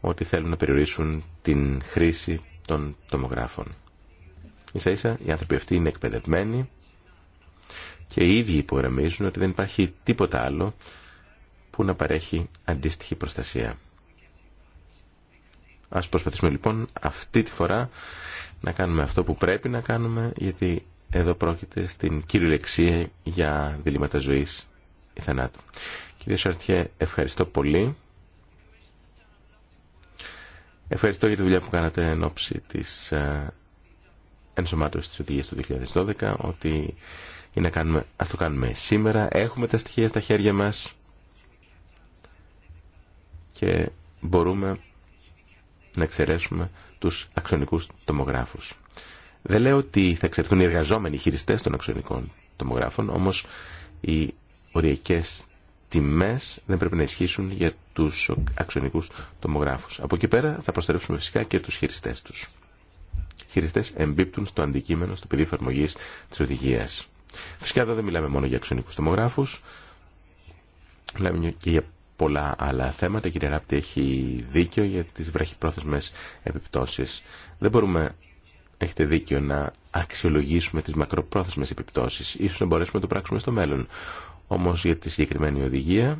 ότι θέλουν να περιορίσουν την χρήση των τομογράφων. Ίσα ίσα οι άνθρωποι αυτοί είναι εκπαιδευμένοι και οι ίδιοι υπογραμμίζουν ότι δεν υπάρχει τίποτα άλλο που να παρέχει αντίστοιχη προστασία. Ας προσπαθήσουμε λοιπόν αυτή τη φορά να κάνουμε αυτό που πρέπει να κάνουμε γιατί εδώ πρόκειται στην κυριολεξία για διλήμματα ζωής ή θανάτου. Κύριε Σαρτιέ, ευχαριστώ πολύ. Ευχαριστώ για τη δουλειά που κάνατε εν ώψη της ε, ενσωμάτωσης της οδηγίας του 2012, ότι είναι να κάνουμε, ας το κάνουμε σήμερα. Έχουμε τα στοιχεία στα χέρια μας και μπορούμε να εξαιρέσουμε τους αξονικούς τομογράφους. Δεν λέω ότι θα εξαιρεθούν οι εργαζόμενοι χειριστές των αξιονικών τομογράφων, όμως οι οριακές τιμές δεν πρέπει να ισχύσουν για τους αξιονικούς τομογράφους. Από εκεί πέρα θα προστατεύσουμε φυσικά και τους χειριστές τους. χειριστές εμπίπτουν στο αντικείμενο, στο πεδίο εφαρμογή της οδηγία. Φυσικά εδώ δεν μιλάμε μόνο για αξιονικούς τομογράφους, μιλάμε και για πολλά άλλα θέματα. Η κυρία Ράπτη έχει δίκιο για τις βραχυπρόθεσμες επιπτώσεις. Δεν μπορούμε, έχετε δίκιο, να αξιολογήσουμε τις μακροπρόθεσμες επιπτώσεις. Ίσως να μπορέσουμε να το πράξουμε στο μέλλον. Όμως για τη συγκεκριμένη οδηγία,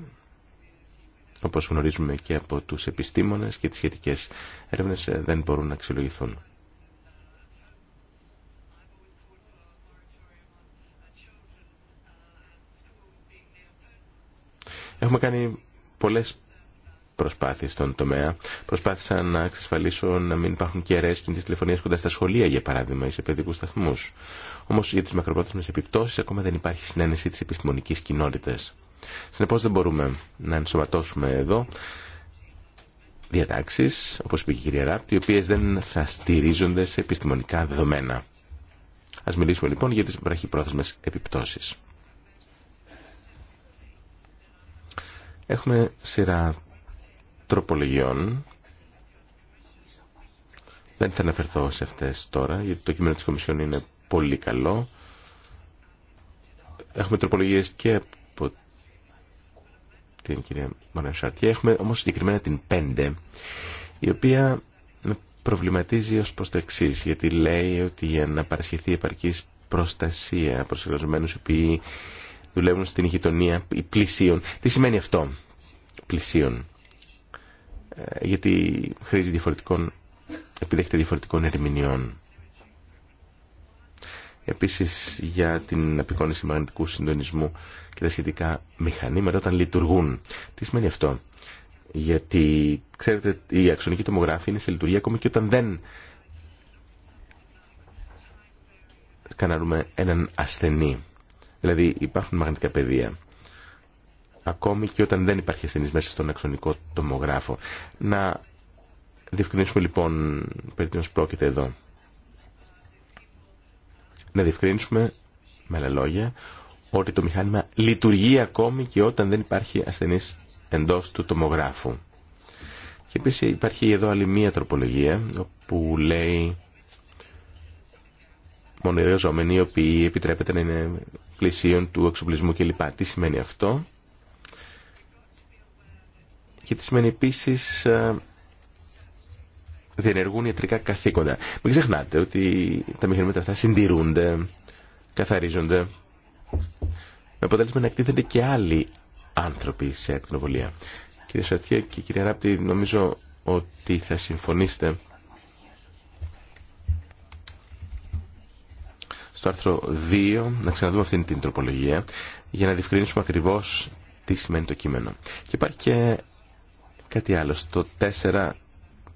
όπως γνωρίζουμε και από τους επιστήμονες και τις σχετικές έρευνες, δεν μπορούν να αξιολογηθούν. Έχουμε κάνει πολλές προσπάθειες στον τομέα. Προσπάθησα να εξασφαλίσω να μην υπάρχουν κεραίες κινητή τηλεφωνία κοντά στα σχολεία, για παράδειγμα, ή σε παιδικού σταθμού. Όμω για τι μακροπρόθεσμε επιπτώσει ακόμα δεν υπάρχει συνένεση τη επιστημονική κοινότητα. Συνεπώ δεν μπορούμε να ενσωματώσουμε εδώ διατάξει, όπω είπε και η κυρία Ράπτη, οι οποίε δεν θα στηρίζονται σε επιστημονικά δεδομένα. Α μιλήσουμε λοιπόν για τι βραχυπρόθεσμε επιπτώσει. Έχουμε σειρά τροπολογιών. Δεν θα αναφερθώ σε αυτές τώρα, γιατί το κείμενο της Κομισιόν είναι πολύ καλό. Έχουμε τροπολογίες και από την κυρία Σαρτιέ. Έχουμε όμως συγκεκριμένα την 5, η οποία προβληματίζει ως προς το εξή, γιατί λέει ότι για να παρασχεθεί επαρκής προστασία προς εργαζομένους οι οποίοι δουλεύουν στην γειτονία πλησίων. Τι σημαίνει αυτό, πλησίων. Ε, γιατί χρήζει διαφορετικών, επιδέχεται διαφορετικών ερμηνεών. Επίσης για την απεικόνιση μαγνητικού συντονισμού και τα σχετικά μηχανήματα όταν λειτουργούν. Τι σημαίνει αυτό. Γιατί, ξέρετε, η αξονική τομογράφη είναι σε λειτουργία ακόμη και όταν δεν καναλούμε έναν ασθενή. Δηλαδή υπάρχουν μαγνητικά πεδία ακόμη και όταν δεν υπάρχει ασθενής μέσα στον εξονικό τομογράφο. Να διευκρινίσουμε λοιπόν περί τίνος πρόκειται εδώ. Να διευκρινίσουμε με άλλα λόγια ότι το μηχάνημα λειτουργεί ακόμη και όταν δεν υπάρχει ασθενής εντός του τομογράφου. Και επίση υπάρχει εδώ άλλη μία τροπολογία που λέει μόνο οι οποίοι επιτρέπεται να είναι πλησίων, του εξοπλισμού κλπ. Τι σημαίνει αυτό και τι σημαίνει επίση. Ε, διενεργούν ιατρικά καθήκοντα. Μην ξεχνάτε ότι τα μηχανήματα αυτά συντηρούνται, καθαρίζονται, με αποτέλεσμα να εκτίθενται και άλλοι άνθρωποι σε ακτινοβολία. Κύριε Σαρτιέ και κύριε Ράπτη, νομίζω ότι θα συμφωνήσετε στο άρθρο 2 να ξαναδούμε αυτήν την τροπολογία για να διευκρινίσουμε ακριβώ τι σημαίνει το κείμενο. Και υπάρχει και κάτι άλλο στο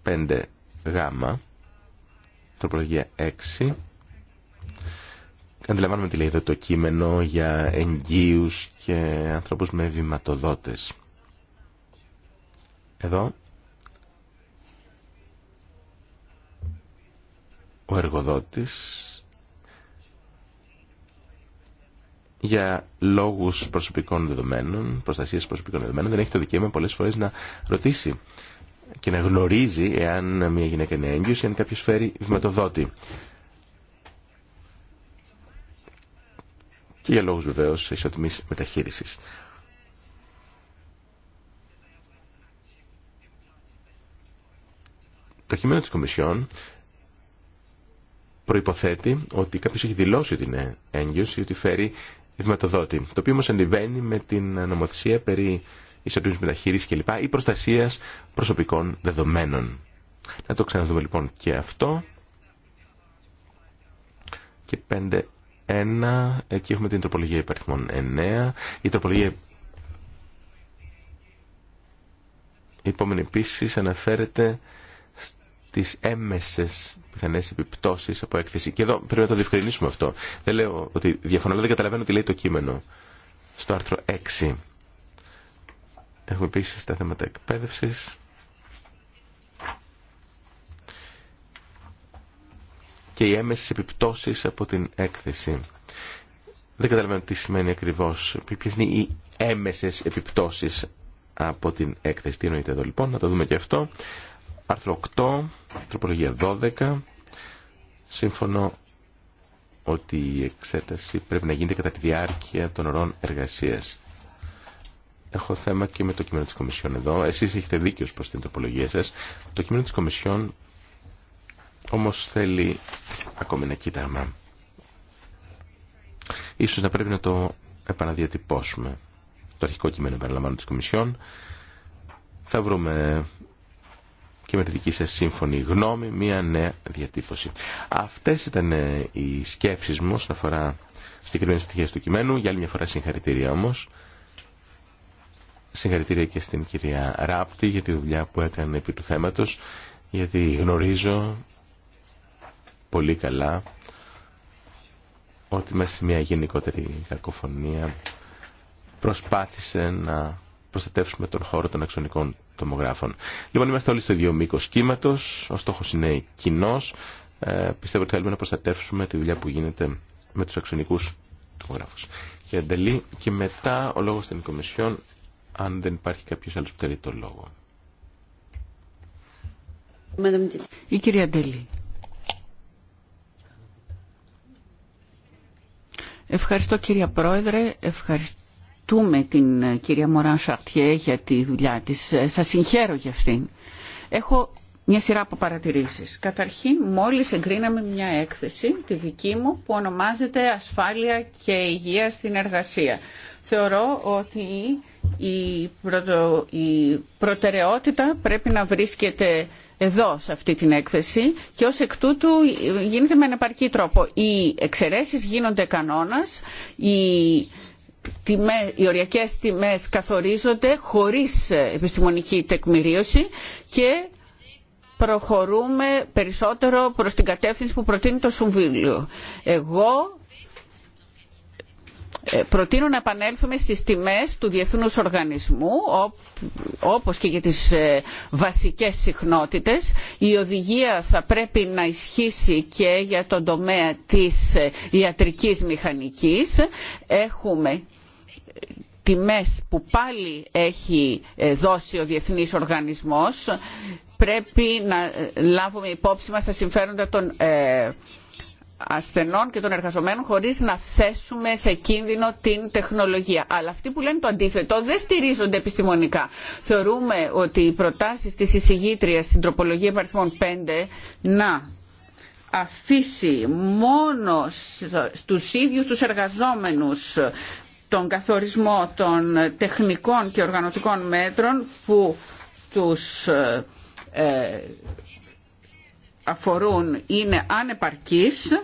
4-5 γάμα τροπολογία 6 Αντιλαμβάνομαι τι λέει εδώ το κείμενο για εγγύους και ανθρώπους με βηματοδότες. Εδώ ο εργοδότης για λόγου προσωπικών δεδομένων, προστασία προσωπικών δεδομένων, δεν έχει το δικαίωμα πολλέ φορέ να ρωτήσει και να γνωρίζει εάν μια γυναίκα είναι έγκυο ή αν κάποιο φέρει βηματοδότη. Και για λόγου βεβαίω ισοτιμή μεταχείριση. Το κείμενο τη Κομισιόν προϋποθέτει ότι κάποιος έχει δηλώσει ότι είναι έγκυος ή ότι φέρει το οποίο όμω αντιβαίνει με την νομοθεσία περί ισορροπή μεταχείρισης κλπ. ή προστασίας προσωπικών δεδομένων. Να το ξαναδούμε λοιπόν και αυτό. Και 5.1. Εκεί έχουμε την τροπολογία υπαριθμών 9. Η τροπολογία η επόμενη επίση αναφέρεται τι έμεσε πιθανέ επιπτώσει από έκθεση. Και εδώ πρέπει να το διευκρινίσουμε αυτό. Δεν λέω ότι διαφωνώ, αλλά δεν καταλαβαίνω τι λέει το κείμενο. Στο άρθρο 6 έχουμε επίση τα θέματα εκπαίδευση. και οι έμεσε επιπτώσει από την έκθεση. Δεν καταλαβαίνω τι σημαίνει ακριβώ. Ποιε είναι οι έμεσε επιπτώσει από την έκθεση. Τι εννοείται εδώ λοιπόν, να το δούμε και αυτό. Άρθρο 8, τροπολογία 12. Σύμφωνο ότι η εξέταση πρέπει να γίνεται κατά τη διάρκεια των ωρών εργασίας. Έχω θέμα και με το κείμενο της Κομισιόν εδώ. Εσείς έχετε δίκιο προς την τροπολογία σας. Το κείμενο της Κομισιόν όμως θέλει ακόμη ένα κοίταγμα. Ίσως να πρέπει να το επαναδιατυπώσουμε. Το αρχικό κείμενο παραλαμβάνω της Κομισιόν. Θα βρούμε και με τη δική σας σύμφωνη γνώμη μια νέα διατύπωση. Αυτές ήταν ε, οι σκέψεις μου όσον αφορά συγκεκριμένες πτυχές του κειμένου. Για άλλη μια φορά συγχαρητήρια όμως. Συγχαρητήρια και στην κυρία Ράπτη για τη δουλειά που έκανε επί του θέματος γιατί γνωρίζω πολύ καλά ότι μέσα σε μια γενικότερη κακοφωνία προσπάθησε να προστατεύσουμε τον χώρο των αξιονικών τομογράφων. Λοιπόν, είμαστε όλοι στο ίδιο μήκο κύματο. Ο στόχο είναι κοινό. Ε, πιστεύω ότι θέλουμε να προστατεύσουμε τη δουλειά που γίνεται με του αξιονικού τομογράφου. Και εντελεί και μετά ο λόγο των Κομισιόν, αν δεν υπάρχει κάποιο άλλο που θέλει το λόγο. Η κυρία Ντελή. Ευχαριστώ κυρία Πρόεδρε, ευχαριστώ Ευχαριστούμε την ε, κυρία Μωράν Σαρτιέ για τη δουλειά της. Ε, σας συγχαίρω για αυτήν. Έχω μια σειρά από παρατηρήσεις. Καταρχήν, μόλις εγκρίναμε μια έκθεση, τη δική μου, που ονομάζεται «Ασφάλεια και υγεία στην εργασία». Θεωρώ ότι η, πρωτο, η προτεραιότητα πρέπει να βρίσκεται εδώ σε αυτή την έκθεση και ως εκ τούτου γίνεται με ανεπαρκή τρόπο. Οι εξαιρέσεις γίνονται κανόνας, οι οριακές τιμές καθορίζονται χωρίς επιστημονική τεκμηρίωση και προχωρούμε περισσότερο προς την κατεύθυνση που προτείνει το Συμβούλιο. Εγώ ε, προτείνω να επανέλθουμε στις τιμές του διεθνούς οργανισμού όπως και για τις ε, βασικές συχνότητες. Η οδηγία θα πρέπει να ισχύσει και για τον τομέα της ε, ιατρικής μηχανικής. Έχουμε τιμές που πάλι έχει ε, δώσει ο Διεθνής Οργανισμός πρέπει να ε, λάβουμε υπόψη μας τα συμφέροντα των ε, ασθενών και των εργαζομένων χωρίς να θέσουμε σε κίνδυνο την τεχνολογία. Αλλά αυτοί που λένε το αντίθετο δεν στηρίζονται επιστημονικά. Θεωρούμε ότι οι προτάσεις της εισηγήτριας στην τροπολογία υπαριθμών 5 να αφήσει μόνο στους ίδιους τους εργαζόμενους τον καθορισμό των τεχνικών και οργανωτικών μέτρων που τους ε, ε, αφορούν είναι ανεπαρκής.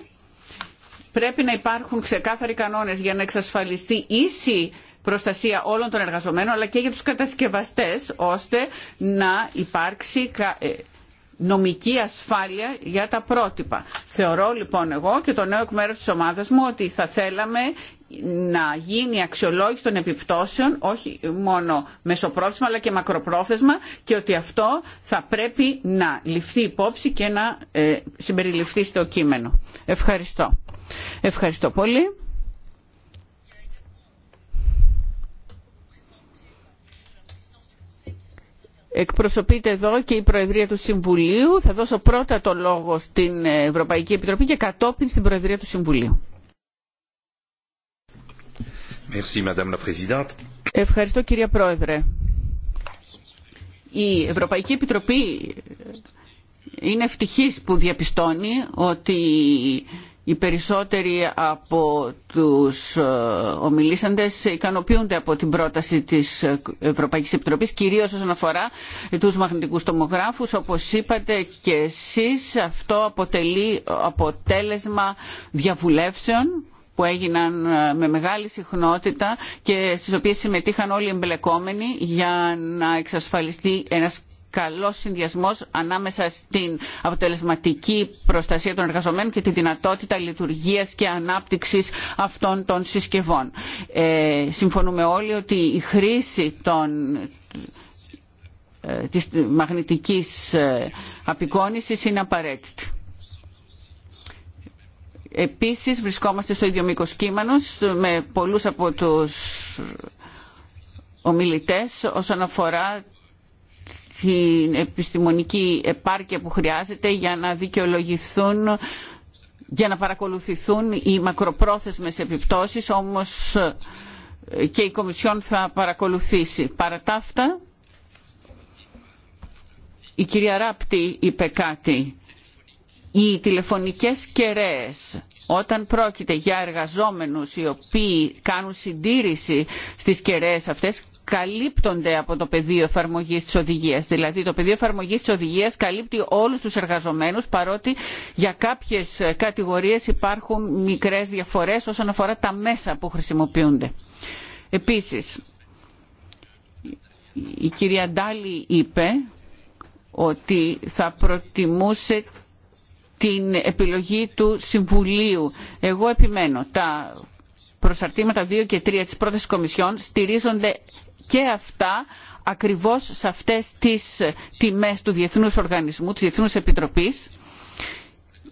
Πρέπει να υπάρχουν ξεκάθαροι κανόνες για να εξασφαλιστεί ίση προστασία όλων των εργαζομένων αλλά και για τους κατασκευαστές ώστε να υπάρξει ε, νομική ασφάλεια για τα πρότυπα. Θεωρώ λοιπόν εγώ και το νέο εκ μέρους της ομάδας μου ότι θα θέλαμε να γίνει αξιολόγηση των επιπτώσεων όχι μόνο μεσοπρόθεσμα αλλά και μακροπρόθεσμα και ότι αυτό θα πρέπει να ληφθεί υπόψη και να ε, συμπεριληφθεί στο κείμενο. Ευχαριστώ. Ευχαριστώ πολύ. εκπροσωπείται εδώ και η Προεδρία του Συμβουλίου. Θα δώσω πρώτα το λόγο στην Ευρωπαϊκή Επιτροπή και κατόπιν στην Προεδρία του Συμβουλίου. Ευχαριστώ κυρία Πρόεδρε. Η Ευρωπαϊκή Επιτροπή είναι ευτυχής που διαπιστώνει ότι οι περισσότεροι από τους ε, ομιλήσαντες ικανοποιούνται από την πρόταση της Ευρωπαϊκής Επιτροπής, κυρίως όσον αφορά τους μαγνητικούς τομογράφους. Όπως είπατε και εσείς, αυτό αποτελεί αποτέλεσμα διαβουλεύσεων που έγιναν ε, με μεγάλη συχνότητα και στις οποίες συμμετείχαν όλοι οι εμπλεκόμενοι για να εξασφαλιστεί ένας καλός συνδυασμό ανάμεσα στην αποτελεσματική προστασία των εργαζομένων και τη δυνατότητα λειτουργίας και ανάπτυξη αυτών των συσκευών. Ε, συμφωνούμε όλοι ότι η χρήση των ε, της μαγνητικής ε, απεικόνησης είναι απαραίτητη. Επίσης βρισκόμαστε στο ίδιο μήκος κύμανος με πολλούς από τους ομιλητές όσον αφορά την επιστημονική επάρκεια που χρειάζεται για να δικαιολογηθούν για να παρακολουθηθούν οι μακροπρόθεσμες επιπτώσεις, όμως ε, και η Κομισιόν θα παρακολουθήσει. Παρά τα αυτά, η κυρία Ράπτη είπε κάτι. Οι τηλεφωνικές κεραίες, όταν πρόκειται για εργαζόμενους οι οποίοι κάνουν συντήρηση στις κεραίες αυτές, καλύπτονται από το πεδίο εφαρμογή της οδηγίας. Δηλαδή το πεδίο εφαρμογή της οδηγίας καλύπτει όλους τους εργαζομένους παρότι για κάποιες κατηγορίες υπάρχουν μικρές διαφορές όσον αφορά τα μέσα που χρησιμοποιούνται. Επίσης, η κυρία Ντάλη είπε ότι θα προτιμούσε την επιλογή του Συμβουλίου. Εγώ επιμένω, τα προσαρτήματα 2 και 3 της πρώτης Κομισιόν στηρίζονται και αυτά ακριβώς σε αυτές τις τιμές του Διεθνούς Οργανισμού, της Διεθνούς Επιτροπής.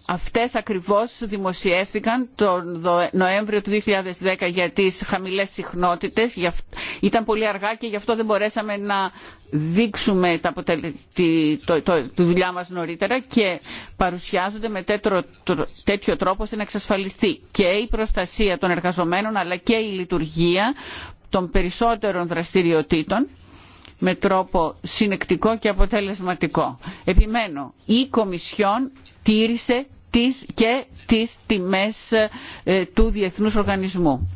Αυτές ακριβώς δημοσιεύθηκαν τον Νοέμβριο του 2010 για τις χαμηλές συχνότητες. Ήταν πολύ αργά και γι' αυτό δεν μπορέσαμε να δείξουμε τα αποτελε... τη... Το... Το... δουλειά μας νωρίτερα και παρουσιάζονται με τέτοιο... τέτοιο τρόπο ώστε να εξασφαλιστεί και η προστασία των εργαζομένων αλλά και η λειτουργία των περισσότερων δραστηριοτήτων με τρόπο συνεκτικό και αποτελεσματικό. Επιμένω, η Κομισιόν τήρησε τις και τις τιμές ε, του Διεθνούς Οργανισμού.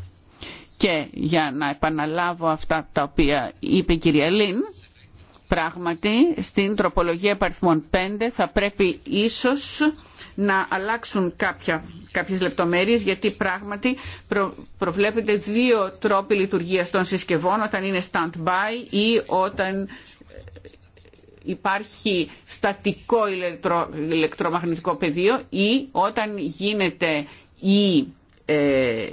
Και για να επαναλάβω αυτά τα οποία είπε η κυρία Λίν, πράγματι στην τροπολογία επαριθμών 5 θα πρέπει ίσως να αλλάξουν κάποια, κάποιες λεπτομέρειες γιατί πράγματι προβλέπεται δύο τρόποι λειτουργίας των συσκευών όταν είναι stand-by ή όταν ε, υπάρχει στατικό ηλεκτρο, ηλεκτρομαγνητικό πεδίο ή όταν γίνεται η, ε,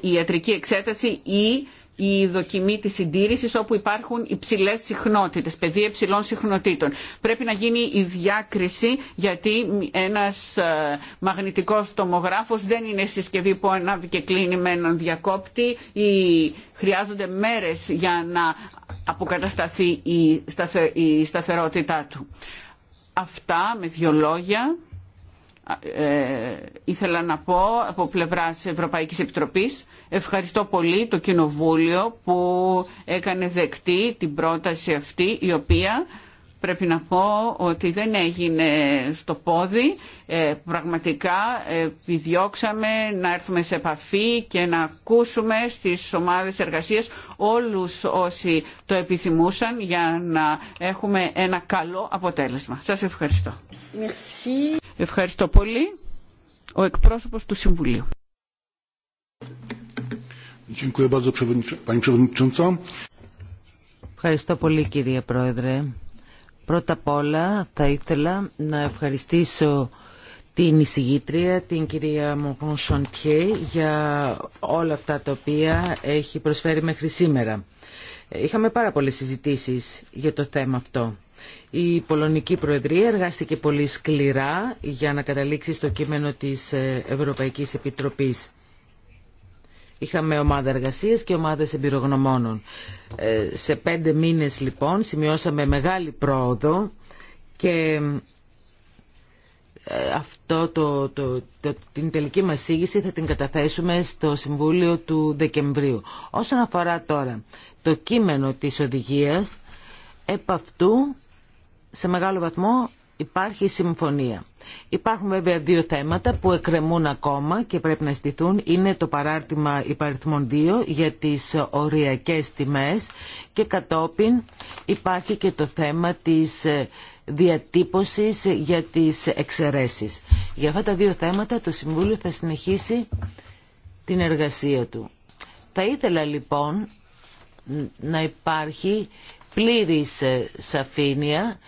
η ιατρική εξέταση ή η δοκιμή της συντήρησης όπου υπάρχουν υψηλές συχνότητες, πεδία υψηλών συχνοτήτων. Πρέπει να γίνει η διάκριση γιατί ένας ε, μαγνητικός τομογράφος δεν είναι συσκευή που ανάβει και κλείνει με έναν διακόπτη ή χρειάζονται μέρες για να αποκατασταθεί η σταθερότητά του. Αυτά με δύο λόγια. Ε, ήθελα να πω από πλευράς Ευρωπαϊκής Επιτροπής. Ευχαριστώ πολύ το Κοινοβούλιο που έκανε δεκτή την πρόταση αυτή η οποία πρέπει να πω ότι δεν έγινε στο πόδι. Ε, πραγματικά επιδιώξαμε να έρθουμε σε επαφή και να ακούσουμε στις ομάδες εργασίας όλους όσοι το επιθυμούσαν για να έχουμε ένα καλό αποτέλεσμα. Σας ευχαριστώ. Merci. Ευχαριστώ πολύ. Ο εκπρόσωπος του Συμβουλίου. Ευχαριστώ πολύ κύριε Πρόεδρε. Πρώτα απ' όλα θα ήθελα να ευχαριστήσω την εισηγήτρια, την κυρία Μοχον Σοντιέ, για όλα αυτά τα οποία έχει προσφέρει μέχρι σήμερα. Είχαμε πάρα πολλές συζητήσεις για το θέμα αυτό. Η Πολωνική Προεδρία εργάστηκε πολύ σκληρά για να καταλήξει στο κείμενο της Ευρωπαϊκής Επιτροπής. Είχαμε ομάδα εργασίας και ομάδε εμπειρογνωμόνων. Ε, σε πέντε μήνες λοιπόν σημειώσαμε μεγάλη πρόοδο και ε, αυτό το, την τελική μας σύγηση θα την καταθέσουμε στο Συμβούλιο του Δεκεμβρίου. Όσον αφορά τώρα το κείμενο της οδηγίας, επ' αυτού σε μεγάλο βαθμό υπάρχει συμφωνία. Υπάρχουν βέβαια δύο θέματα που εκκρεμούν ακόμα και πρέπει να στηθούν. Είναι το παράρτημα υπαριθμών 2 για τις οριακές τιμές και κατόπιν υπάρχει και το θέμα της ε, διατύπωσης για τις εξαιρέσεις. Για αυτά τα δύο θέματα το Συμβούλιο θα συνεχίσει την εργασία του. Θα ήθελα λοιπόν να υπάρχει πλήρης ε, σαφήνεια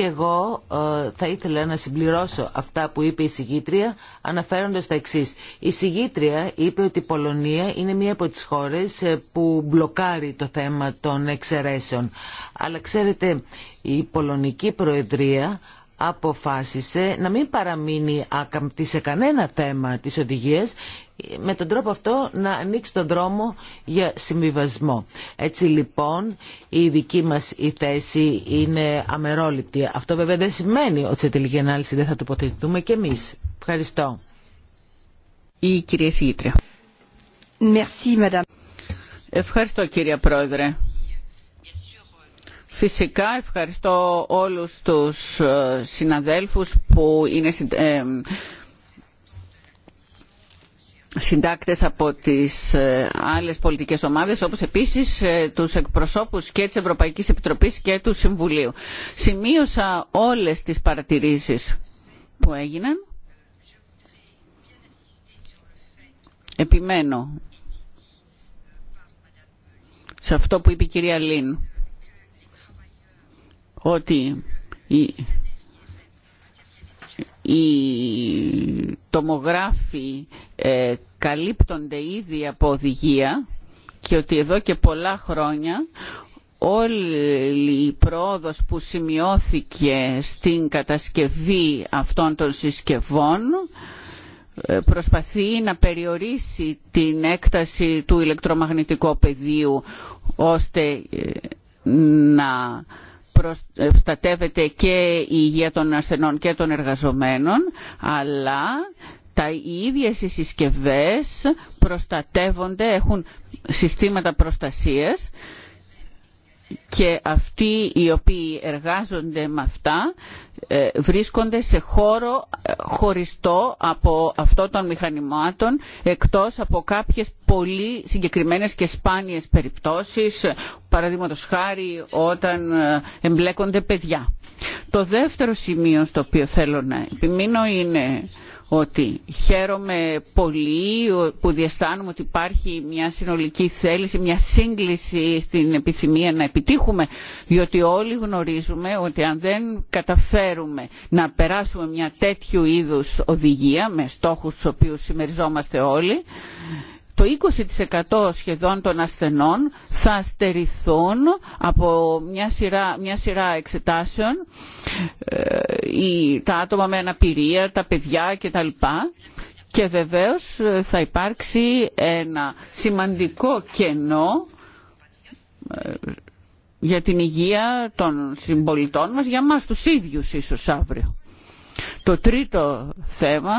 και εγώ ε, θα ήθελα να συμπληρώσω αυτά που είπε η συγγήτρια αναφέροντας τα εξής. Η συγγήτρια είπε ότι η Πολωνία είναι μία από τις χώρες ε, που μπλοκάρει το θέμα των εξαιρέσεων. Αλλά ξέρετε η Πολωνική Προεδρία αποφάσισε να μην παραμείνει άκαμπτη σε κανένα θέμα της οδηγίας με τον τρόπο αυτό να ανοίξει τον δρόμο για συμβιβασμό. Έτσι λοιπόν η δική μας η θέση είναι αμερόληπτη. Αυτό βέβαια δεν σημαίνει ότι σε τελική ανάλυση δεν θα τοποθετηθούμε και εμείς. Ευχαριστώ. Η κυρία Σιγήτρια. Ευχαριστώ κύριε Πρόεδρε. Φυσικά ευχαριστώ όλους τους ε, συναδέλφους που είναι ε, συντάκτες από τις ε, άλλες πολιτικές ομάδες όπως επίσης τους εκπροσώπους και της Ευρωπαϊκής Επιτροπής και του Συμβουλίου. Σημείωσα όλες τις παρατηρήσεις που έγιναν. Επιμένω σε αυτό που είπε η κυρία Λίν ότι οι, οι τομογράφοι ε, καλύπτονται ήδη από οδηγία και ότι εδώ και πολλά χρόνια όλη η πρόοδος που σημειώθηκε στην κατασκευή αυτών των συσκευών ε, προσπαθεί να περιορίσει την έκταση του ηλεκτρομαγνητικού πεδίου ώστε ε, να προστατεύεται και η υγεία των ασθενών και των εργαζομένων, αλλά τα ίδια ίδιες οι συσκευές προστατεύονται, έχουν συστήματα προστασίας και αυτοί οι οποίοι εργάζονται με αυτά ε, βρίσκονται σε χώρο ε, χωριστό από αυτό των μηχανημάτων εκτός από κάποιες πολύ συγκεκριμένες και σπάνιες περιπτώσεις ε, παραδείγματο χάρη όταν εμπλέκονται παιδιά. Το δεύτερο σημείο στο οποίο θέλω να επιμείνω είναι ότι χαίρομαι πολύ που διαστάνουμε ότι υπάρχει μια συνολική θέληση, μια σύγκληση στην επιθυμία να επιτύχουμε, διότι όλοι γνωρίζουμε ότι αν δεν καταφέρουμε να περάσουμε μια τέτοιου είδους οδηγία με στόχους τους οποίους συμμεριζόμαστε όλοι, το 20% σχεδόν των ασθενών θα στερηθούν από μια σειρά, μια εξετάσεων ε, τα άτομα με αναπηρία, τα παιδιά κτλ. Και βεβαίως ε, θα υπάρξει ένα σημαντικό κενό ε, για την υγεία των συμπολιτών μας, για μας τους ίδιους ίσως αύριο. Το τρίτο θέμα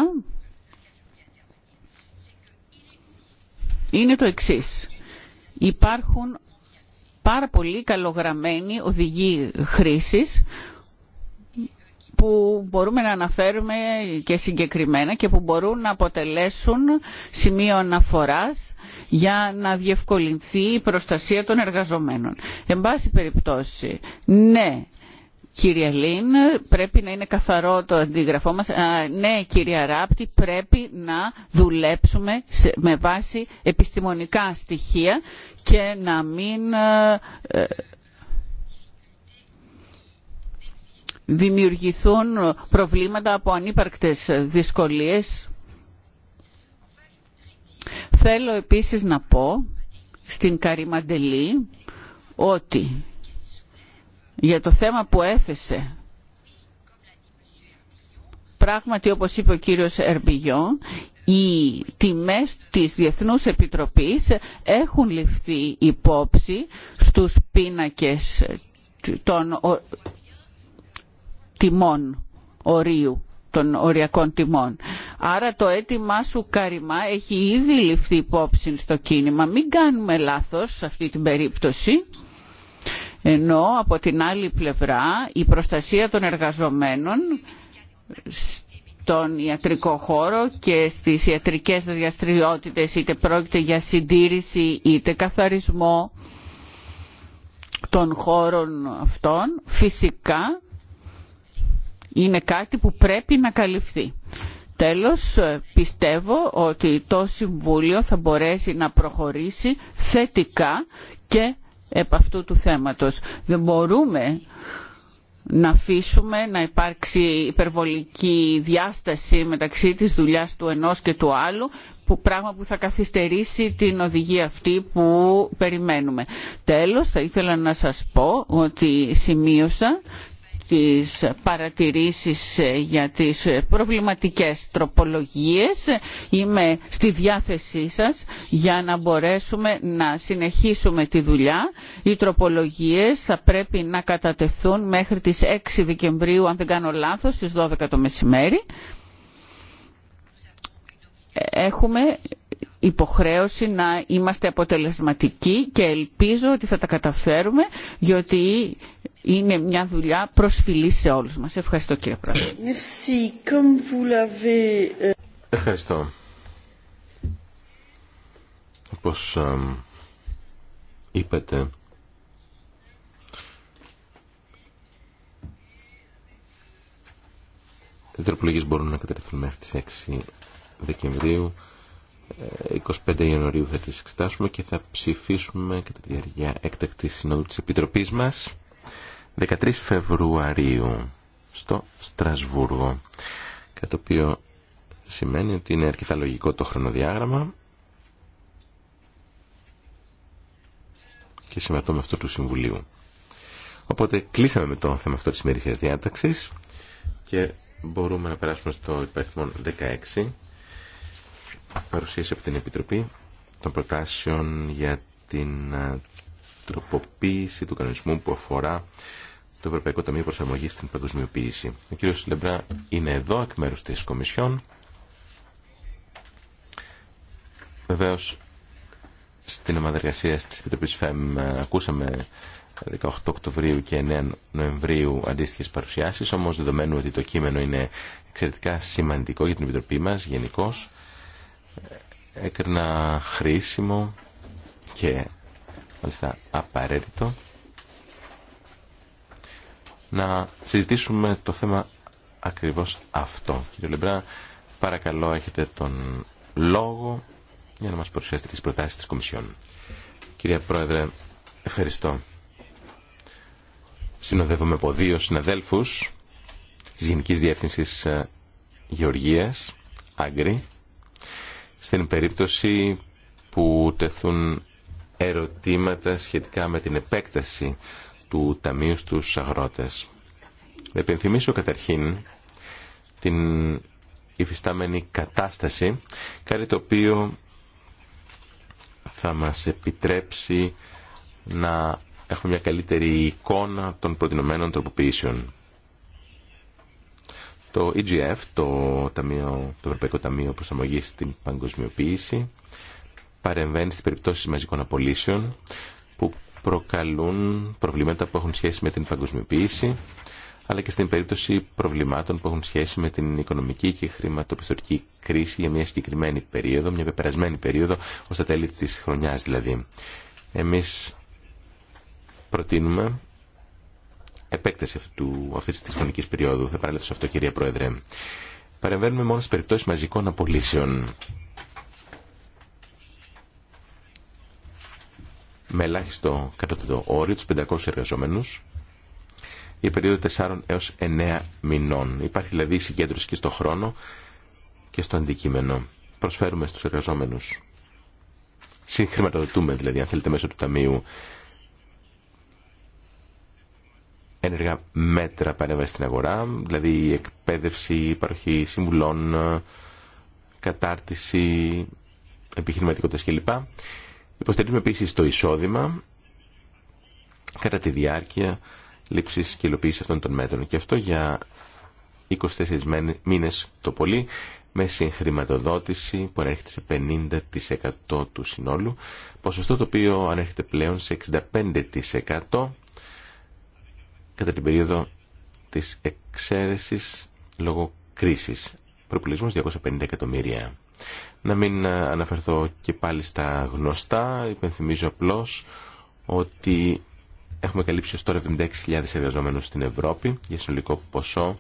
είναι το εξής. Υπάρχουν πάρα πολύ καλογραμμένοι οδηγοί χρήσης που μπορούμε να αναφέρουμε και συγκεκριμένα και που μπορούν να αποτελέσουν σημείο αναφοράς για να διευκολυνθεί η προστασία των εργαζομένων. Εν πάση περιπτώσει, ναι, κύριε Λίν, πρέπει να είναι καθαρό το αντίγραφό μας. Ναι, κύριε Ράπτη, πρέπει να δουλέψουμε με βάση επιστημονικά στοιχεία και να μην ε, ε, δημιουργηθούν προβλήματα από ανύπαρκτες δυσκολίες. Θέλω επίσης να πω στην Μαντελή ότι για το θέμα που έθεσε. Πράγματι, όπως είπε ο κύριος Ερμπιγιόν, οι τιμές της Διεθνούς Επιτροπής έχουν ληφθεί υπόψη στους πίνακες των τιμών ορίου των οριακών τιμών. Άρα το αίτημά σου Καριμά έχει ήδη ληφθεί υπόψη στο κίνημα. Μην κάνουμε λάθος σε αυτή την περίπτωση ενώ από την άλλη πλευρά η προστασία των εργαζομένων στον ιατρικό χώρο και στις ιατρικές δραστηριότητε, είτε πρόκειται για συντήρηση είτε καθαρισμό των χώρων αυτών φυσικά είναι κάτι που πρέπει να καλυφθεί. Τέλος, πιστεύω ότι το Συμβούλιο θα μπορέσει να προχωρήσει θετικά και επ' αυτού του θέματος. Δεν μπορούμε να αφήσουμε να υπάρξει υπερβολική διάσταση μεταξύ της δουλειάς του ενός και του άλλου που, πράγμα που θα καθυστερήσει την οδηγία αυτή που περιμένουμε. Τέλος θα ήθελα να σας πω ότι σημείωσα τις παρατηρήσεις ε, για τις ε, προβληματικές τροπολογίες. Είμαι στη διάθεσή σας για να μπορέσουμε να συνεχίσουμε τη δουλειά. Οι τροπολογίες θα πρέπει να κατατεθούν μέχρι τις 6 Δεκεμβρίου, αν δεν κάνω λάθος, στις 12 το μεσημέρι. Έχουμε υποχρέωση να είμαστε αποτελεσματικοί και ελπίζω ότι θα τα καταφέρουμε διότι είναι μια δουλειά προσφυλή σε όλους μας. Ευχαριστώ κύριε Πρόεδρε. Ε, Ευχαριστώ. Όπως είπατε, οι τροπολογίες μπορούν να καταρριφθούν μέχρι τις 6 Δεκεμβρίου. 25 ε, Ιανουαρίου θα τις εξετάσουμε και θα ψηφίσουμε κατά τη διάρκεια έκτακτη συνόδου της Επιτροπής μας. 13 Φεβρουαρίου στο Στρασβούργο κατά το οποίο σημαίνει ότι είναι αρκετά λογικό το χρονοδιάγραμμα και συμβατώ με αυτό του Συμβουλίου. Οπότε κλείσαμε με το θέμα αυτό της ημερησίας διάταξης και μπορούμε να περάσουμε στο υπαριθμό 16 παρουσίαση από την Επιτροπή των προτάσεων για την τροποποίηση του κανονισμού που αφορά το Ευρωπαϊκό Ταμείο Προσαρμογή στην Παγκοσμιοποίηση. Ο κ. Λεμπρά είναι εδώ εκ μέρου τη Κομισιόν. Βεβαίω, στην ομάδα εργασία τη Επιτροπή ΦΕΜ ε, ακούσαμε 18 Οκτωβρίου και 9 Νοεμβρίου αντίστοιχε παρουσιάσει, όμω δεδομένου ότι το κείμενο είναι εξαιρετικά σημαντικό για την Επιτροπή μα γενικώ, ε, έκρινα χρήσιμο και μάλιστα απαραίτητο να συζητήσουμε το θέμα ακριβώς αυτό. Κύριε Λεμπρά, παρακαλώ έχετε τον λόγο για να μας παρουσιάσετε τις προτάσεις της Κομισιόν. Κυρία Πρόεδρε, ευχαριστώ. Συνοδεύομαι από δύο συναδέλφους της Γενικής Διεύθυνσης ε, Γεωργίας, Άγκρη, στην περίπτωση που τεθούν ερωτήματα σχετικά με την επέκταση του Ταμείου στους αγρότες. Επενθυμίσω καταρχήν την υφιστάμενη κατάσταση, κάτι το οποίο θα μας επιτρέψει να έχουμε μια καλύτερη εικόνα των προτινομένων τροποποιήσεων. Το EGF, το, Ταμείο, το Ευρωπαϊκό Ταμείο Προσαμωγής στην Παγκοσμιοποίηση, παρεμβαίνει στις περιπτώσεις μαζικών απολύσεων που προκαλούν προβλήματα που έχουν σχέση με την παγκοσμιοποίηση αλλά και στην περίπτωση προβλημάτων που έχουν σχέση με την οικονομική και χρηματοπιστωτική κρίση για μια συγκεκριμένη περίοδο, μια πεπερασμένη περίοδο, ως τα τέλη της χρονιάς δηλαδή. Εμείς προτείνουμε επέκταση αυτή αυτής της χρονικής περίοδου. Θα παραλέψω σε αυτό κυρία Πρόεδρε. Παρεμβαίνουμε μόνο στις περιπτώσεις μαζικών απολύσεων. με ελάχιστο κατώτερο όριο του 500 εργαζόμενους για περίοδο 4 έως 9 μηνών. Υπάρχει δηλαδή συγκέντρωση και στο χρόνο και στο αντικείμενο. Προσφέρουμε στους εργαζόμενους. Συγχρηματοδοτούμε δηλαδή, αν θέλετε, μέσω του Ταμείου ένεργα μέτρα παρέμβαση στην αγορά, δηλαδή η εκπαίδευση, η παροχή συμβουλών, κατάρτιση, επιχειρηματικότητας κλπ. Υποστηρίζουμε επίση το εισόδημα κατά τη διάρκεια λήψη και υλοποίηση αυτών των μέτρων. Και αυτό για 24 μήνες το πολύ, με συγχρηματοδότηση που ανέρχεται σε 50% του συνόλου, ποσοστό το οποίο ανέρχεται πλέον σε 65% κατά την περίοδο της εξαίρεσης λόγω κρίσης. Προπολογισμός 250 εκατομμύρια. Να μην ε, αναφερθώ και πάλι στα γνωστά, υπενθυμίζω απλώς ότι έχουμε καλύψει ως τώρα 76.000 εργαζόμενους στην Ευρώπη για συνολικό ποσό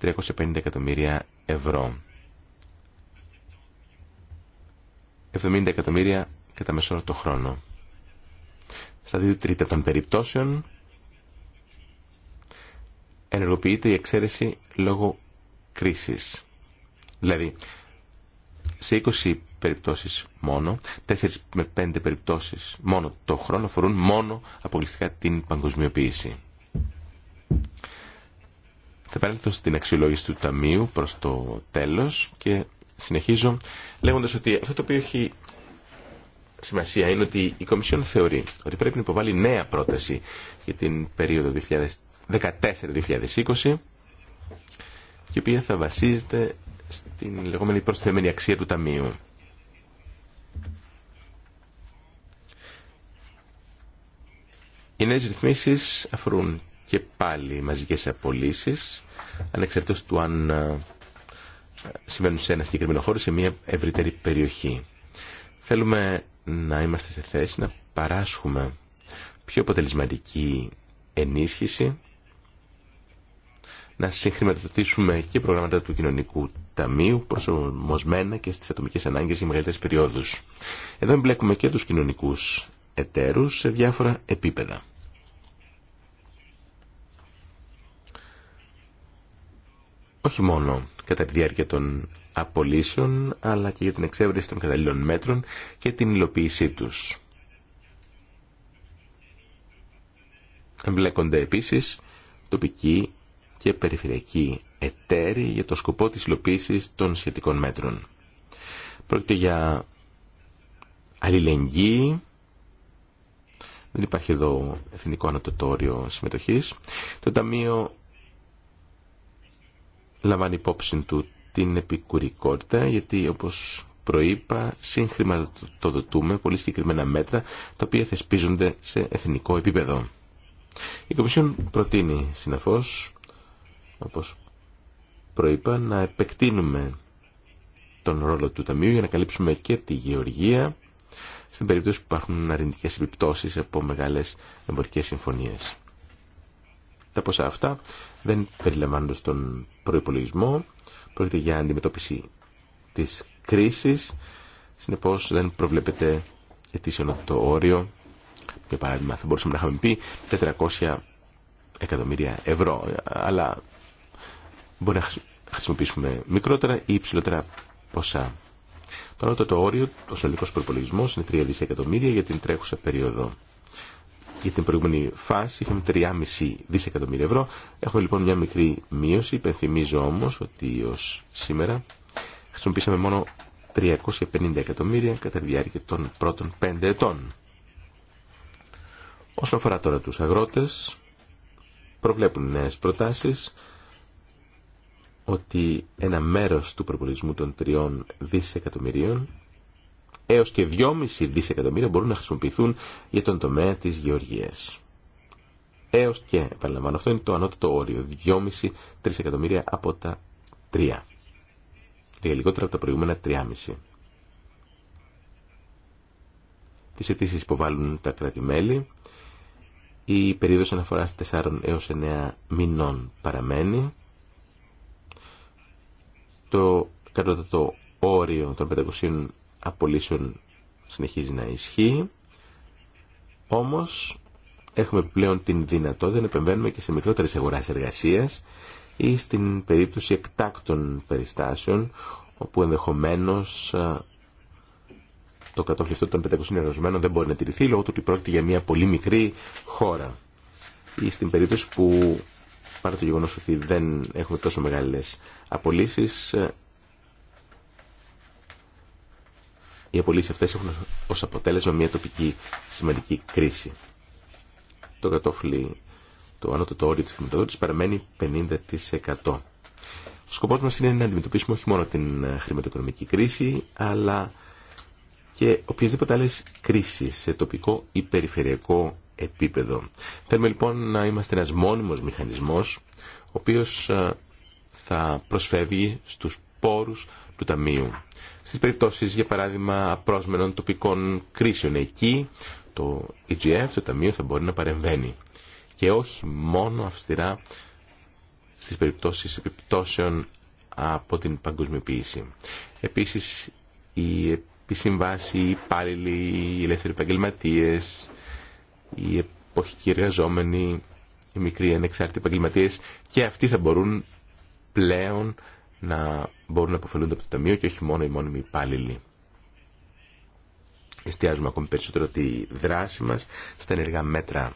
350 εκατομμύρια ευρώ. 70 εκατομμύρια κατά μέσο το χρόνο. Στα δύο τρίτα των περιπτώσεων ενεργοποιείται η εξαίρεση λόγω κρίσης. Δηλαδή, σε 20 περιπτώσεις μόνο, 4 με 5 περιπτώσεις μόνο το χρόνο αφορούν μόνο αποκλειστικά την παγκοσμιοποίηση. Θα παρέλθω στην αξιολόγηση του Ταμείου προς το τέλος και συνεχίζω λέγοντας ότι αυτό το οποίο έχει σημασία είναι ότι η Κομισιόν θεωρεί ότι πρέπει να υποβάλει νέα πρόταση για την περίοδο 2014-2020 η οποία θα βασίζεται στην λεγόμενη προσθεμένη αξία του Ταμείου. Οι νέες ρυθμίσεις αφορούν και πάλι μαζικές απολύσεις, ανεξαρτήτως του αν ε, συμβαίνουν σε ένα συγκεκριμένο χώρο, σε μια ευρύτερη περιοχή. Θέλουμε να είμαστε σε θέση να παράσχουμε πιο αποτελεσματική ενίσχυση να συγχρηματοδοτήσουμε και προγράμματα του κοινωνικού ταμείου προσαρμοσμένα και στις ατομικές ανάγκες για μεγαλύτερες περιόδους. Εδώ εμπλέκουμε και τους κοινωνικούς εταίρους σε διάφορα επίπεδα. όχι μόνο κατά τη διάρκεια των απολύσεων, αλλά και για την εξέβρεση των καταλληλών μέτρων και την υλοποίησή τους. Εμπλέκονται επίσης τοπικοί και περιφερειακοί εταίροι για το σκοπό της υλοποίηση των σχετικών μέτρων. Πρόκειται για αλληλεγγύη, δεν υπάρχει εδώ εθνικό ανατοτόριο συμμετοχής. Το Ταμείο λαμβάνει υπόψη του την επικουρικότητα, γιατί όπως προείπα, συγχρηματοδοτούμε πολύ συγκεκριμένα μέτρα, τα οποία θεσπίζονται σε εθνικό επίπεδο. Η Κομισιόν προτείνει συναφώς όπως προείπα, να επεκτείνουμε τον ρόλο του Ταμείου για να καλύψουμε και τη γεωργία στην περίπτωση που υπάρχουν αρνητικές επιπτώσεις από μεγάλες εμπορικές συμφωνίες. Τα ποσά αυτά δεν περιλαμβάνονται στον προϋπολογισμό, πρόκειται για αντιμετώπιση της κρίσης, συνεπώς δεν προβλέπεται ετήσιον το όριο. Για παράδειγμα, θα μπορούσαμε να είχαμε πει 400 εκατομμύρια ευρώ, αλλά μπορεί να χρησιμοποιήσουμε μικρότερα ή υψηλότερα ποσά. Παρότι το όριο, ο συνολικό προπολογισμό είναι 3 δισεκατομμύρια για την τρέχουσα περίοδο. Για την προηγούμενη φάση είχαμε 3,5 δισεκατομμύρια ευρώ. Έχουμε λοιπόν μια μικρή μείωση. Υπενθυμίζω όμω ότι ω σήμερα χρησιμοποίησαμε μόνο 350 εκατομμύρια κατά τη διάρκεια των πρώτων 5 ετών. Όσον αφορά τώρα τους αγρότες, προβλέπουν νέες προτάσεις ότι ένα μέρος του προπολογισμού των 3 δισεκατομμυρίων έως και 2,5 δισεκατομμύρια μπορούν να χρησιμοποιηθούν για τον τομέα της γεωργίας. Έως και, επαναλαμβάνω, αυτό είναι το ανώτατο όριο, 2,5-3 δισεκατομμύρια από τα 3. Λίγα λιγότερα από τα προηγούμενα 3,5. Τις αιτήσει υποβάλλουν τα κράτη-μέλη. Η περίοδος αναφοράς 4 έως 9 μηνών παραμένει το κατώτατο όριο των 500 απολύσεων συνεχίζει να ισχύει. Όμως έχουμε πλέον την δυνατότητα να επεμβαίνουμε και σε μικρότερες αγοράς εργασίας ή στην περίπτωση εκτάκτων περιστάσεων όπου ενδεχομένως το κατοχληστό των 500 εργαζομένων δεν μπορεί να τηρηθεί λόγω του ότι πρόκειται για μια πολύ μικρή χώρα ή στην περίπτωση που παρά το γεγονός ότι δεν έχουμε τόσο μεγάλες απολύσεις, οι απολύσεις αυτές έχουν ως αποτέλεσμα μια τοπική σημαντική κρίση. Το κατόφλι, το ανώτατο όριο της χρηματοδότησης παραμένει 50%. Ο σκοπός μας είναι να αντιμετωπίσουμε όχι μόνο την χρηματοοικονομική κρίση, αλλά και οποιασδήποτε άλλες κρίσεις σε τοπικό ή περιφερειακό επίπεδο. Θέλουμε λοιπόν να είμαστε ένας μόνιμος μηχανισμός, ο οποίος ε, θα προσφεύγει στους πόρους του Ταμείου. Στις περιπτώσεις, για παράδειγμα, απρόσμενων τοπικών κρίσεων, εκεί το EGF, το Ταμείο, θα μπορεί να παρεμβαίνει. Και όχι μόνο αυστηρά στις περιπτώσεις επιπτώσεων από την παγκοσμιοποίηση. Επίσης, οι επισυμβάσει, οι υπάλληλοι, οι ελεύθεροι επαγγελματίε, οι εποχικοί εργαζόμενοι, οι μικροί ανεξάρτητοι επαγγελματίε και αυτοί θα μπορούν πλέον να μπορούν να αποφελούνται από το Ταμείο και όχι μόνο οι μόνιμοι υπάλληλοι. Εστιάζουμε ακόμη περισσότερο τη δράση μας στα ενεργά μέτρα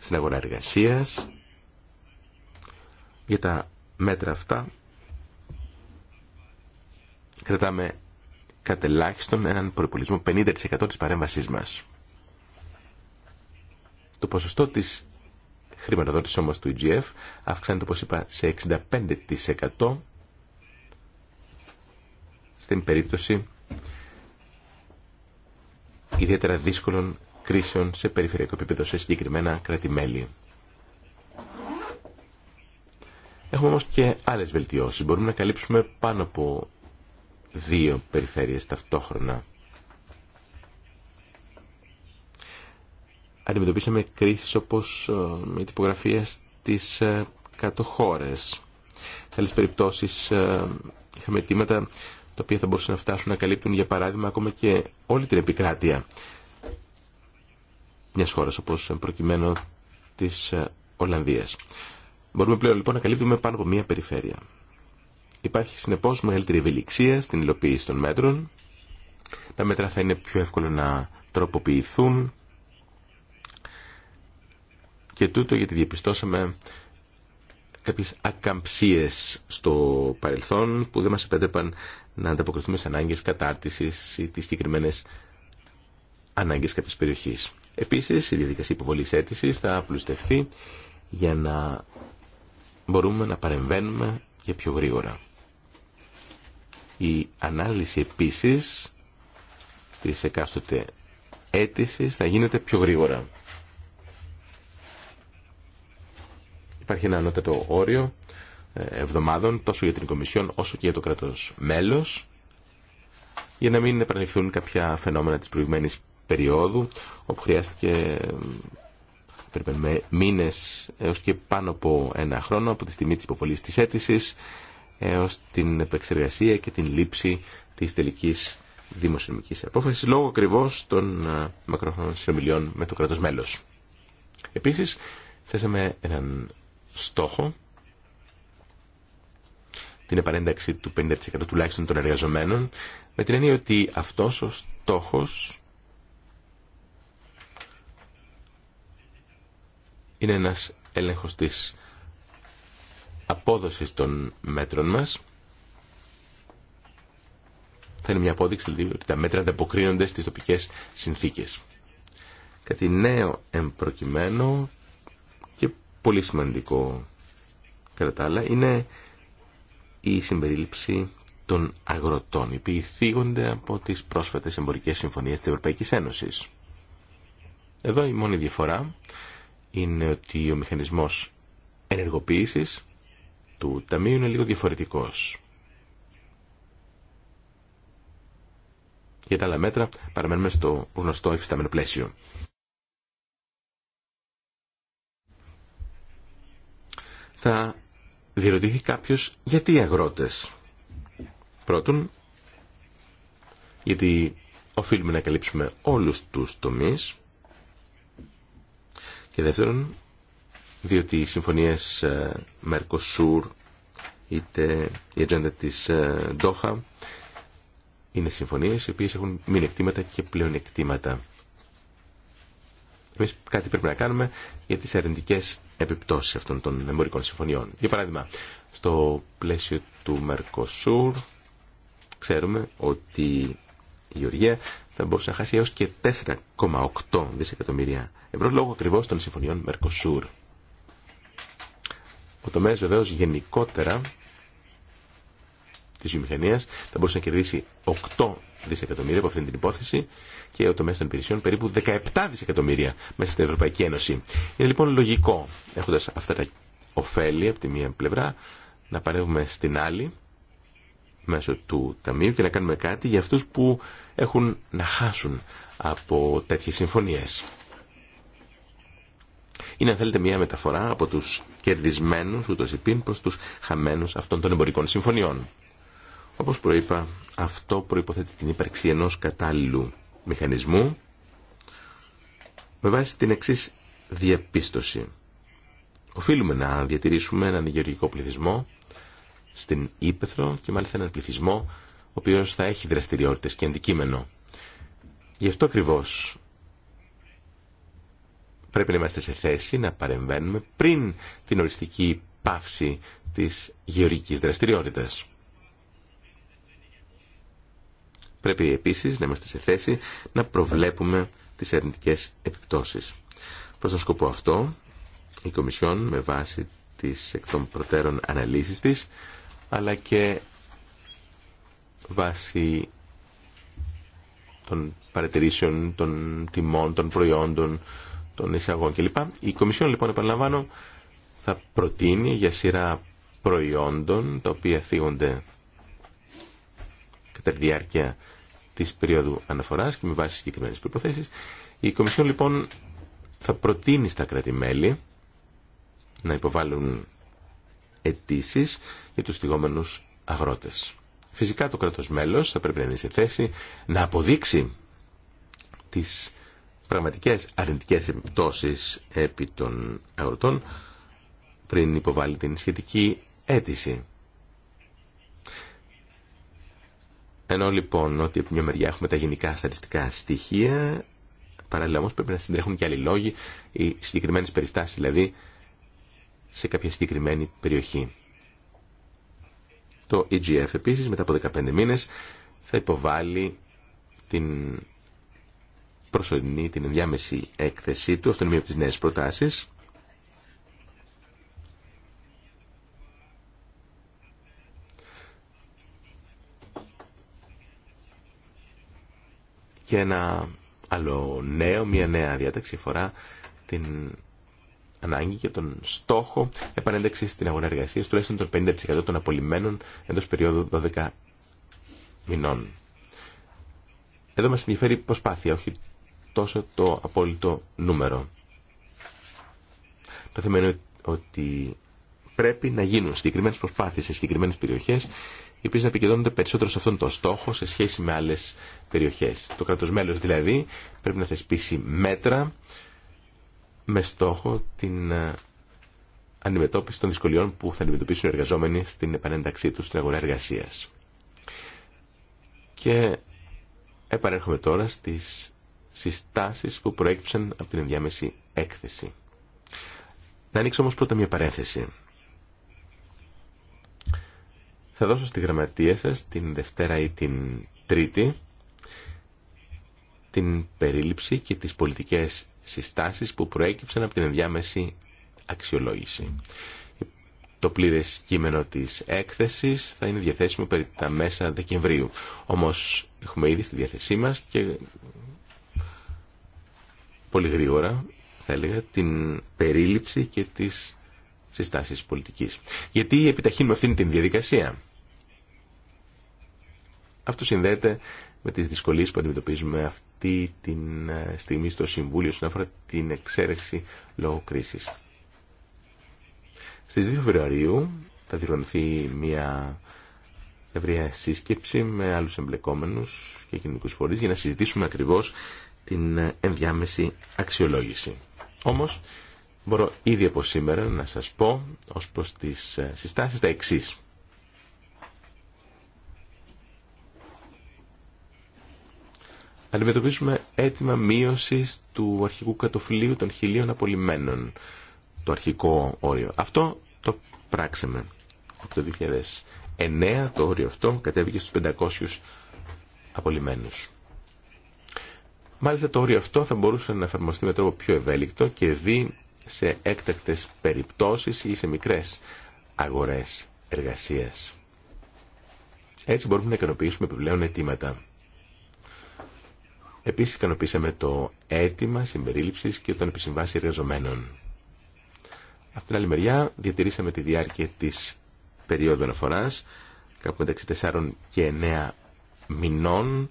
στην αγορά εργασίας. Για τα μέτρα αυτά κρατάμε κατελάχιστον έναν προπολογισμό 50% της παρέμβασής μας. Το ποσοστό της χρηματοδότησης όμως του EGF αυξάνεται όπως είπα σε 65% στην περίπτωση ιδιαίτερα δύσκολων κρίσεων σε περιφερειακό επίπεδο σε συγκεκριμένα κράτη-μέλη. Έχουμε όμως και άλλες βελτιώσεις. Μπορούμε να καλύψουμε πάνω από δύο περιφέρειες ταυτόχρονα. αντιμετωπίσαμε κρίσεις όπως η ε, τυπογραφία στις ε, κατοχώρες. Σε άλλες περιπτώσεις ε, είχαμε αιτήματα τα οποία θα μπορούσαν να φτάσουν να καλύπτουν για παράδειγμα ακόμα και όλη την επικράτεια μιας χώρας όπως προκειμένου της Ολλανδίας. Μπορούμε πλέον λοιπόν να καλύπτουμε πάνω από μία περιφέρεια. Υπάρχει συνεπώς μεγαλύτερη ευελιξία στην υλοποίηση των μέτρων. Τα μέτρα θα είναι πιο εύκολο να τροποποιηθούν και τούτο γιατί διαπιστώσαμε κάποιες ακαμψίες στο παρελθόν που δεν μας επέτρεπαν να ανταποκριθούμε στις ανάγκες κατάρτισης ή τις συγκεκριμένε ανάγκες κάποιες περιοχής. Επίσης, η διαδικασία υποβολής αίτησης θα απλουστευτεί για να μπορούμε να παρεμβαίνουμε και πιο γρήγορα. Η ανάλυση επίσης της εκάστοτε αίτησης θα γίνεται πιο γρήγορα. Υπάρχει ένα ανώτατο όριο ε, εβδομάδων τόσο για την Κομισιόν όσο και για το κράτος μέλος για να μην επανεληφθούν κάποια φαινόμενα της προηγουμένης περίοδου όπου χρειάστηκε ε, περιμένουμε μήνες έως και πάνω από ένα χρόνο από τη στιγμή της υποβολής της αίτησης έως την επεξεργασία και την λήψη της τελικής δημοσιονομικής απόφασης λόγω ακριβώ των ε, μακροχρόνων συνομιλιών με το κράτος μέλος. Επίσης, θέσαμε έναν στόχο την επανένταξη του 50% τουλάχιστον των εργαζομένων με την έννοια ότι αυτός ο στόχος είναι ένας έλεγχος της απόδοσης των μέτρων μας θα είναι μια απόδειξη δηλαδή, ότι τα μέτρα ανταποκρίνονται στις τοπικές συνθήκες. Κάτι νέο εμπροκειμένο πολύ σημαντικό κατά τα άλλα είναι η συμπερίληψη των αγροτών, οι οποίοι θίγονται από τις πρόσφατες εμπορικές συμφωνίες της Ευρωπαϊκής Ένωσης. Εδώ η μόνη διαφορά είναι ότι ο μηχανισμός ενεργοποίησης του Ταμείου είναι λίγο διαφορετικός. Για τα άλλα μέτρα παραμένουμε στο γνωστό υφιστάμενο πλαίσιο. θα διερωτηθεί κάποιος γιατί οι αγρότες. Πρώτον, γιατί οφείλουμε να καλύψουμε όλους τους τομείς και δεύτερον, διότι οι συμφωνίες ε, Mercosur είτε η ατζέντα της Ντόχα ε, είναι συμφωνίες οι οποίες έχουν μειονεκτήματα και πλεονεκτήματα. Εμεί κάτι πρέπει να κάνουμε για τι αρνητικέ επιπτώσει αυτών των εμπορικών συμφωνιών. Για παράδειγμα, στο πλαίσιο του Μερκοσούρ ξέρουμε ότι η Γεωργία θα μπορούσε να χάσει έω και 4,8 δισεκατομμύρια ευρώ λόγω ακριβώ των συμφωνιών Μερκοσούρ. Ο τομέα βεβαίως γενικότερα τη βιομηχανία θα μπορούσε να κερδίσει 8 δισεκατομμύρια από αυτή την υπόθεση και ο τομέα των υπηρεσιών περίπου 17 δισεκατομμύρια μέσα στην Ευρωπαϊκή Ένωση. Είναι λοιπόν λογικό, έχοντα αυτά τα ωφέλη από τη μία πλευρά, να παρεύουμε στην άλλη μέσω του Ταμείου και να κάνουμε κάτι για αυτούς που έχουν να χάσουν από τέτοιες συμφωνίες. Είναι αν θέλετε μια μεταφορά από τους κερδισμένους ούτως υπήν προς τους χαμένους αυτών των εμπορικών συμφωνιών. Όπως προείπα, αυτό προϋποθέτει την ύπαρξη ενός κατάλληλου μηχανισμού με βάση την εξή διαπίστωση. Οφείλουμε να διατηρήσουμε έναν γεωργικό πληθυσμό στην Ήπεθρο και μάλιστα έναν πληθυσμό ο οποίος θα έχει δραστηριότητες και αντικείμενο. Γι' αυτό ακριβώ πρέπει να είμαστε σε θέση να παρεμβαίνουμε πριν την οριστική πάυση της γεωργικής δραστηριότητας. Πρέπει επίσης να είμαστε σε θέση να προβλέπουμε τις αρνητικές επιπτώσεις. Προς τον σκοπό αυτό, η Κομισιόν με βάση τις εκ των προτέρων αναλύσεις της, αλλά και βάση των παρατηρήσεων, των τιμών, των προϊόντων, των εισαγών κλπ. Η Κομισιόν λοιπόν, επαναλαμβάνω, θα προτείνει για σειρά προϊόντων τα οποία θίγονται κατά τη διάρκεια της περίοδου αναφοράς και με βάση συγκεκριμένε προποθέσει, Η Κομισιόν λοιπόν θα προτείνει στα κράτη-μέλη να υποβάλουν αιτήσει για τους στιγόμενου αγρότες. Φυσικά το κράτος μέλος θα πρέπει να είναι σε θέση να αποδείξει τις πραγματικές αρνητικές επιπτώσει επί των αγροτών πριν υποβάλει την σχετική αίτηση. Ενώ λοιπόν ότι από μια μεριά έχουμε τα γενικά στατιστικά στοιχεία, παράλληλα όμω πρέπει να συντρέχουν και άλλοι λόγοι, οι συγκεκριμένε περιστάσει δηλαδή, σε κάποια συγκεκριμένη περιοχή. Το EGF επίσης μετά από 15 μήνε θα υποβάλει την προσωρινή, την ενδιάμεση έκθεσή του, αυτό είναι μία από τι νέε προτάσει, Και ένα άλλο νέο, μια νέα διάταξη αφορά την ανάγκη και τον στόχο επανένταξη στην αγορά εργασία τουλάχιστον των 50% των απολυμμένων εντό περίοδου 12 μηνών. Εδώ μα ενδιαφέρει προσπάθεια, όχι τόσο το απόλυτο νούμερο. Το θέμα είναι ότι πρέπει να γίνουν συγκεκριμένε προσπάθειε σε συγκεκριμένε περιοχέ, οι οποίε να επικεντρώνονται περισσότερο σε αυτόν τον στόχο σε σχέση με άλλε περιοχέ. Το κράτο μέλο δηλαδή πρέπει να θεσπίσει μέτρα με στόχο την ε, αντιμετώπιση των δυσκολιών που θα αντιμετωπίσουν οι εργαζόμενοι στην επανένταξή του στην αγορά εργασία. Και επανέρχομαι τώρα στι συστάσεις που προέκυψαν από την ενδιάμεση έκθεση. Να ανοίξω όμως πρώτα μια παρένθεση θα δώσω στη γραμματεία σας την Δευτέρα ή την Τρίτη την περίληψη και τις πολιτικές συστάσεις που προέκυψαν από την ενδιάμεση αξιολόγηση. Το πλήρες κείμενο της έκθεσης θα είναι διαθέσιμο περί τα μέσα Δεκεμβρίου. Όμως έχουμε ήδη στη διάθεσή μας και πολύ γρήγορα θα έλεγα την περίληψη και τις συστάσεις πολιτικής. Γιατί επιταχύνουμε αυτήν την διαδικασία. Αυτό συνδέεται με τις δυσκολίες που αντιμετωπίζουμε αυτή τη ε, στιγμή στο Συμβούλιο σχετικά αφορά την εξέρεξη λόγω κρίσης. Στις 2 Φεβρουαρίου θα διοργανωθεί μια ευρεία σύσκεψη με άλλους εμπλεκόμενους και κοινωνικούς φορείς για να συζητήσουμε ακριβώς την ε, ενδιάμεση αξιολόγηση. Όμως μπορώ ήδη από σήμερα να σας πω ως προς τις ε, συστάσεις τα εξής. αντιμετωπίσουμε αίτημα μείωση του αρχικού κατοφυλίου των χιλίων απολυμμένων, το αρχικό όριο. Αυτό το πράξαμε από το 2009, το όριο αυτό κατέβηκε στους 500 απολυμμένους. Μάλιστα το όριο αυτό θα μπορούσε να εφαρμοστεί με τρόπο πιο ευέλικτο και δει σε έκτακτες περιπτώσεις ή σε μικρές αγορές εργασίας. Έτσι μπορούμε να ικανοποιήσουμε επιπλέον αιτήματα. Επίσης ικανοποίησαμε το αίτημα συμπερίληψης και των επισυμβάσεων εργαζομένων. Από την άλλη μεριά διατηρήσαμε τη διάρκεια της περίοδου αναφοράς κάπου μεταξύ 4 και 9 μηνών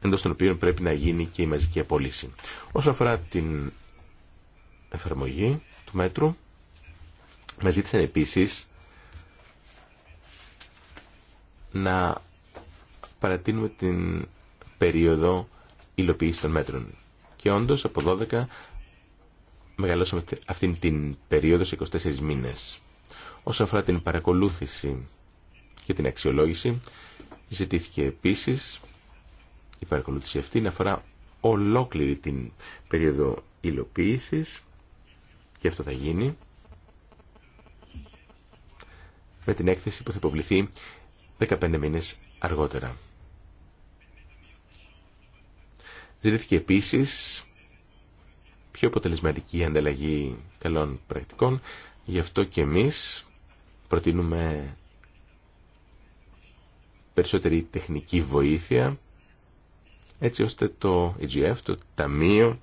εντός των οποίων πρέπει να γίνει και η μαζική απόλυση. Όσον αφορά την εφαρμογή του μέτρου μας ζήτησαν επίσης να παρατείνουμε την περίοδο υλοποίηση των μέτρων. Και όντως από 12 μεγαλώσαμε αυτήν την περίοδο σε 24 μήνες. Όσον αφορά την παρακολούθηση και την αξιολόγηση, ζητήθηκε επίσης η παρακολούθηση αυτή να αφορά ολόκληρη την περίοδο υλοποίησης και αυτό θα γίνει με την έκθεση που θα υποβληθεί 15 μήνες αργότερα. Ζητήθηκε επίσης πιο αποτελεσματική ανταλλαγή καλών πρακτικών. Γι' αυτό και εμείς προτείνουμε περισσότερη τεχνική βοήθεια έτσι ώστε το EGF, το Ταμείο,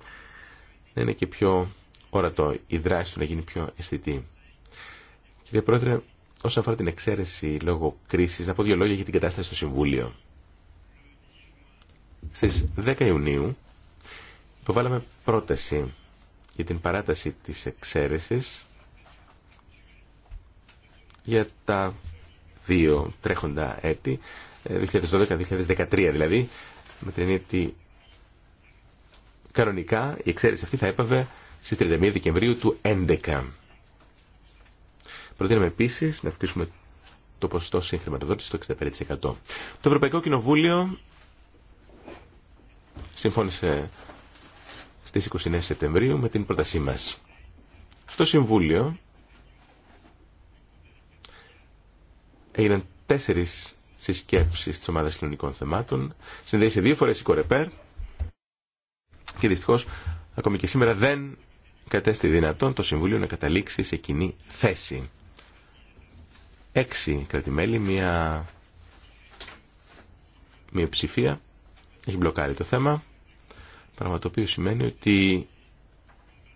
να είναι και πιο ορατό, η δράση του να γίνει πιο αισθητή. Κύριε Πρόεδρε, όσον αφορά την εξαίρεση λόγω κρίσης, να πω δύο λόγια για την κατάσταση στο Συμβούλιο. Στις 10 Ιουνίου υποβάλαμε πρόταση για την παράταση της εξαίρεσης για τα δύο τρέχοντα έτη, 2012-2013 ε, δηλαδή, με την έννοια ότι κανονικά η εξαίρεση αυτή θα έπαβε στις 31 Δεκεμβρίου του 2011. Προτείναμε επίσης να αυξήσουμε το ποσοστό συγχρηματοδότηση στο 65%. Το Ευρωπαϊκό Κοινοβούλιο συμφώνησε στις 29 Σεπτεμβρίου με την πρότασή μας. Στο Συμβούλιο έγιναν τέσσερις συσκέψεις της ομάδας κοινωνικών θεμάτων. Συνδέησε δύο φορές η Κορεπέρ και δυστυχώς ακόμη και σήμερα δεν κατέστη δυνατόν το Συμβούλιο να καταλήξει σε κοινή θέση. Έξι κρατημέλη, μία, μία ψηφία έχει μπλοκάρει το θέμα, πράγμα το οποίο σημαίνει ότι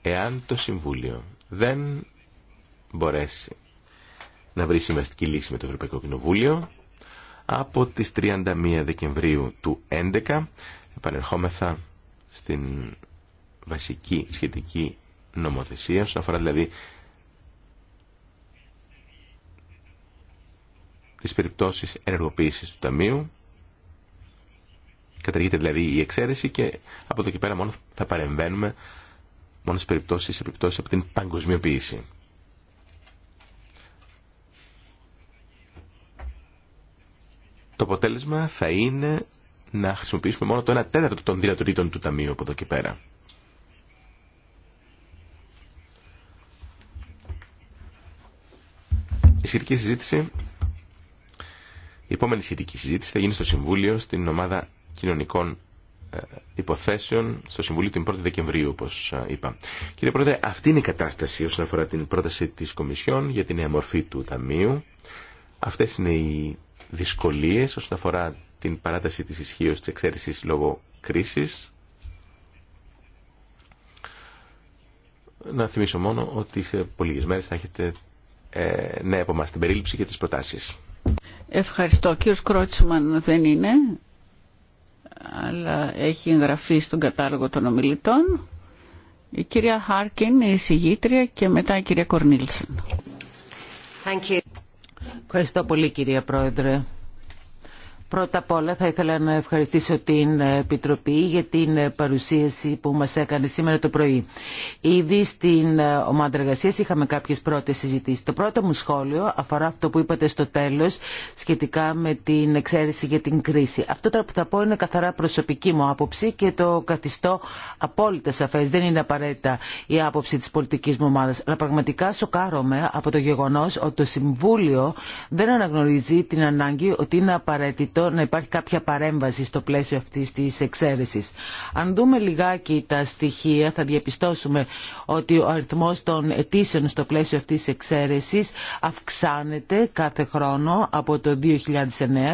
εάν το Συμβούλιο δεν μπορέσει να βρει συμβαστική λύση με το Ευρωπαϊκό Κοινοβούλιο, από τις 31 Δεκεμβρίου του 2011 επανερχόμεθα στην βασική σχετική νομοθεσία όσον αφορά δηλαδή τις περιπτώσεις ενεργοποίησης του Ταμείου Καταργείται δηλαδή η εξαίρεση και από εδώ και πέρα μόνο θα παρεμβαίνουμε μόνο σε περιπτώσεις, σε περιπτώσεις από την παγκοσμιοποίηση. Το αποτέλεσμα θα είναι να χρησιμοποιήσουμε μόνο το 1 τέταρτο των δυνατοτήτων του Ταμείου από εδώ και πέρα. Η σχετική συζήτηση, η επόμενη σχετική συζήτηση θα γίνει στο Συμβούλιο στην ομάδα κοινωνικών ε, υποθέσεων στο Συμβουλίο την 1η Δεκεμβρίου, όπω ε, είπα. Κύριε Πρόεδρε, αυτή είναι η κατάσταση όσον αφορά την πρόταση τη Κομισιόν για την νέα μορφή του Ταμείου. Αυτέ είναι οι δυσκολίε όσον αφορά την παράταση τη ισχύω τη εξαίρεση λόγω κρίση. Να θυμίσω μόνο ότι σε λίγε μέρε θα έχετε ε, νέα από εμά την περίληψη και τι προτάσει. Ευχαριστώ. Κύριος Κρότσμαν δεν είναι αλλά έχει εγγραφεί στον κατάλογο των ομιλητών. Η κυρία Χάρκιν, η συγγήτρια και μετά η κυρία Κορνίλσεν. Ευχαριστώ πολύ κυρία Πρόεδρε. Πρώτα απ' όλα θα ήθελα να ευχαριστήσω την Επιτροπή για την παρουσίαση που μας έκανε σήμερα το πρωί. Ήδη στην ομάδα εργασία είχαμε κάποιες πρώτες συζητήσεις. Το πρώτο μου σχόλιο αφορά αυτό που είπατε στο τέλος σχετικά με την εξαίρεση για την κρίση. Αυτό τώρα που θα πω είναι καθαρά προσωπική μου άποψη και το καθιστώ απόλυτα σαφές. Δεν είναι απαραίτητα η άποψη της πολιτικής μου ομάδας. Αλλά πραγματικά σοκάρομαι από το γεγονός ότι το Συμβούλιο δεν αναγνωρίζει την ανάγκη ότι είναι απαραίτητη να υπάρχει κάποια παρέμβαση στο πλαίσιο αυτής της εξαίρεσης. Αν δούμε λιγάκι τα στοιχεία θα διαπιστώσουμε ότι ο αριθμός των αιτήσεων στο πλαίσιο αυτής της εξαίρεσης αυξάνεται κάθε χρόνο από το 2009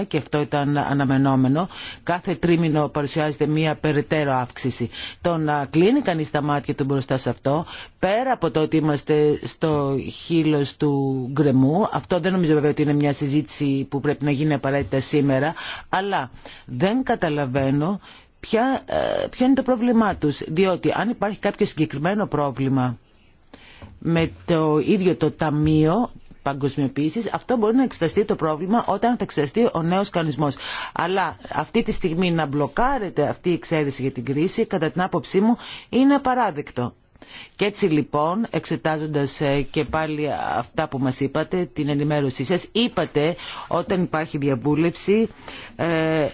και αυτό ήταν αναμενόμενο. Κάθε τρίμηνο παρουσιάζεται μία περαιτέρω αύξηση. Το να κλείνει κανείς τα μάτια του μπροστά σε αυτό, πέρα από το ότι είμαστε στο χείλος του γκρεμού, αυτό δεν νομίζω βέβαια ότι είναι μια συζήτηση που πρέπει να γίνει απαραίτητα σήμερα, αλλά δεν καταλαβαίνω ποια, ε, ποιο είναι το πρόβλημά τους. Διότι αν υπάρχει κάποιο συγκεκριμένο πρόβλημα με το ίδιο το Ταμείο Παγκοσμιοποίησης, αυτό μπορεί να εξεταστεί το πρόβλημα όταν θα εξεταστεί ο νέος κανονισμός. Αλλά αυτή τη στιγμή να μπλοκάρεται αυτή η εξαίρεση για την κρίση, κατά την άποψή μου, είναι απαράδεκτο. Και έτσι λοιπόν, εξετάζοντας ε, και πάλι αυτά που μας είπατε, την ενημέρωσή σας, είπατε όταν υπάρχει διαβούλευση ε,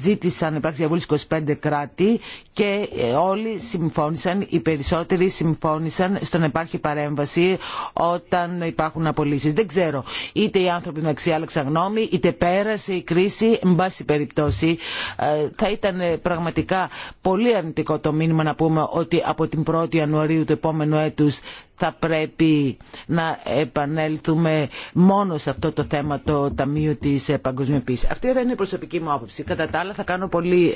ζήτησαν υπάρξει διαβούλευση 25 κράτη και ε, όλοι συμφώνησαν, οι περισσότεροι συμφώνησαν στο να υπάρχει παρέμβαση όταν υπάρχουν απολύσεις. Δεν ξέρω, είτε οι άνθρωποι να άλλαξαν γνώμη, είτε πέρασε η κρίση, εν πάση περιπτώσει. Ε, θα ήταν πραγματικά πολύ αρνητικό το μήνυμα να πούμε ότι από την 1η Ιανουαρίου του επόμενου έτους θα πρέπει να επανέλθουμε μόνο σε αυτό το θέμα το Ταμείο της Παγκοσμιοποίησης. Αυτή δεν είναι η προσωπική μου άποψη. Κατά τα άλλα θα κάνω πολύ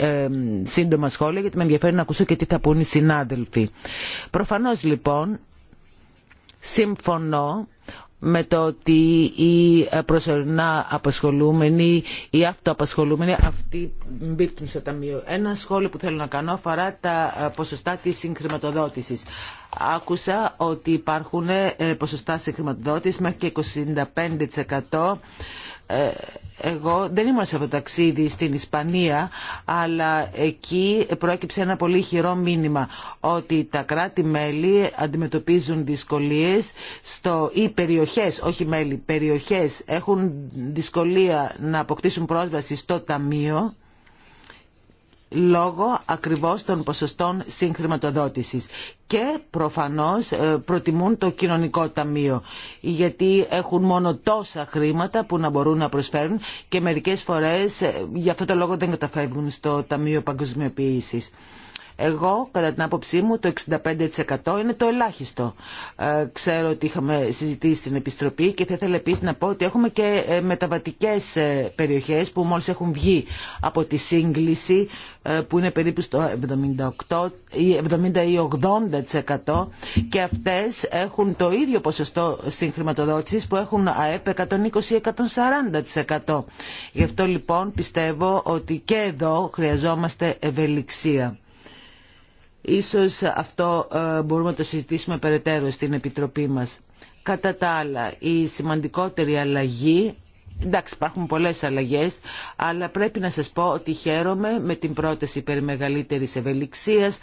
σύντομα σχόλια γιατί με ενδιαφέρει να ακούσω και τι θα πούν οι συνάδελφοι. Προφανώς λοιπόν συμφωνώ με το ότι οι προσωρινά απασχολούμενοι, οι αυτοαπασχολούμενοι, αυτοί μπήκουν στο ταμείο. Ένα σχόλιο που θέλω να κάνω αφορά τα ποσοστά της συγχρηματοδότησης. Άκουσα ότι υπάρχουν ε, ποσοστά συγχρηματοδότησης μέχρι και 25% ε, εγώ δεν ήμουν σε αυτό το ταξίδι στην Ισπανία, αλλά εκεί προέκυψε ένα πολύ χειρό μήνυμα ότι τα κράτη-μέλη αντιμετωπίζουν δυσκολίες στο, ή περιοχές, όχι μέλη, περιοχές έχουν δυσκολία να αποκτήσουν πρόσβαση στο ταμείο λόγω ακριβώς των ποσοστών συγχρηματοδότησης και προφανώς ε, προτιμούν το κοινωνικό ταμείο γιατί έχουν μόνο τόσα χρήματα που να μπορούν να προσφέρουν και μερικές φορές ε, για αυτό το λόγο δεν καταφεύγουν στο Ταμείο Παγκοσμιοποίησης. Εγώ, κατά την άποψή μου, το 65% είναι το ελάχιστο. Ε, ξέρω ότι είχαμε συζητήσει στην Επιστροπή και θα ήθελα επίσης να πω ότι έχουμε και ε, μεταβατικές ε, περιοχές που μόλις έχουν βγει από τη σύγκληση που είναι περίπου στο 78 70 ή 80% και αυτές έχουν το ίδιο ποσοστό συγχρηματοδότησης που έχουν ΑΕΠ 120-140%. Γι' αυτό λοιπόν πιστεύω ότι και εδώ χρειαζόμαστε ευελιξία. Ίσως αυτό ε, μπορούμε να το συζητήσουμε περαιτέρω στην Επιτροπή μας. Κατά τα άλλα, η σημαντικότερη αλλαγή Εντάξει, υπάρχουν πολλές αλλαγές, αλλά πρέπει να σας πω ότι χαίρομαι με την πρόταση περί μεγαλύτερης ευελιξίας,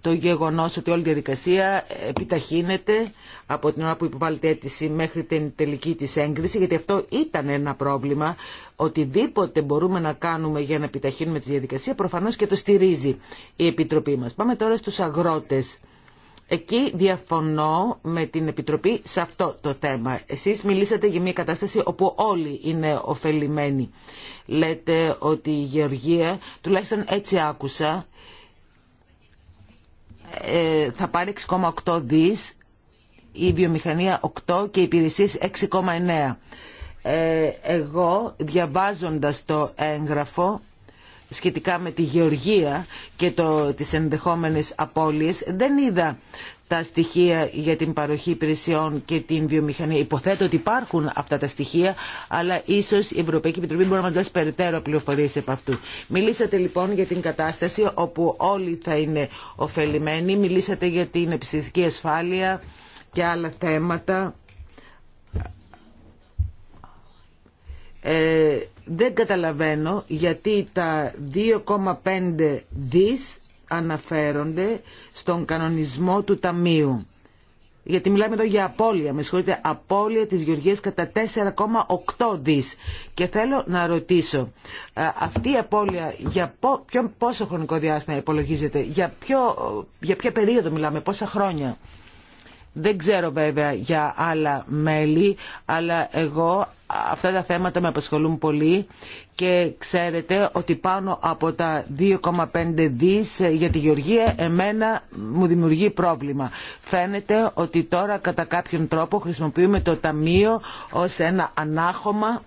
το γεγονός ότι όλη η διαδικασία επιταχύνεται από την ώρα που υποβάλλεται αίτηση μέχρι την τελική της έγκριση, γιατί αυτό ήταν ένα πρόβλημα. Οτιδήποτε μπορούμε να κάνουμε για να επιταχύνουμε τη διαδικασία, προφανώς και το στηρίζει η Επιτροπή μας. Πάμε τώρα στους αγρότες. Εκεί διαφωνώ με την Επιτροπή σε αυτό το θέμα. Εσείς μιλήσατε για μια κατάσταση όπου όλοι είναι ωφελημένοι. Λέτε ότι η Γεωργία, τουλάχιστον έτσι άκουσα, ε, θα πάρει 6,8 δις, η βιομηχανία 8 και οι υπηρεσίες 6,9. Ε, εγώ διαβάζοντας το έγγραφο σχετικά με τη γεωργία και το, τις ενδεχόμενες απώλειες δεν είδα τα στοιχεία για την παροχή υπηρεσιών και την βιομηχανία. Υποθέτω ότι υπάρχουν αυτά τα στοιχεία, αλλά ίσω η Ευρωπαϊκή Επιτροπή μπορεί να μα δώσει περαιτέρω πληροφορίε από αυτού. Μιλήσατε λοιπόν για την κατάσταση όπου όλοι θα είναι ωφελημένοι, μιλήσατε για την ψυχική ασφάλεια και άλλα θέματα. Ε, δεν καταλαβαίνω γιατί τα 2,5 δις αναφέρονται στον κανονισμό του Ταμείου. Γιατί μιλάμε εδώ για απώλεια, με συγχωρείτε, απώλεια της Γεωργίας κατά 4,8 δις. Και θέλω να ρωτήσω, ε, αυτή η απώλεια για πόσο χρονικό διάστημα υπολογίζεται, για, ποιο, ε, για ποια περίοδο μιλάμε, πόσα χρόνια. Δεν ξέρω βέβαια για άλλα μέλη, αλλά εγώ αυτά τα θέματα με απασχολούν πολύ και ξέρετε ότι πάνω από τα 2,5 δις για τη Γεωργία εμένα μου δημιουργεί πρόβλημα. Φαίνεται ότι τώρα κατά κάποιον τρόπο χρησιμοποιούμε το Ταμείο ως ένα ανάχωμα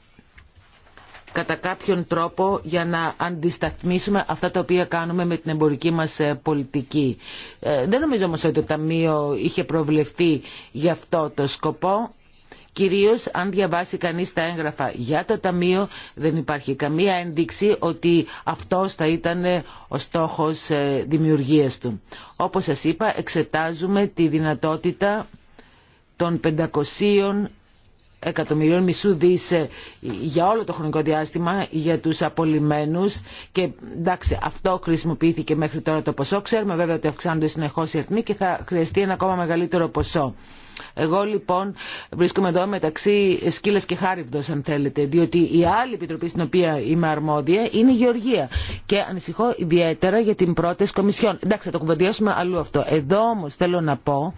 κατά κάποιον τρόπο για να αντισταθμίσουμε αυτά τα οποία κάνουμε με την εμπορική μας ε, πολιτική. Ε, δεν νομίζω όμως ότι το Ταμείο είχε προβλεφτεί γι' αυτό το σκοπό. Κυρίως αν διαβάσει κανείς τα έγγραφα για το Ταμείο δεν υπάρχει καμία ένδειξη ότι αυτό θα ήταν ε, ο στόχος δημιουργίας του. Όπως σας είπα εξετάζουμε τη δυνατότητα των 500 εκατομμυρίων, μισού δις ε, για όλο το χρονικό διάστημα για τους απολυμμένους και εντάξει αυτό χρησιμοποιήθηκε μέχρι τώρα το ποσό. Ξέρουμε βέβαια ότι αυξάνονται συνεχώς οι αριθμοί και θα χρειαστεί ένα ακόμα μεγαλύτερο ποσό. Εγώ λοιπόν βρίσκομαι εδώ μεταξύ σκύλα και χάριβδο, αν θέλετε, διότι η άλλη επιτροπή στην οποία είμαι αρμόδια είναι η Γεωργία. Και ανησυχώ ιδιαίτερα για την πρόταση κομισιόν. Εντάξει, θα το κουβεντιάσουμε αλλού αυτό. Εδώ όμω θέλω να πω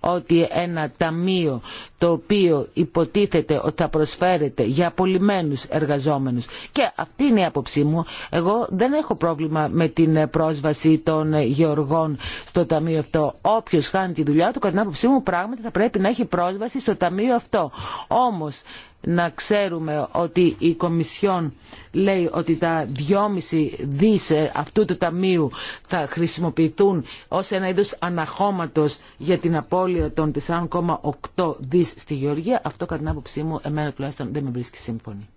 ότι ένα ταμείο το οποίο υποτίθεται ότι θα προσφέρεται για απολυμμένους εργαζόμενους και αυτή είναι η άποψή μου εγώ δεν έχω πρόβλημα με την πρόσβαση των γεωργών στο ταμείο αυτό όποιος χάνει τη δουλειά του κατά την άποψή μου πράγματι θα πρέπει να έχει πρόσβαση στο ταμείο αυτό όμως να ξέρουμε ότι η Κομισιόν λέει ότι τα 2,5 δις ε, αυτού του ταμείου θα χρησιμοποιηθούν ως ένα είδος αναχώματος για την απώλεια των 4,8 δις στη Γεωργία, αυτό κατά την άποψή μου εμένα τουλάχιστον δεν με βρίσκει σύμφωνη.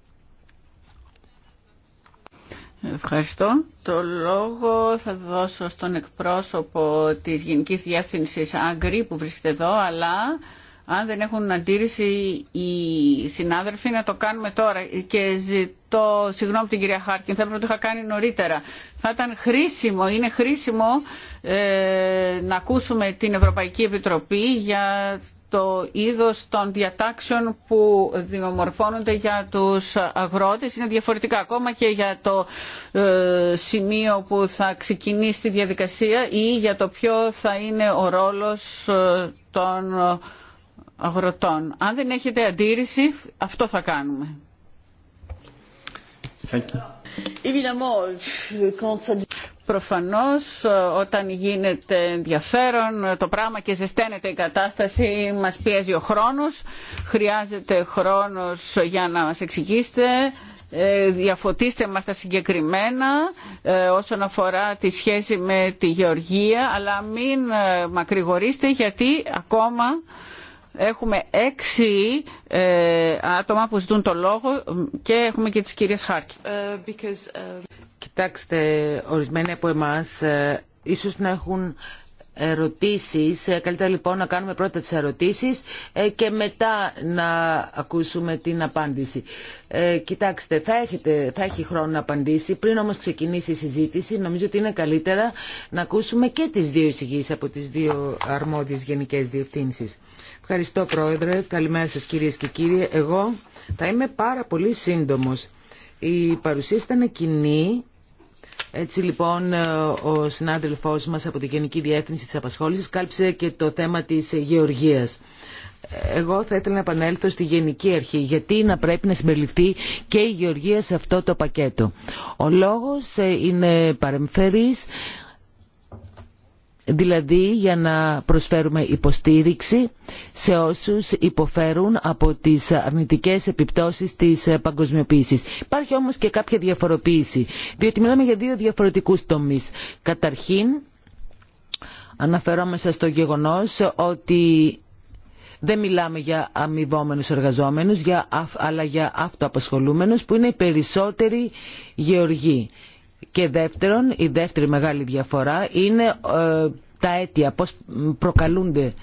Ευχαριστώ. Το λόγο θα δώσω στον εκπρόσωπο της Γενικής Διεύθυνσης Άγκρη που βρίσκεται εδώ, αλλά αν δεν έχουν αντίρρηση οι συνάδελφοι να το κάνουμε τώρα και ζητώ συγγνώμη την κυρία Χάρκιν θα έπρεπε να το είχα κάνει νωρίτερα θα ήταν χρήσιμο, είναι χρήσιμο ε, να ακούσουμε την Ευρωπαϊκή Επιτροπή για το είδος των διατάξεων που διαμορφώνονται για τους αγρότες είναι διαφορετικά ακόμα και για το ε, σημείο που θα ξεκινήσει τη διαδικασία ή για το ποιο θα είναι ο ρόλος ε, των αγροτών. Αν δεν έχετε αντίρρηση, αυτό θα κάνουμε. Προφανώς όταν γίνεται ενδιαφέρον το πράγμα και ζεσταίνεται η κατάσταση, μας πιέζει ο χρόνος, χρειάζεται χρόνος για να μας εξηγήσετε, ε, διαφωτίστε μας τα συγκεκριμένα ε, όσον αφορά τη σχέση με τη γεωργία, αλλά μην ε, μακρηγορήστε γιατί ακόμα έχουμε έξι ε, άτομα που ζητούν το λόγο και έχουμε και τις κυρίες Χάρκη. Ε, ε, κοιτάξτε, ορισμένοι από εμάς ε, ίσως να έχουν ερωτήσεις. Καλύτερα λοιπόν να κάνουμε πρώτα τις ερωτήσεις και μετά να ακούσουμε την απάντηση. Ε, κοιτάξτε, θα, έχετε, θα έχει χρόνο να απαντήσει. Πριν όμως ξεκινήσει η συζήτηση, νομίζω ότι είναι καλύτερα να ακούσουμε και τις δύο εισηγήσεις από τις δύο αρμόδιες γενικές διευθύνσεις. Ευχαριστώ Πρόεδρε. Καλημέρα σας κυρίες και κύριοι. Εγώ θα είμαι πάρα πολύ σύντομος. Η παρουσία ήταν κοινή. Έτσι λοιπόν ο συνάδελφός μας από τη Γενική Διεύθυνση της Απασχόλησης κάλυψε και το θέμα της γεωργίας. Εγώ θα ήθελα να επανέλθω στη Γενική Αρχή. Γιατί να πρέπει να συμπεριληφθεί και η γεωργία σε αυτό το πακέτο. Ο λόγος ε, είναι παρεμφερής δηλαδή για να προσφέρουμε υποστήριξη σε όσους υποφέρουν από τις αρνητικές επιπτώσεις της παγκοσμιοποίησης. Υπάρχει όμως και κάποια διαφοροποίηση, διότι μιλάμε για δύο διαφορετικούς τομείς. Καταρχήν, αναφερόμαστε στο γεγονός ότι δεν μιλάμε για αμοιβόμενους εργαζόμενους, αλλά για αυτοαπασχολούμενους που είναι οι περισσότεροι γεωργοί. Και δεύτερον, η δεύτερη μεγάλη διαφορά είναι ε, τα αίτια, πώς προκαλούνται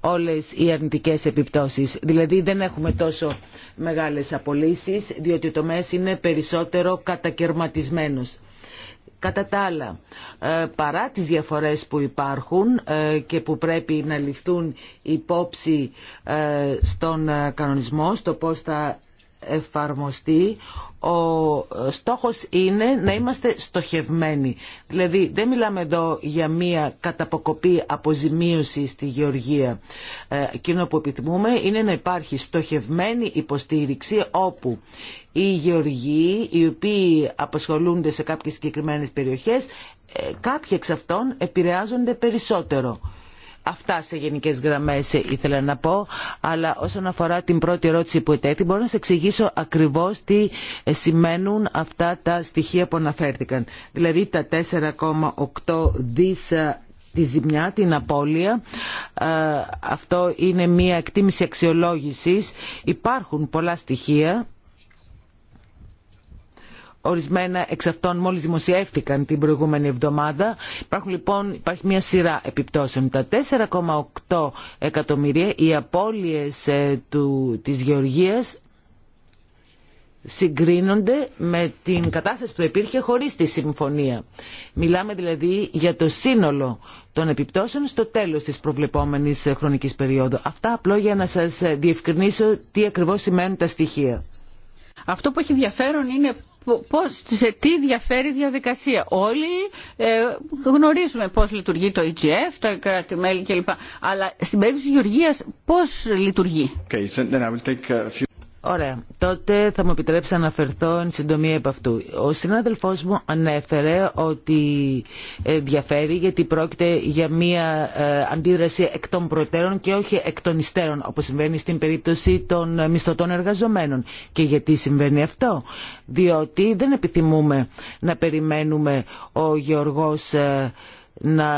όλες οι αρνητικές επιπτώσεις. Δηλαδή δεν έχουμε τόσο μεγάλες απολύσεις, διότι το τομέας είναι περισσότερο κατακαιρματισμένος. Κατά τα άλλα, ε, παρά τις διαφορές που υπάρχουν ε, και που πρέπει να ληφθούν υπόψη στον κανονισμό, στο πώς θα εφαρμοστεί ο στόχος είναι να είμαστε στοχευμένοι. Δηλαδή δεν μιλάμε εδώ για μία καταποκοπή αποζημίωση στη γεωργία. Ε, εκείνο που επιθυμούμε είναι να υπάρχει στοχευμένη υποστήριξη όπου οι γεωργοί οι οποίοι απασχολούνται σε κάποιες συγκεκριμένες περιοχές ε, κάποιοι εξ αυτών επηρεάζονται περισσότερο. Αυτά σε γενικέ γραμμέ ήθελα να πω, αλλά όσον αφορά την πρώτη ερώτηση που ετέθη, μπορώ να σα εξηγήσω ακριβώ τι σημαίνουν αυτά τα στοιχεία που αναφέρθηκαν. Δηλαδή τα 4,8 δι ε, τη ζημιά, την απώλεια. Ε, αυτό είναι μια εκτίμηση αξιολόγηση. Υπάρχουν πολλά στοιχεία Ορισμένα εξ αυτών μόλις δημοσιεύτηκαν την προηγούμενη εβδομάδα. Υπάρχουν λοιπόν, υπάρχει μια σειρά επιπτώσεων. Τα 4,8 εκατομμύρια, οι απώλειες ε, του, της Γεωργίας συγκρίνονται με την κατάσταση που υπήρχε χωρίς τη συμφωνία. Μιλάμε δηλαδή για το σύνολο των επιπτώσεων στο τέλος της προβλεπόμενης χρονικής περίοδου. Αυτά απλό για να σας διευκρινίσω τι ακριβώς σημαίνουν τα στοιχεία. Αυτό που έχει ενδιαφέρον είναι πώς, σε τι διαφέρει η διαδικασία. Όλοι ε, γνωρίζουμε πώς λειτουργεί το EGF, τα κράτη-μέλη κλπ. Αλλά στην περίπτωση της Γεωργίας πώς λειτουργεί. Ωραία. Τότε θα μου επιτρέψει να αναφερθώ εν συντομία επ' αυτού. Ο συνάδελφός μου ανέφερε ότι ε, διαφέρει γιατί πρόκειται για μία ε, αντίδραση εκ των προτέρων και όχι εκ των υστέρων, όπως συμβαίνει στην περίπτωση των μισθωτών εργαζομένων. Και γιατί συμβαίνει αυτό. Διότι δεν επιθυμούμε να περιμένουμε ο Γεωργός ε, να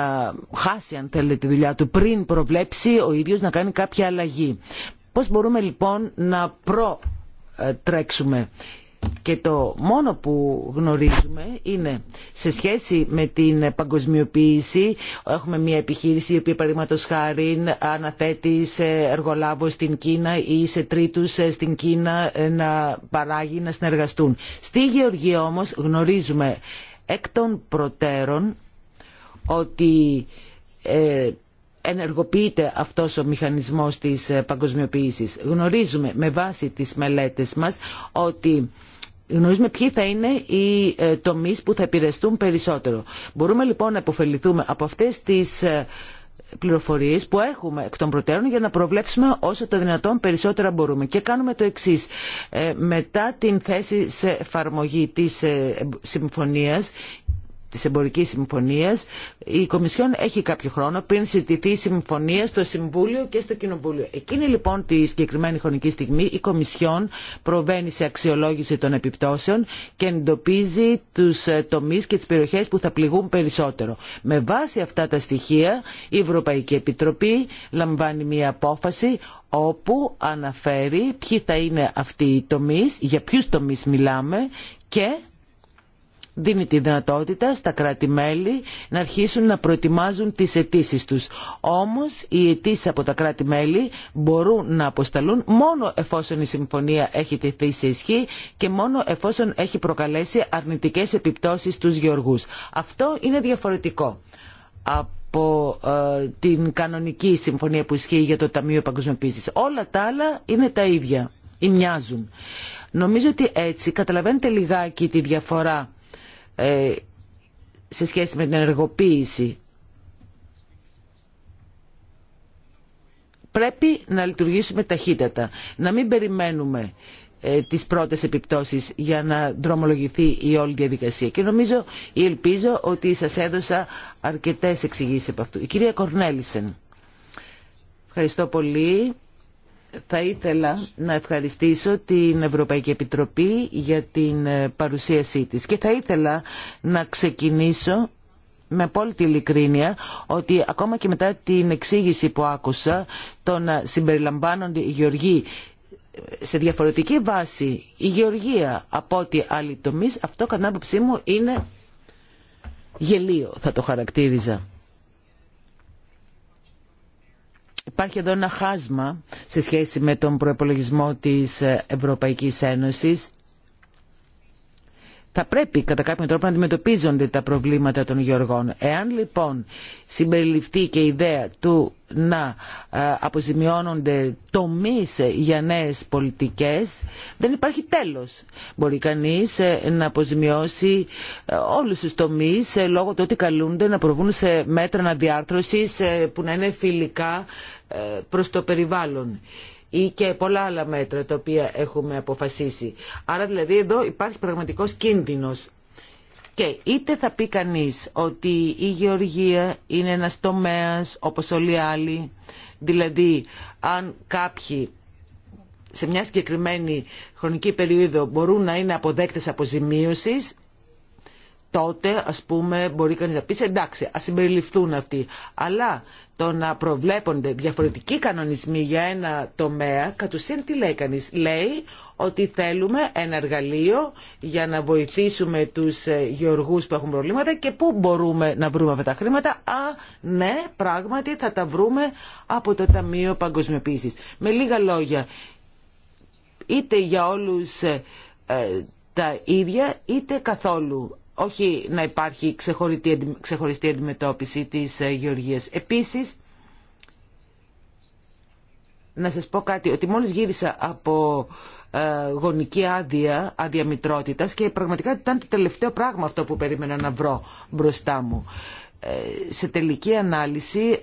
χάσει αν θέλετε τη δουλειά του πριν προβλέψει ο ίδιος να κάνει κάποια αλλαγή. Πώς μπορούμε λοιπόν να προτρέξουμε. Και το μόνο που γνωρίζουμε είναι σε σχέση με την παγκοσμιοποίηση έχουμε μια επιχείρηση η οποία παραδείγματο χάρη αναθέτει σε εργολάβο στην Κίνα ή σε τρίτους ε, στην Κίνα ε, να παράγει να συνεργαστούν. Στη Γεωργία όμως γνωρίζουμε εκ των προτέρων ότι ε, ενεργοποιείται αυτός ο μηχανισμός της ε, παγκοσμιοποίησης. Γνωρίζουμε με βάση τις μελέτες μας ότι γνωρίζουμε ποιοι θα είναι οι ε, τομείς που θα επηρεαστούν περισσότερο. Μπορούμε λοιπόν να υποφεληθούμε από αυτές τις ε, πληροφορίες που έχουμε εκ των προτέρων για να προβλέψουμε όσο το δυνατόν περισσότερα μπορούμε. Και κάνουμε το εξής. μετά την θέση σε εφαρμογή της συμφωνίας της εμπορικής συμφωνίας η Κομισιόν έχει κάποιο χρόνο πριν συζητηθεί η συμφωνία στο Συμβούλιο και στο Κοινοβούλιο. Εκείνη λοιπόν τη συγκεκριμένη χρονική στιγμή η Κομισιόν προβαίνει σε αξιολόγηση των επιπτώσεων και εντοπίζει τους ε, τομείς και τις περιοχές που θα πληγούν περισσότερο. Με βάση αυτά τα στοιχεία η Ευρωπαϊκή Επιτροπή λαμβάνει μια απόφαση όπου αναφέρει ποιοι θα είναι αυτοί οι τομείς, για ποιους τομείς μιλάμε και δίνει τη δυνατότητα στα κράτη-μέλη να αρχίσουν να προετοιμάζουν τις αιτήσει τους. Όμως οι αιτήσει από τα κράτη-μέλη μπορούν να αποσταλούν μόνο εφόσον η συμφωνία έχει τεθεί σε ισχύ και μόνο εφόσον έχει προκαλέσει αρνητικές επιπτώσεις στους γεωργούς. Αυτό είναι διαφορετικό από ε, την κανονική συμφωνία που ισχύει για το Ταμείο Παγκοσμιοποίησης. Όλα τα άλλα είναι τα ίδια ή μοιάζουν. Νομίζω ότι έτσι καταλαβαίνετε λιγάκι τη διαφορά ε, σε σχέση με την ενεργοποίηση. Πρέπει να λειτουργήσουμε ταχύτατα, να μην περιμένουμε ε, τις πρώτες επιπτώσεις για να δρομολογηθεί η όλη διαδικασία. Και νομίζω ή ελπίζω ότι σας έδωσα αρκετές εξηγήσεις από αυτού. Η κυρία Κορνέλισεν. Ευχαριστώ πολύ. Θα ήθελα να ευχαριστήσω την Ευρωπαϊκή Επιτροπή για την ε, παρουσίασή της και θα ήθελα να ξεκινήσω με απόλυτη ειλικρίνεια ότι ακόμα και μετά την εξήγηση που άκουσα το να συμπεριλαμβάνονται οι γεωργοί ε, σε διαφορετική βάση η γεωργία από ό,τι άλλοι τομείς αυτό κατά άποψή μου είναι γελίο θα το χαρακτήριζα. Υπάρχει εδώ ένα χάσμα σε σχέση με τον προεπολογισμό της Ευρωπαϊκής Ένωσης. Θα πρέπει κατά κάποιο τρόπο να αντιμετωπίζονται τα προβλήματα των γεωργών. Εάν λοιπόν συμπεριληφθεί και η ιδέα του να αποζημιώνονται τομείς για νέες πολιτικές, δεν υπάρχει τέλος. Μπορεί κανείς ε, να αποζημιώσει ε, όλους τους τομείς ε, λόγω του ότι καλούνται να προβούν σε μέτρα αναδιάρθρωσης που να είναι φιλικά προς το περιβάλλον ή και πολλά άλλα μέτρα τα οποία έχουμε αποφασίσει. Άρα δηλαδή εδώ υπάρχει πραγματικός κίνδυνος. Και είτε θα πει κανείς ότι η γεωργία είναι ένας τομέας όπως όλοι οι άλλοι, δηλαδή αν κάποιοι σε μια συγκεκριμένη χρονική περίοδο μπορούν να είναι αποδέκτες αποζημίωσης, τότε ας πούμε μπορεί κανείς να πει εντάξει ας συμπεριληφθούν αυτοί. Αλλά το να προβλέπονται διαφορετικοί κανονισμοί για ένα τομέα, κατ' ουσίαν τι λέει κανείς. Λέει ότι θέλουμε ένα εργαλείο για να βοηθήσουμε τους ε, γεωργούς που έχουν προβλήματα και πού μπορούμε να βρούμε αυτά τα χρήματα. Α, ναι, πράγματι θα τα βρούμε από το Ταμείο Παγκοσμιοποίησης. Με λίγα λόγια, είτε για όλους ε, ε, τα ίδια, είτε καθόλου όχι να υπάρχει ξεχωριστή αντιμετώπιση της ε, γεωργίας. Επίσης, να σας πω κάτι, ότι μόλις γύρισα από ε, γονική άδεια, άδεια και πραγματικά ήταν το τελευταίο πράγμα αυτό που περίμενα να βρω μπροστά μου. Ε, σε τελική ανάλυση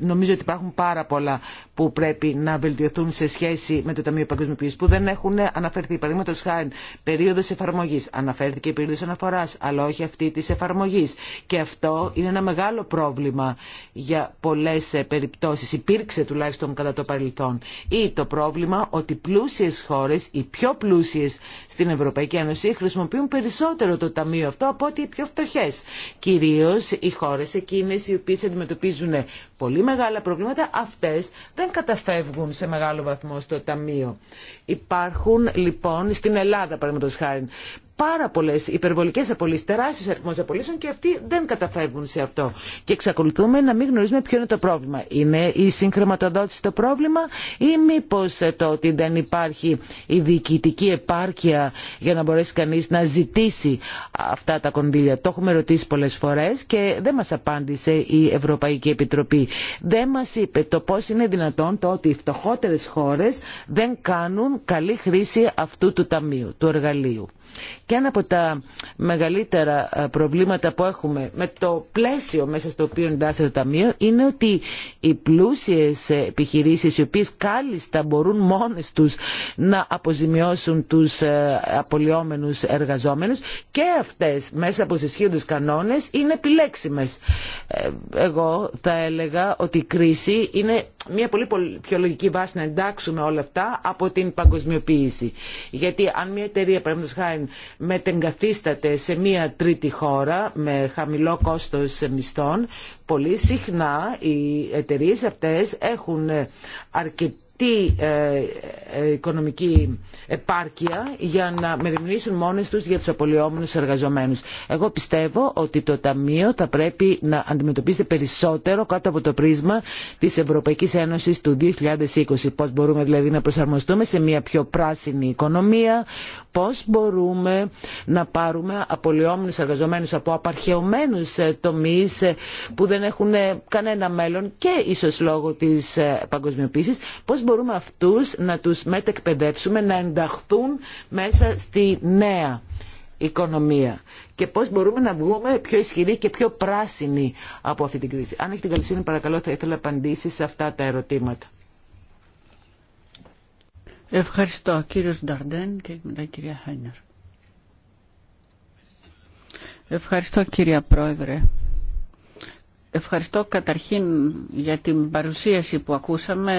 νομίζω ότι υπάρχουν πάρα πολλά που πρέπει να βελτιωθούν σε σχέση με το Ταμείο Παγκοσμιοποίηση που δεν έχουν αναφερθεί. Παραδείγματο χάρη, περίοδο εφαρμογή. Αναφέρθηκε η περίοδο αναφορά, αλλά όχι αυτή τη εφαρμογή. Και αυτό είναι ένα μεγάλο πρόβλημα για πολλέ ε, περιπτώσει. Υπήρξε τουλάχιστον κατά το παρελθόν. Ή το πρόβλημα ότι πλούσιε χώρε, οι πιο πλούσιε στην Ευρωπαϊκή Ένωση, χρησιμοποιούν περισσότερο το Ταμείο αυτό από ότι οι πιο φτωχέ. Κυρίω οι χώρε εκείνε οι οποίε αντιμετωπίζουν πολύ μεγάλα προβλήματα, αυτέ δεν δεν καταφεύγουν σε μεγάλο βαθμό στο ταμείο. Υπάρχουν λοιπόν στην Ελλάδα, παραδείγματο χάρη, πάρα πολλέ υπερβολικέ απολύσει, τεράστιε αριθμού απολύσεων και αυτοί δεν καταφεύγουν σε αυτό. Και εξακολουθούμε να μην γνωρίζουμε ποιο είναι το πρόβλημα. Είναι η συγχρηματοδότηση το πρόβλημα ή μήπω ε, το ότι δεν υπάρχει η διοικητική επάρκεια για να μπορέσει κανεί να ζητήσει αυτά τα κονδύλια. Το έχουμε ρωτήσει πολλέ φορέ και δεν μα απάντησε η Ευρωπαϊκή Επιτροπή. Δεν μα είπε το πώ είναι δυνατόν το ότι οι φτωχότερε χώρε δεν κάνουν καλή χρήση αυτού του ταμείου, του εργαλείου. Και ένα από τα μεγαλύτερα ε, προβλήματα που έχουμε με το πλαίσιο μέσα στο οποίο εντάσσεται το Ταμείο είναι ότι οι πλούσιες επιχειρήσεις οι οποίες κάλλιστα μπορούν μόνες τους να αποζημιώσουν τους ε, απολυόμενους εργαζόμενους και αυτές μέσα από τους κανόνες είναι επιλέξιμες. Ε, εγώ θα έλεγα ότι η κρίση είναι μια πολύ πιο λογική βάση να εντάξουμε όλα αυτά από την παγκοσμιοποίηση. Γιατί αν μια εταιρεία, παραδείγματος χάρη, μετεγκαθίσταται σε μία τρίτη χώρα με χαμηλό κόστος μισθών. Πολύ συχνά οι εταιρείε αυτές έχουν αρκετή τη ε, ε, οικονομική επάρκεια για να μεριμνήσουν μόνες τους για τους απολυόμενους εργαζομένους. Εγώ πιστεύω ότι το Ταμείο θα πρέπει να αντιμετωπίζεται περισσότερο κάτω από το πρίσμα της Ευρωπαϊκής Ένωσης του 2020. Πώς μπορούμε δηλαδή να προσαρμοστούμε σε μια πιο πράσινη οικονομία, πώς μπορούμε να πάρουμε απολυόμενους εργαζομένους από απαρχαιωμένους ε, τομείς που δεν έχουν κανένα μέλλον και ίσως λόγω της παγκοσμιοποίησης, πώς μπορούμε αυτούς να τους μετεκπαιδεύσουμε, να ενταχθούν μέσα στη νέα οικονομία και πώς μπορούμε να βγούμε πιο ισχυροί και πιο πράσινοι από αυτή την κρίση. Αν έχει την καλοσύνη παρακαλώ θα ήθελα απαντήσει σε αυτά τα ερωτήματα. Ευχαριστώ κύριος Νταρντέν και μετά κυρία Χάινερ. Ευχαριστώ κύριε Πρόεδρε. Ευχαριστώ καταρχήν για την παρουσίαση που ακούσαμε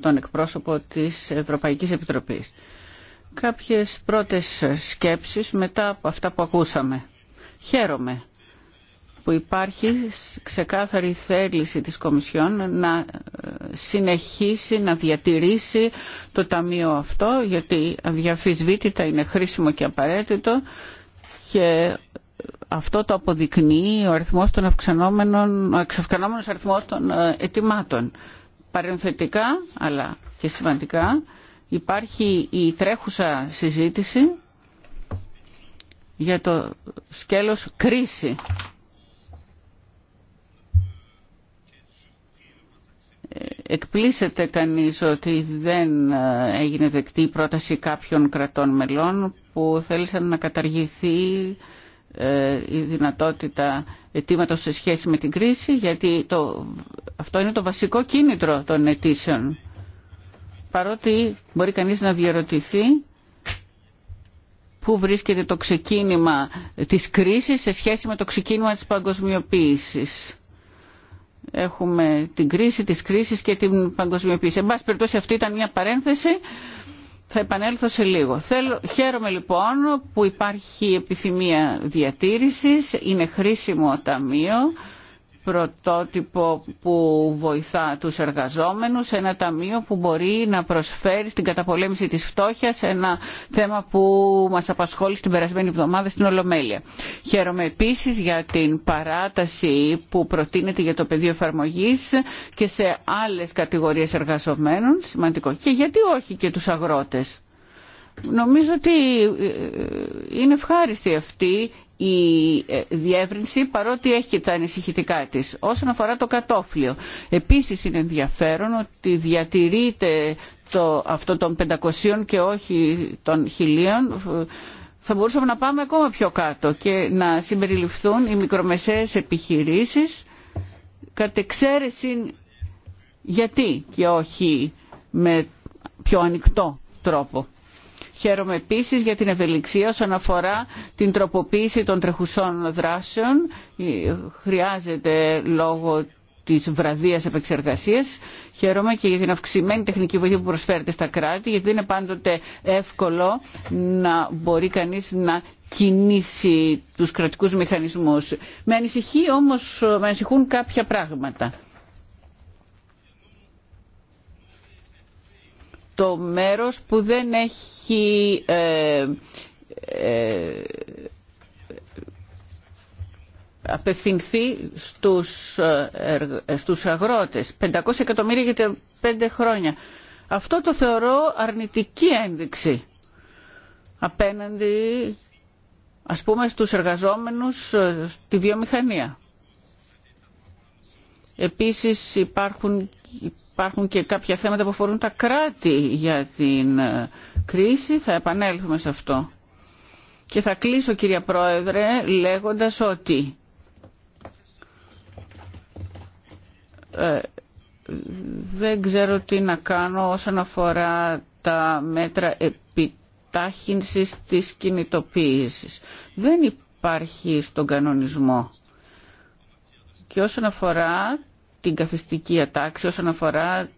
τον εκπρόσωπο της Ευρωπαϊκής Επιτροπής. Κάποιες πρώτες σκέψεις μετά από αυτά που ακούσαμε. Χαίρομαι που υπάρχει ξεκάθαρη θέληση της Κομισιόν να ε, συνεχίσει, να διατηρήσει το Ταμείο αυτό, γιατί αδιαφυσβήτητα είναι χρήσιμο και απαραίτητο και αυτό το αποδεικνύει ο αριθμός των αυξανόμενων, ο αυξανόμενος των ε, ετοιμάτων. Παρενθετικά, αλλά και σημαντικά, υπάρχει η τρέχουσα συζήτηση για το σκέλος κρίση. Εκπλήσεται κανείς ότι δεν ε, έγινε δεκτή η πρόταση κάποιων κρατών μελών που θέλησαν να καταργηθεί ε, η δυνατότητα αιτήματος σε σχέση με την κρίση γιατί το, αυτό είναι το βασικό κίνητρο των αιτήσεων. Παρότι μπορεί κανείς να διαρωτηθεί πού βρίσκεται το ξεκίνημα της κρίσης σε σχέση με το ξεκίνημα της παγκοσμιοποίησης. Έχουμε την κρίση της κρίσης και την παγκοσμιοποίηση. Εν πάση περιπτώσει αυτή ήταν μια παρένθεση θα επανέλθω σε λίγο. Θέλω, χαίρομαι λοιπόν που υπάρχει επιθυμία διατήρησης, είναι χρήσιμο ταμείο πρωτότυπο που βοηθά τους εργαζόμενους, ένα ταμείο που μπορεί να προσφέρει στην καταπολέμηση της φτώχειας, ένα θέμα που μας απασχόλησε την περασμένη εβδομάδα στην Ολομέλεια. Χαίρομαι επίσης για την παράταση που προτείνεται για το πεδίο εφαρμογή και σε άλλες κατηγορίες εργαζομένων, σημαντικό. Και γιατί όχι και τους αγρότες. Νομίζω ότι ε, είναι ευχάριστη αυτή η ε, διεύρυνση παρότι έχει τα ανησυχητικά της. Όσον αφορά το κατόφλιο, επίσης είναι ενδιαφέρον ότι διατηρείται το, αυτό των 500 και όχι των χιλίων. θα μπορούσαμε να πάμε ακόμα πιο κάτω και να συμπεριληφθούν οι μικρομεσαίες επιχειρήσεις κατ' εξαίρεση γιατί και όχι με πιο ανοιχτό τρόπο. Χαίρομαι επίσης για την ευελιξία όσον αφορά την τροποποίηση των τρεχουσών δράσεων. Ε, χρειάζεται λόγω της βραδίας επεξεργασίας. Χαίρομαι και για την αυξημένη τεχνική βοήθεια που προσφέρεται στα κράτη, γιατί δεν είναι πάντοτε εύκολο να μπορεί κανείς να κινήσει τους κρατικούς μηχανισμούς. Με, ανησυχεί όμως, με ανησυχούν κάποια πράγματα. το μέρος που δεν έχει ε, ε απευθυνθεί στους, ε, ε, στους αγρότες. 500 εκατομμύρια για τα 5 χρόνια. Αυτό το θεωρώ αρνητική ένδειξη απέναντι ας πούμε στους εργαζόμενους στη βιομηχανία. Επίσης υπάρχουν υπάρχουν και κάποια θέματα που αφορούν τα κράτη για την ε, κρίση. Θα επανέλθουμε σε αυτό. Και θα κλείσω κυρία Πρόεδρε λέγοντας ότι ε, δεν ξέρω τι να κάνω όσον αφορά τα μέτρα επιτάχυνσης της κινητοποίησης. Δεν υπάρχει στον κανονισμό. Και όσον αφορά την καθεστική ατάξη όσον αφορά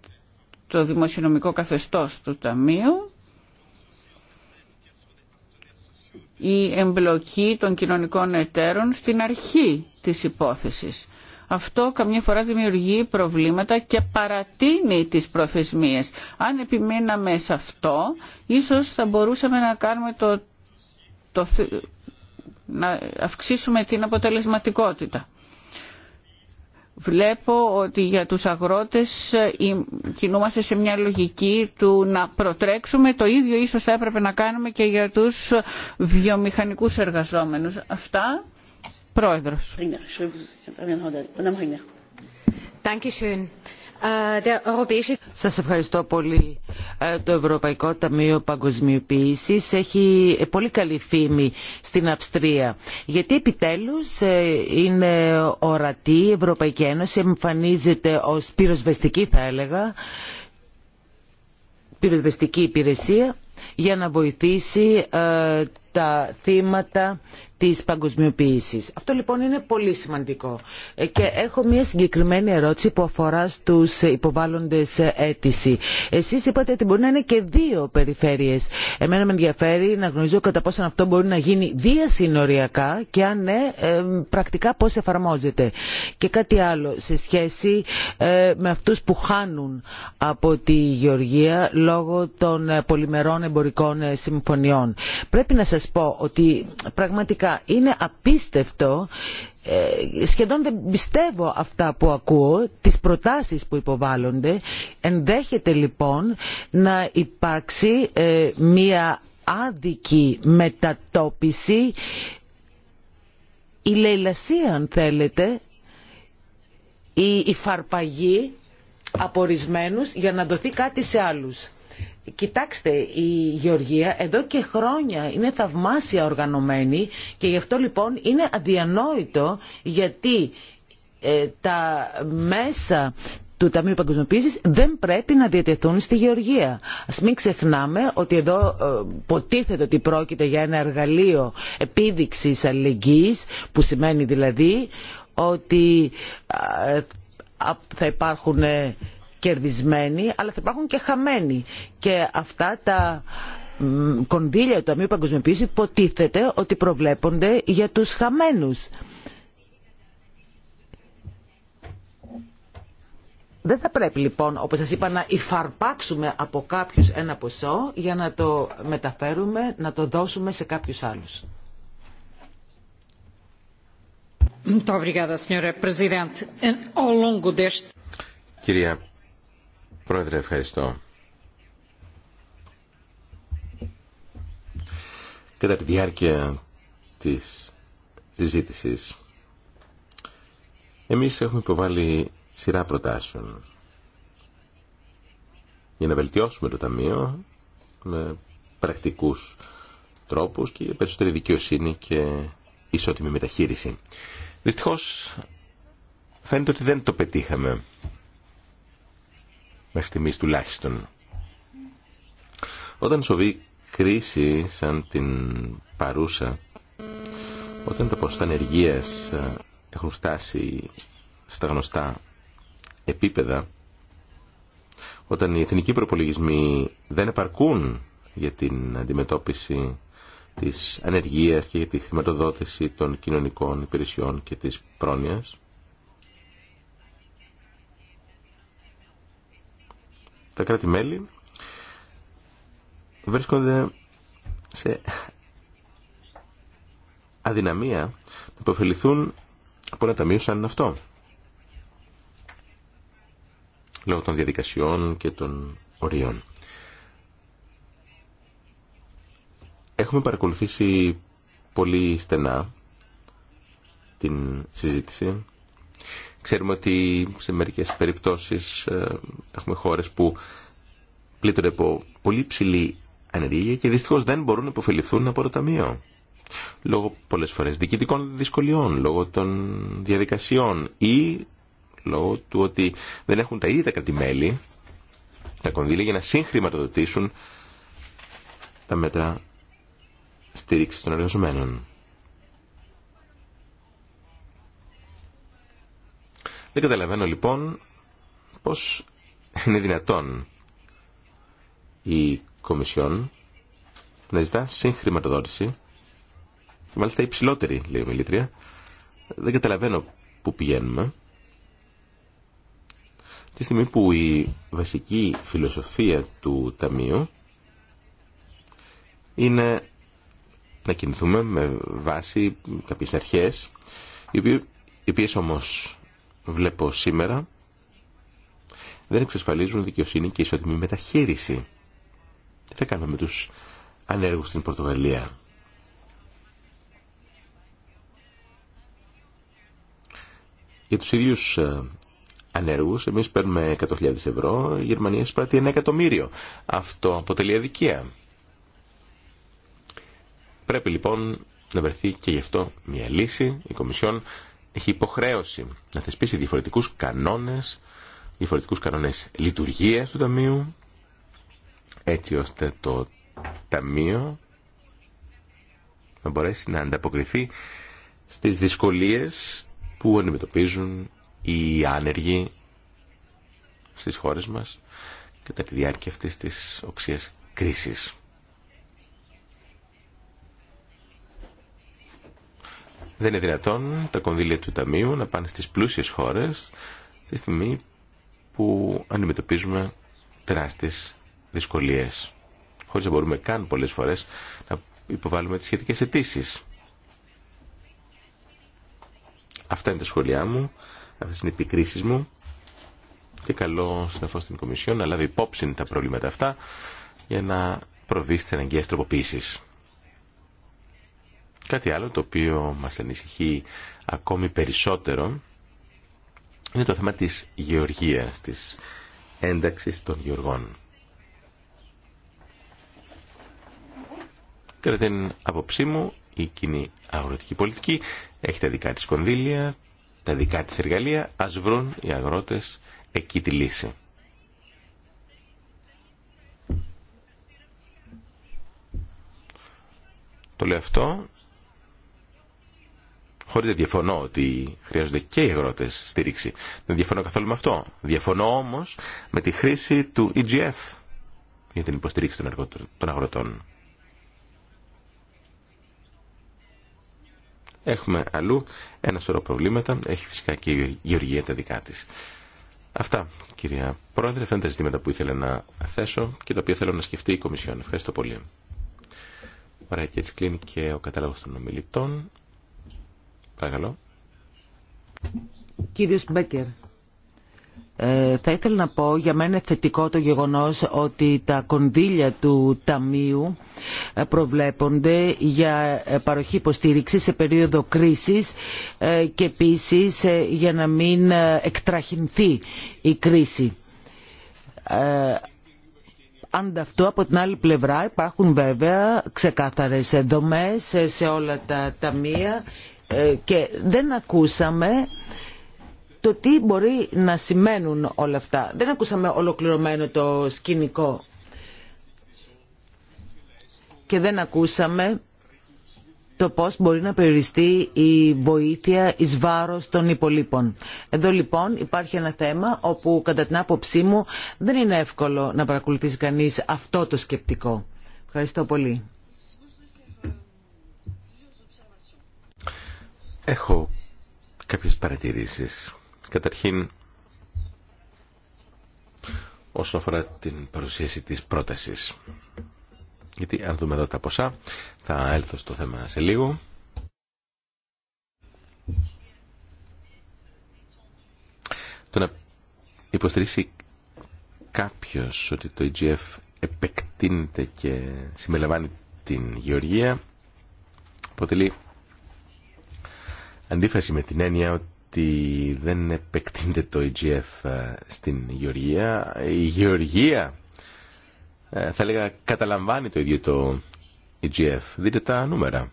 το δημοσιονομικό καθεστώς του Ταμείου η εμπλοκή των κοινωνικών εταίρων στην αρχή της υπόθεσης. Αυτό καμιά φορά δημιουργεί προβλήματα και παρατείνει τις προθεσμίες. Αν επιμείναμε σε αυτό, ίσως θα μπορούσαμε να κάνουμε το, να αυξήσουμε την αποτελεσματικότητα. Βλέπω ότι για τους αγρότες ε, κινούμαστε σε μια λογική του να προτρέξουμε. Το ίδιο ίσως θα έπρεπε να κάνουμε και για τους βιομηχανικούς εργαζόμενους. Αυτά, Πρόεδρος. Ε, Σας ευχαριστώ πολύ. Ε, το Ευρωπαϊκό Ταμείο Παγκοσμιοποίησης έχει ε, πολύ καλή φήμη στην Αυστρία. Γιατί επιτέλους είναι ορατή η Ευρωπαϊκή Ένωση, εμφανίζεται ως πυροσβεστική θα έλεγα, πυροσβεστική υπηρεσία για να βοηθήσει τα θύματα της παγκοσμιοποίησης. Αυτό λοιπόν είναι πολύ σημαντικό. Ε, και έχω μια συγκεκριμένη ερώτηση που αφορά στους υποβάλλοντες αίτηση. Εσείς είπατε ότι μπορεί να είναι και δύο περιφέρειες. Εμένα με ενδιαφέρει να γνωρίζω κατά πόσο αυτό μπορεί να γίνει διασυνοριακά και αν ναι, ε, πρακτικά πώς εφαρμόζεται. Και κάτι άλλο σε σχέση ε, με αυτούς που χάνουν από τη Γεωργία λόγω των πολυμερών εμπορικών συμφωνιών. Πρέπει να σας πω ότι πραγματικά είναι απίστευτο ε, σχεδόν δεν πιστεύω αυτά που ακούω, τις προτάσεις που υποβάλλονται. Ενδέχεται λοιπόν να υπάρξει ε, μία άδικη μετατόπιση, η λαιλασία αν θέλετε, η φαρπαγή από για να δοθεί κάτι σε άλλους. Κοιτάξτε, η Γεωργία εδώ και χρόνια είναι θαυμάσια οργανωμένη και γι' αυτό λοιπόν είναι αδιανόητο γιατί ε, τα μέσα του Ταμείου Παγκοσμιοποίηση δεν πρέπει να διατεθούν στη γεωργία. Α μην ξεχνάμε ότι εδώ ε, ποτίθεται ότι πρόκειται για ένα εργαλείο επίδειξη αλληλεγγύη, που σημαίνει δηλαδή ότι ε, θα υπάρχουν κερδισμένοι, αλλά θα υπάρχουν και χαμένοι. Και αυτά τα κονδύλια του Ταμείου Παγκοσμιοποίηση υποτίθεται ότι προβλέπονται για τους χαμένους. Δεν θα πρέπει λοιπόν, όπως σας είπα, να υφαρπάξουμε από κάποιους ένα ποσό για να το μεταφέρουμε, να το δώσουμε σε κάποιους άλλους. Κυρία Πρόεδρε, ευχαριστώ. Κατά τη διάρκεια της συζήτησης, εμείς έχουμε υποβάλει σειρά προτάσεων για να βελτιώσουμε το Ταμείο με πρακτικούς τρόπους και περισσότερη δικαιοσύνη και ισότιμη μεταχείριση. Δυστυχώς φαίνεται ότι δεν το πετύχαμε μέχρι στιγμή τουλάχιστον. Όταν σοβεί κρίση σαν την παρούσα, όταν τα ποσοστά ενεργείας ε, έχουν φτάσει στα γνωστά επίπεδα, όταν οι εθνικοί προπολογισμοί δεν επαρκούν για την αντιμετώπιση της ανεργίας και για τη χρηματοδότηση των κοινωνικών υπηρεσιών και της πρόνοιας, τα κράτη-μέλη βρίσκονται σε αδυναμία να υποφεληθούν από ένα ταμείο σαν αυτό. Λόγω των διαδικασιών και των ορίων. Έχουμε παρακολουθήσει πολύ στενά την συζήτηση Ξέρουμε ότι σε μερικές περιπτώσεις ε, έχουμε χώρες που πλήττονται από πολύ ψηλή ανεργία και δυστυχώς δεν μπορούν να υποφεληθούν από το Ταμείο. Λόγω πολλές φορές διοικητικών δυσκολιών, λόγω των διαδικασιών ή λόγω του ότι δεν έχουν τα ίδια τα κρατημέλη τα κονδύλια για να συγχρηματοδοτήσουν τα μέτρα στήριξης των εργαζομένων. Δεν καταλαβαίνω λοιπόν πώς είναι δυνατόν η Κομισιόν να ζητά συγχρηματοδότηση και μάλιστα υψηλότερη, λέει η μιλήτρια. Δεν καταλαβαίνω πού πηγαίνουμε. Τη στιγμή που η βασική φιλοσοφία του Ταμείου είναι να κινηθούμε με βάση κάποιες αρχές οι οποίες όμως βλέπω σήμερα δεν εξασφαλίζουν δικαιοσύνη και ισότιμη μεταχείριση. Τι θα κάνουμε με τους ανέργους στην Πορτογαλία. Για τους ίδιους ε, ανέργους, εμείς παίρνουμε 100.000 ευρώ, η Γερμανία σπράττει ένα εκατομμύριο. Αυτό αποτελεί αδικία. Πρέπει λοιπόν να βρεθεί και γι' αυτό μια λύση. Η Κομισιόν έχει υποχρέωση να θεσπίσει διαφορετικούς κανόνες, διαφορετικούς κανόνες λειτουργίας του Ταμείου, έτσι ώστε το Ταμείο να μπορέσει να ανταποκριθεί στις δυσκολίες που αντιμετωπίζουν οι άνεργοι στις χώρες μας κατά τη διάρκεια αυτής της οξίας κρίσης. Δεν είναι δυνατόν τα κονδύλια του Ταμείου να πάνε στις πλούσιες χώρες τη στιγμή που αντιμετωπίζουμε τεράστιες δυσκολίες χωρίς να μπορούμε καν πολλές φορές να υποβάλουμε τις σχετικές αιτήσει. Αυτά είναι τα σχόλιά μου, αυτές είναι οι επικρίσεις μου και καλό συναφώς στην Κομισιόν να λάβει υπόψη τα προβλήματα αυτά για να προβεί στις αναγκαίες τροποποίησεις. Κάτι άλλο το οποίο μας ανησυχεί ακόμη περισσότερο είναι το θέμα της γεωργίας, της ένταξης των γεωργών. Κατά την άποψή μου, η κοινή αγροτική πολιτική έχει τα δικά της κονδύλια, τα δικά της εργαλεία, ας βρουν οι αγρότες εκεί τη λύση. Το λέω αυτό Χωρίς να διαφωνώ ότι χρειάζονται και οι αγρότες στήριξη. Δεν διαφωνώ καθόλου με αυτό. Διαφωνώ όμως με τη χρήση του EGF για την υποστήριξη των αγροτών. Έχουμε αλλού ένα σωρό προβλήματα. Έχει φυσικά και η Γεωργία τα δικά της. Αυτά, κυρία Πρόεδρε. Αυτά είναι τα ζητήματα που ήθελα να θέσω και τα οποία θέλω να σκεφτεί η Κομισιόν. Ευχαριστώ πολύ. Ωραία, και έτσι κλείνει και ο κατάλογος των ομιλητών. Παρακαλώ. Κύριος Μπέκερ, ε, θα ήθελα να πω, για μένα είναι θετικό το γεγονός ότι τα κονδύλια του Ταμείου ε, προβλέπονται για ε, παροχή υποστήριξη σε περίοδο κρίσης και επίσης για να μην εκτραχυνθεί η κρίση. Ανταυτού από την άλλη πλευρά υπάρχουν βέβαια ξεκάθαρες δομές σε όλα τα ταμεία ε, και δεν ακούσαμε το τι μπορεί να σημαίνουν όλα αυτά. Δεν ακούσαμε ολοκληρωμένο το σκηνικό και δεν ακούσαμε το πώς μπορεί να περιοριστεί η βοήθεια εις βάρος των υπολείπων. Εδώ λοιπόν υπάρχει ένα θέμα όπου κατά την άποψή μου δεν είναι εύκολο να παρακολουθήσει κανείς αυτό το σκεπτικό. Ευχαριστώ πολύ. Έχω κάποιες παρατηρήσεις. Καταρχήν, όσον αφορά την παρουσίαση της πρότασης. Γιατί αν δούμε εδώ τα ποσά, θα έλθω στο θέμα σε λίγο. Το να υποστηρίσει κάποιος ότι το EGF επεκτείνεται και συμμελαμβάνει την γεωργία αποτελεί αντίφαση με την έννοια ότι δεν επεκτείνεται το EGF ε, στην Γεωργία. Η Γεωργία ε, θα έλεγα καταλαμβάνει το ίδιο το EGF. Δείτε τα νούμερα.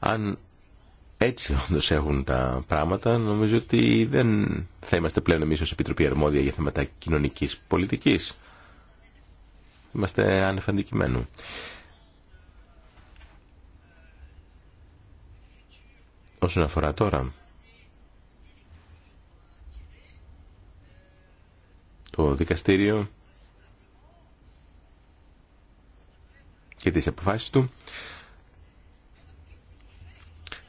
Αν έτσι όντω έχουν τα πράγματα, νομίζω ότι δεν θα είμαστε πλέον εμεί ω Επιτροπή Αρμόδια για θέματα κοινωνική πολιτική. Είμαστε ανεφαντικημένου. Όσον αφορά τώρα το δικαστήριο και τις αποφάσεις του,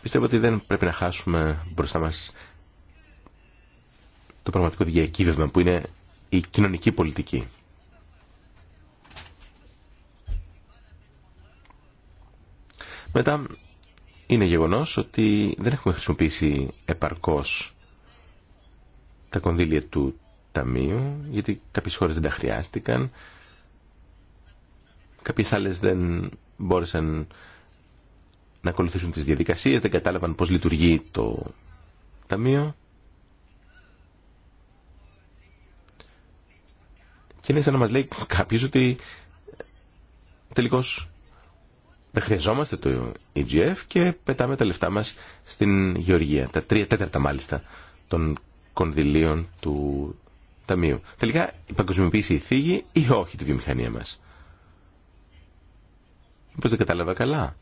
πιστεύω ότι δεν πρέπει να χάσουμε μπροστά μας το πραγματικό διακύβευμα που είναι η κοινωνική πολιτική. Μετά είναι γεγονός ότι δεν έχουμε χρησιμοποιήσει επαρκώς τα κονδύλια του ταμείου, γιατί κάποιες χώρες δεν τα χρειάστηκαν, κάποιες άλλες δεν μπόρεσαν να ακολουθήσουν τις διαδικασίες, δεν κατάλαβαν πώς λειτουργεί το ταμείο. Και είναι σαν να μας λέει κάποιος ότι τελικώς δεν χρειαζόμαστε το EGF και πετάμε τα λεφτά μας στην γεωργία. Τα τρία τέταρτα μάλιστα των κονδυλίων του ταμείου. Τελικά η παγκοσμιοποίηση θίγει ή όχι τη βιομηχανία μας. Μήπως δεν κατάλαβα καλά.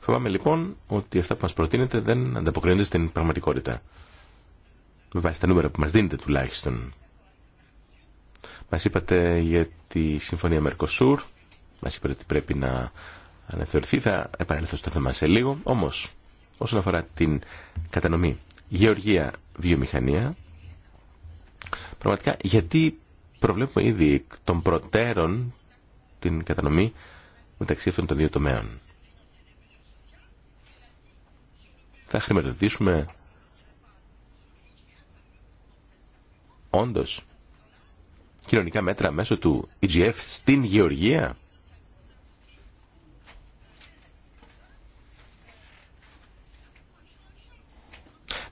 Φοβάμαι λοιπόν ότι αυτά που μας προτείνετε δεν ανταποκρίνονται στην πραγματικότητα. Με βάση τα νούμερα που μας δίνετε τουλάχιστον. Μας είπατε για τη Συμφωνία Μερκοσούρ μας είπε ότι πρέπει να αναθεωρηθεί. Θα επανέλθω στο θέμα σε λίγο. Όμως, όσον αφορά την κατανομή γεωργία, βιομηχανία, πραγματικά γιατί προβλέπουμε ήδη των προτέρων την κατανομή μεταξύ αυτών των δύο τομέων. Θα χρηματοδοτήσουμε όντως κοινωνικά μέτρα μέσω του EGF στην γεωργία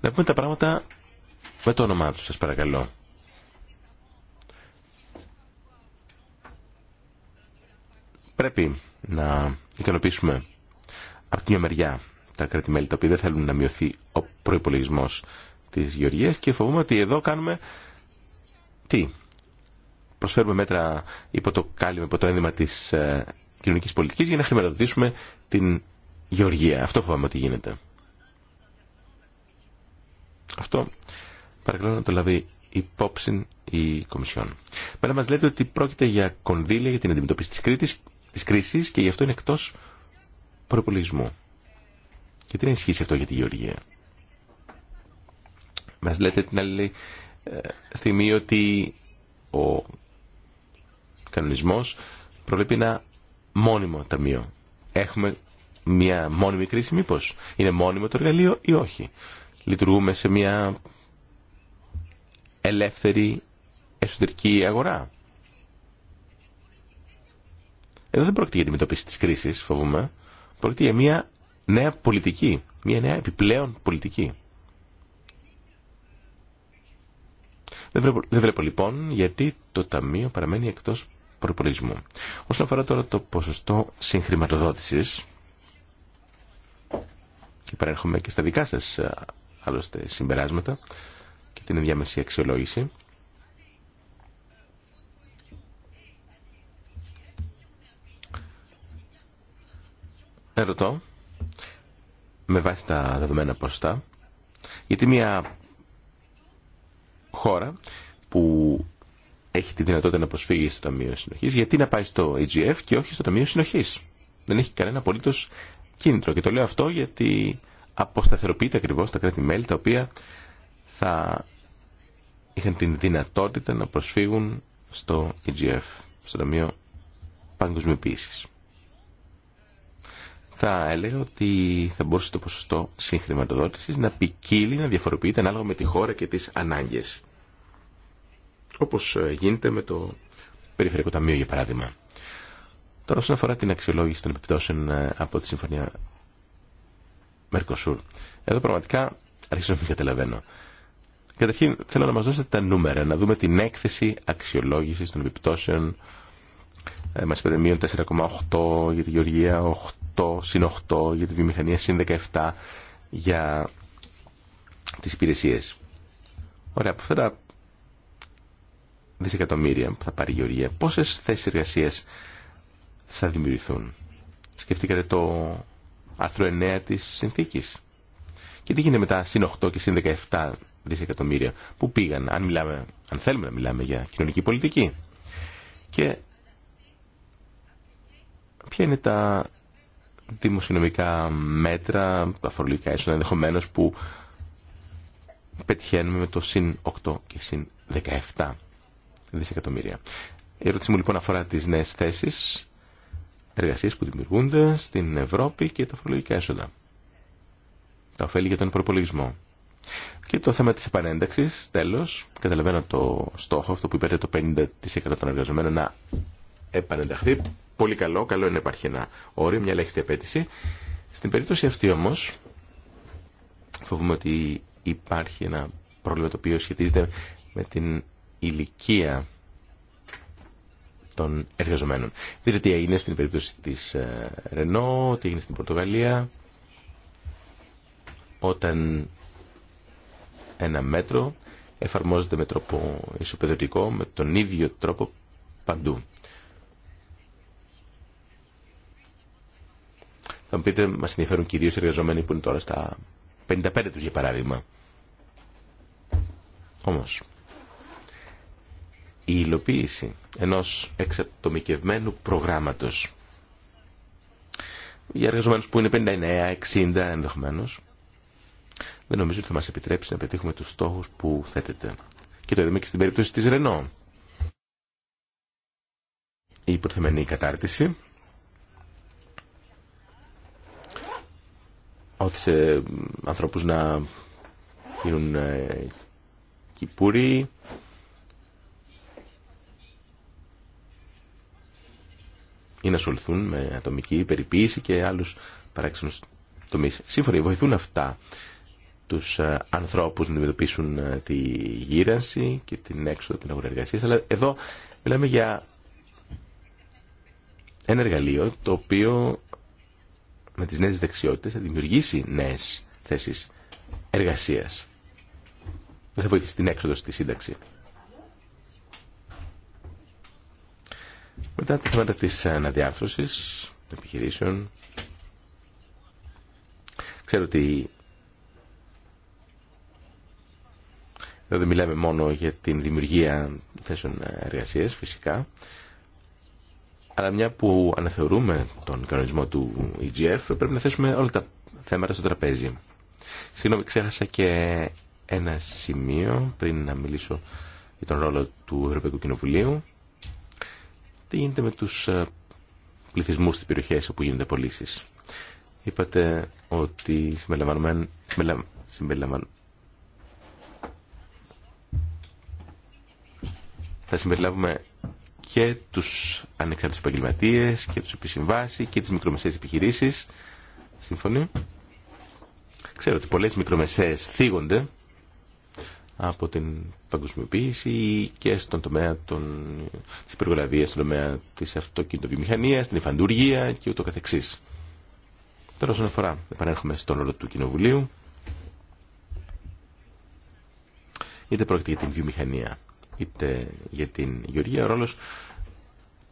Να πούμε τα πράγματα με το όνομά του σας παρακαλώ. Πρέπει να ικανοποιήσουμε από τη μια μεριά τα κρατημέλη, τα οποία δεν θέλουν να μειωθεί ο προπολογισμό τη Γεωργία και φοβούμαι ότι εδώ κάνουμε τι. Προσφέρουμε μέτρα υπό το κάλυμα, υπό το ένδυμα τη ε, κοινωνική πολιτική για να χρηματοδοτήσουμε την Γεωργία. Αυτό φοβάμαι ότι γίνεται. Αυτό παρακαλώ να το λάβει υπόψη η Κομισιόν. Πέρα μα λέτε ότι πρόκειται για κονδύλια για την αντιμετώπιση τη κρίση και γι' αυτό είναι εκτό προπολογισμού. Και τι να ισχύσει αυτό για τη Γεωργία. Μα λέτε την άλλη ε, στιγμή ότι ο κανονισμός προβλέπει ένα μόνιμο ταμείο. Έχουμε μια μόνιμη κρίση μήπως. Είναι μόνιμο το εργαλείο ή όχι λειτουργούμε σε μια ελεύθερη εσωτερική αγορά. Εδώ δεν πρόκειται για μετωπίση τη κρίση, φοβούμαι. Πρόκειται για μια νέα πολιτική. Μια νέα επιπλέον πολιτική. Δεν βλέπω, λοιπόν γιατί το Ταμείο παραμένει εκτός προπολογισμού. Όσον αφορά τώρα το ποσοστό συγχρηματοδότησης και παρέρχομαι και στα δικά σα άλλωστε συμπεράσματα και την ενδιάμεση αξιολόγηση. Ερωτώ, με βάση τα δεδομένα ποσοστά γιατί μια χώρα που έχει τη δυνατότητα να προσφύγει στο Ταμείο συνοχή, γιατί να πάει στο EGF και όχι στο Ταμείο συνοχή. Δεν έχει κανένα απολύτω κίνητρο. Και το λέω αυτό γιατί αποσταθεροποιείται ακριβώς τα κράτη-μέλη τα οποία θα είχαν την δυνατότητα να προσφύγουν στο EGF, στο Ταμείο Παγκοσμιοποίησης. Θα έλεγα ότι θα μπορούσε το ποσοστό συγχρηματοδότησης να ποικίλει, να διαφοροποιείται ανάλογα με τη χώρα και τις ανάγκες. Όπως ε, γίνεται με το Περιφερειακό Ταμείο, για παράδειγμα. Τώρα, όσον αφορά την αξιολόγηση των επιπτώσεων ε, από τη Συμφωνία Μερκοσούρ. Εδώ πραγματικά αρχίζω να μην καταλαβαίνω. Καταρχήν θέλω να μας δώσετε τα νούμερα, να δούμε την έκθεση αξιολόγησης των επιπτώσεων. Ε, μας είπατε μείον 4,8 για τη Γεωργία, 8 συν 8 για τη βιομηχανία, συν 17 για τις υπηρεσίες. Ωραία, από αυτά τα δισεκατομμύρια που θα πάρει η Γεωργία, πόσες θέσεις εργασίας θα δημιουργηθούν. Σκεφτήκατε το άρθρο 9 της συνθήκης. Και τι γίνεται μετά συν 8 και συν 17 δισεκατομμύρια που πήγαν, αν, μιλάμε, αν θέλουμε να μιλάμε για κοινωνική πολιτική. Και ποια είναι τα δημοσιονομικά μέτρα, τα φορολογικά έσοδα ενδεχομένω που πετυχαίνουμε με το συν 8 και συν 17 δισεκατομμύρια. Η ερώτηση μου λοιπόν αφορά τις νέες θέσεις εργασίες που δημιουργούνται στην Ευρώπη και τα φορολογικά έσοδα. Τα ωφέλη για τον προπολογισμό. Και το θέμα της επανένταξης, τέλος, καταλαβαίνω το στόχο, αυτό που είπατε το 50% των εργαζομένων να επανενταχθεί. Πολύ καλό, καλό είναι να υπάρχει ένα όριο, μια λέξη απέτηση. Στην περίπτωση αυτή όμως, φοβούμαι ότι υπάρχει ένα πρόβλημα το οποίο σχετίζεται με την ηλικία των εργαζομένων. Δείτε τι έγινε στην περίπτωση της Ρενό, τι έγινε στην Πορτογαλία, όταν ένα μέτρο εφαρμόζεται με τρόπο ισοπεδωτικό, με τον ίδιο τρόπο παντού. Θα μου πείτε, μας ενδιαφέρουν κυρίως οι εργαζομένοι που είναι τώρα στα 55 τους, για παράδειγμα. Όμως, η υλοποίηση ενός εξατομικευμένου προγράμματος για εργαζομένους που είναι 59, 60 ενδεχομένω. δεν νομίζω ότι θα μας επιτρέψει να πετύχουμε τους στόχους που θέτεται. Και το είδαμε και στην περίπτωση της Ρενό. Η υποθεμένη κατάρτιση όθησε ε, ανθρώπους να γίνουν ε, κυπουροί, ή να ασχοληθούν με ατομική περιποίηση και άλλους παράξενους τομεί. Σύμφωνα, βοηθούν αυτά τους ε, ανθρώπους να αντιμετωπίσουν ε, τη γύρανση και την έξοδο την αγορά Αλλά εδώ μιλάμε για ένα εργαλείο το οποίο με τις νέες δεξιότητες θα δημιουργήσει νέες θέσεις εργασίας. Δεν θα βοηθήσει την έξοδο στη σύνταξη. Μετά τα θέματα της αναδιάρθρωσης των επιχειρήσεων. Ξέρω ότι εδώ δεν μιλάμε μόνο για την δημιουργία θέσεων εργασίες φυσικά, αλλά μια που αναθεωρούμε τον κανονισμό του EGF πρέπει να θέσουμε όλα τα θέματα στο τραπέζι. Συγγνώμη, ξέχασα και ένα σημείο πριν να μιλήσω για τον ρόλο του Ευρωπαϊκού Κοινοβουλίου τι γίνεται με τους ε, πληθυσμούς στις περιοχές όπου γίνονται πωλήσει. Είπατε ότι συμπεριλαμβανομέν... συμπεριλαμβαν... θα συμπεριλάβουμε και τους ανεξάρτητους επαγγελματίε και τους επισυμβάσει και τις μικρομεσαίες επιχειρήσεις. Συμφωνεί. Ξέρω ότι πολλές μικρομεσαίες θίγονται από την παγκοσμιοποίηση και στον τομέα των, της υπεργολαβίας, στον τομέα της αυτοκινητοβιομηχανίας, την υφαντουργία και ούτω καθεξής. Τώρα όσον αφορά, επανέρχομαι στον ρόλο του Κοινοβουλίου. Είτε πρόκειται για την βιομηχανία, είτε για την γεωργία, ο ρόλος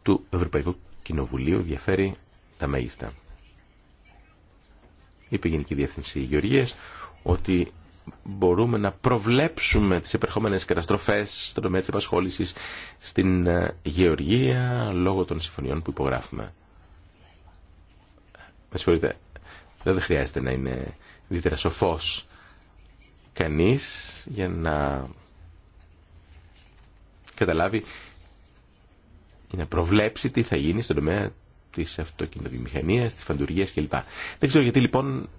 του Ευρωπαϊκού Κοινοβουλίου διαφέρει τα μέγιστα. Είπε η Γενική Διεύθυνση Γεωργίας ότι μπορούμε να προβλέψουμε τις επερχόμενες καταστροφές στον τομέα της επασχόλησης στην ε, γεωργία λόγω των συμφωνιών που υπογράφουμε. Με συγχωρείτε, δεν χρειάζεται να είναι ιδιαίτερα σοφός κανείς για να καταλάβει ή να προβλέψει τι θα γίνει στον τομέα της αυτοκινητοβιομηχανίας, της φαντουργίας κλπ. Δεν ξέρω γιατί λοιπόν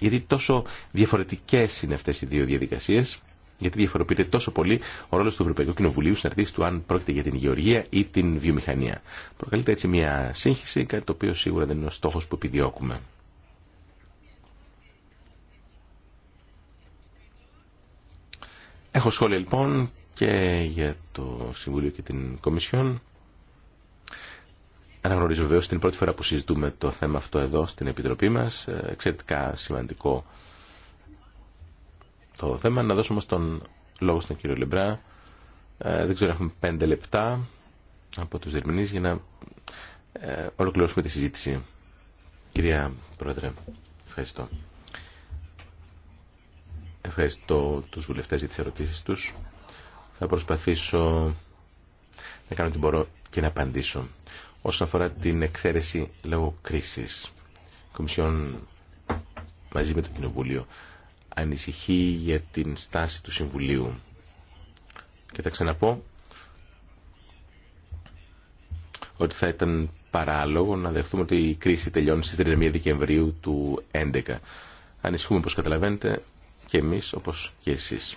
γιατί τόσο διαφορετικές είναι αυτέ οι δύο διαδικασίες, γιατί διαφοροποιείται τόσο πολύ ο ρόλος του Ευρωπαϊκού Κοινοβουλίου στην αρτήση του αν πρόκειται για την γεωργία ή την βιομηχανία. Προκαλείται έτσι μια σύγχυση, κάτι το οποίο σίγουρα δεν είναι ο στόχος που επιδιώκουμε. Έχω σχόλια λοιπόν και για το Συμβουλίο και την Κομισιόν. Αναγνωρίζω βεβαίω την πρώτη φορά που συζητούμε το θέμα αυτό εδώ στην Επιτροπή μας, ε, εξαιρετικά σημαντικό το θέμα. Να δώσω όμω τον λόγο στον κύριο Λεμπρά. Ε, δεν ξέρω, έχουμε πέντε λεπτά από τους Δερμηνείς για να ε, ολοκληρώσουμε τη συζήτηση. Κυρία Πρόεδρε, ευχαριστώ. Ευχαριστώ τους βουλευτές για τις ερωτήσεις τους. Θα προσπαθήσω να κάνω ό,τι μπορώ και να απαντήσω όσον αφορά την εξαίρεση λόγω κρίση. Η Κομισιόν μαζί με το Κοινοβούλιο ανησυχεί για την στάση του Συμβουλίου. Και θα ξαναπώ ότι θα ήταν παράλογο να δεχτούμε ότι η κρίση τελειώνει στις 31 Δεκεμβρίου του 2011. Ανησυχούμε, όπως καταλαβαίνετε, και εμείς όπως και εσείς.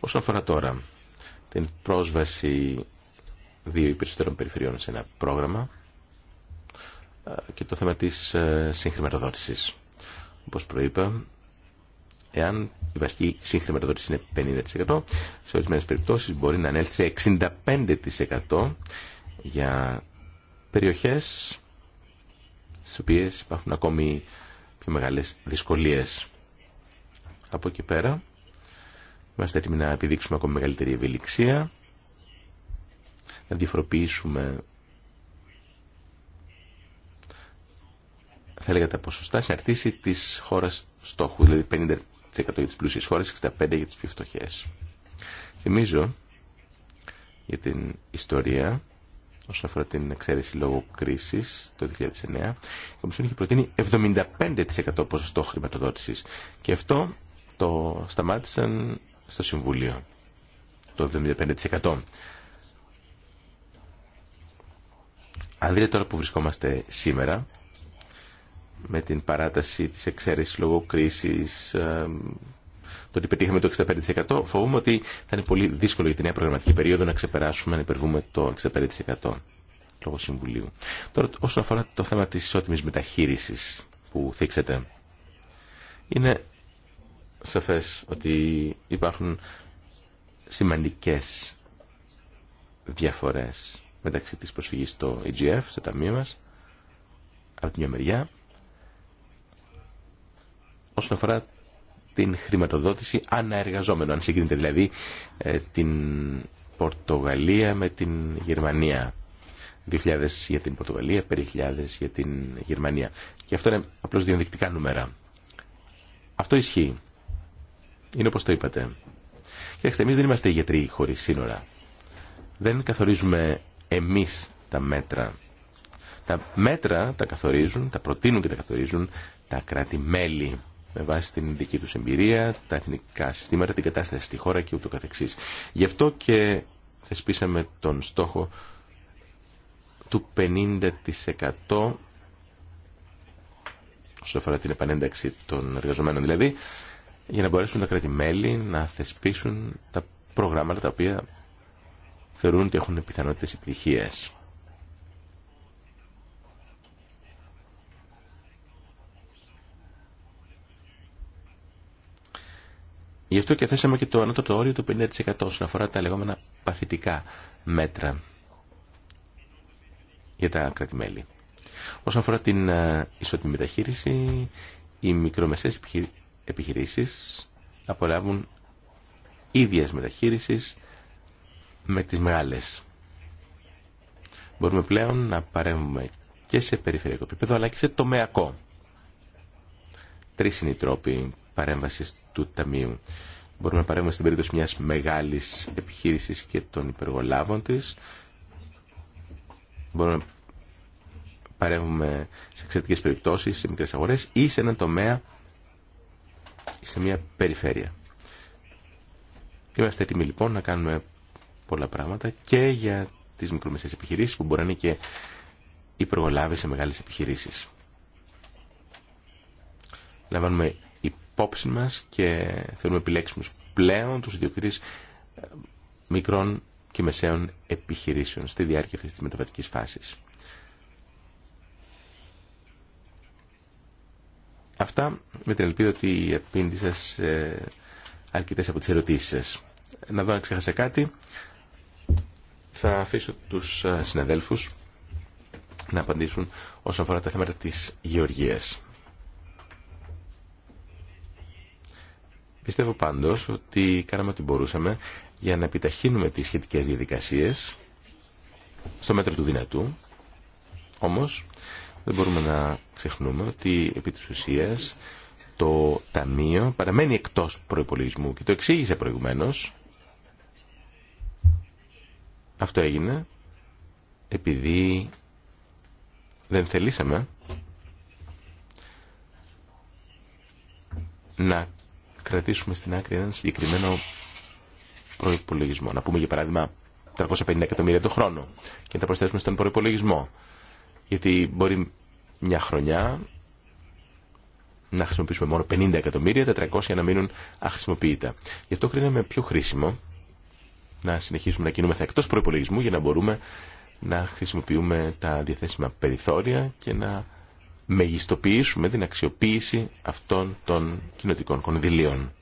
Όσον αφορά τώρα την πρόσβαση δύο ή περισσότερων περιφερειών σε ένα πρόγραμμα ε, και το θέμα της ε, συγχρηματοδότησης. Όπως προείπα, εάν η βασική συγχρηματοδότηση είναι 50%, σε ορισμένες περιπτώσεις μπορεί να ανέλθει σε 65% για περιοχές στις οποίες υπάρχουν ακόμη πιο μεγάλες δυσκολίες. Από εκεί πέρα, είμαστε έτοιμοι να επιδείξουμε ακόμη μεγαλύτερη ευελιξία να διαφοροποιήσουμε θα έλεγα τα ποσοστά συναρτήση της χώρας στόχου, δηλαδή 50% για τις πλούσιες χώρες, 65% για τις πιο φτωχές. Θυμίζω για την ιστορία, όσον αφορά την εξαίρεση λόγω κρίσης το 2009, η Κομισιόν είχε προτείνει 75% ποσοστό χρηματοδότησης και αυτό το σταμάτησαν στο Συμβούλιο, το 75%. Αν δείτε τώρα που βρισκόμαστε σήμερα, με την παράταση της εξαίρεσης λόγω κρίσης, ε, το ότι πετύχαμε το 65%, φοβούμαι ότι θα είναι πολύ δύσκολο για την νέα προγραμματική περίοδο να ξεπεράσουμε, να υπερβούμε το 65% λόγω Συμβουλίου. Τώρα, όσον αφορά το θέμα της ισότιμης μεταχείρισης που θίξετε, είναι σαφές ότι υπάρχουν σημαντικές διαφορές μεταξύ της προσφυγής στο EGF, στο ταμείο μας, από την μια μεριά, όσον αφορά την χρηματοδότηση αναεργαζόμενο, αν συγκρίνεται δηλαδή ε, την Πορτογαλία με την Γερμανία. 2.000 για την Πορτογαλία, 5.000 για την Γερμανία. Και αυτό είναι απλώς διονδεικτικά νούμερα. Αυτό ισχύει. Είναι όπως το είπατε. Κοιτάξτε, εμείς δεν είμαστε γιατροί χωρίς σύνορα. Δεν καθορίζουμε εμείς τα μέτρα. Τα μέτρα τα καθορίζουν, τα προτείνουν και τα καθορίζουν τα κράτη-μέλη με βάση την δική τους εμπειρία, τα εθνικά συστήματα, την κατάσταση στη χώρα και ούτω καθεξής. Γι' αυτό και θεσπίσαμε τον στόχο του 50% όσον αφορά την επανένταξη των εργαζομένων δηλαδή, για να μπορέσουν τα κράτη-μέλη να θεσπίσουν τα προγράμματα τα οποία θεωρούν ότι έχουν πιθανότητες επιτυχίας. Γι' αυτό και θέσαμε και το ανώτατο όριο του 50% όσον αφορά τα λεγόμενα παθητικά μέτρα για τα κράτη-μέλη. Όσον αφορά την ε, ισότιμη μεταχείριση, οι μικρομεσαίες επιχειρήσεις απολαύουν ίδιες μεταχείρισης με τις μεγάλες. Μπορούμε πλέον να παρέμβουμε και σε περιφερειακό επίπεδο αλλά και σε τομεακό. Τρεις είναι οι τρόποι παρέμβασης του Ταμείου. Μπορούμε να παρέμβουμε στην περίπτωση μιας μεγάλης επιχείρησης και των υπεργολάβων της. Μπορούμε να παρέμβουμε σε εξαιρετικέ περιπτώσεις, σε μικρές αγορές ή σε έναν τομέα ή σε μια περιφέρεια. Είμαστε έτοιμοι λοιπόν να κάνουμε πολλά πράγματα και για τι μικρομεσαίες επιχειρήσει που μπορεί να είναι και οι προλάβει σε μεγάλε επιχειρήσει. Λαμβάνουμε υπόψη μα και θέλουμε επιλέξουμε πλέον του ιδιοκτήτες ε, μικρών και μεσαίων επιχειρήσεων στη διάρκεια αυτή τη μεταβατική φάση. Αυτά με την ελπίδα ότι απήντησα σε αρκετές από τις ερωτήσεις σας. Να δω αν ξέχασα κάτι. Θα αφήσω τους ε, συναδέλφους να απαντήσουν όσον αφορά τα θέματα της γεωργίας. Πιστεύω πάντως ότι κάναμε ό,τι μπορούσαμε για να επιταχύνουμε τις σχετικές διαδικασίες στο μέτρο του δυνατού. Όμως δεν μπορούμε να ξεχνούμε ότι επί της ουσίας το Ταμείο παραμένει εκτός προϋπολογισμού και το εξήγησε προηγουμένως αυτό έγινε επειδή δεν θελήσαμε να κρατήσουμε στην άκρη έναν συγκεκριμένο προϋπολογισμό. Να πούμε για παράδειγμα 350 εκατομμύρια το χρόνο και να τα προσθέσουμε στον προϋπολογισμό. Γιατί μπορεί μια χρονιά να χρησιμοποιήσουμε μόνο 50 εκατομμύρια, τα 300 να μείνουν αχρησιμοποιητά. Γι' αυτό κρίναμε πιο χρήσιμο να συνεχίσουμε να κινούμεθα εκτός προπολογισμού για να μπορούμε να χρησιμοποιούμε τα διαθέσιμα περιθώρια και να μεγιστοποιήσουμε την αξιοποίηση αυτών των κοινοτικών κονδυλίων.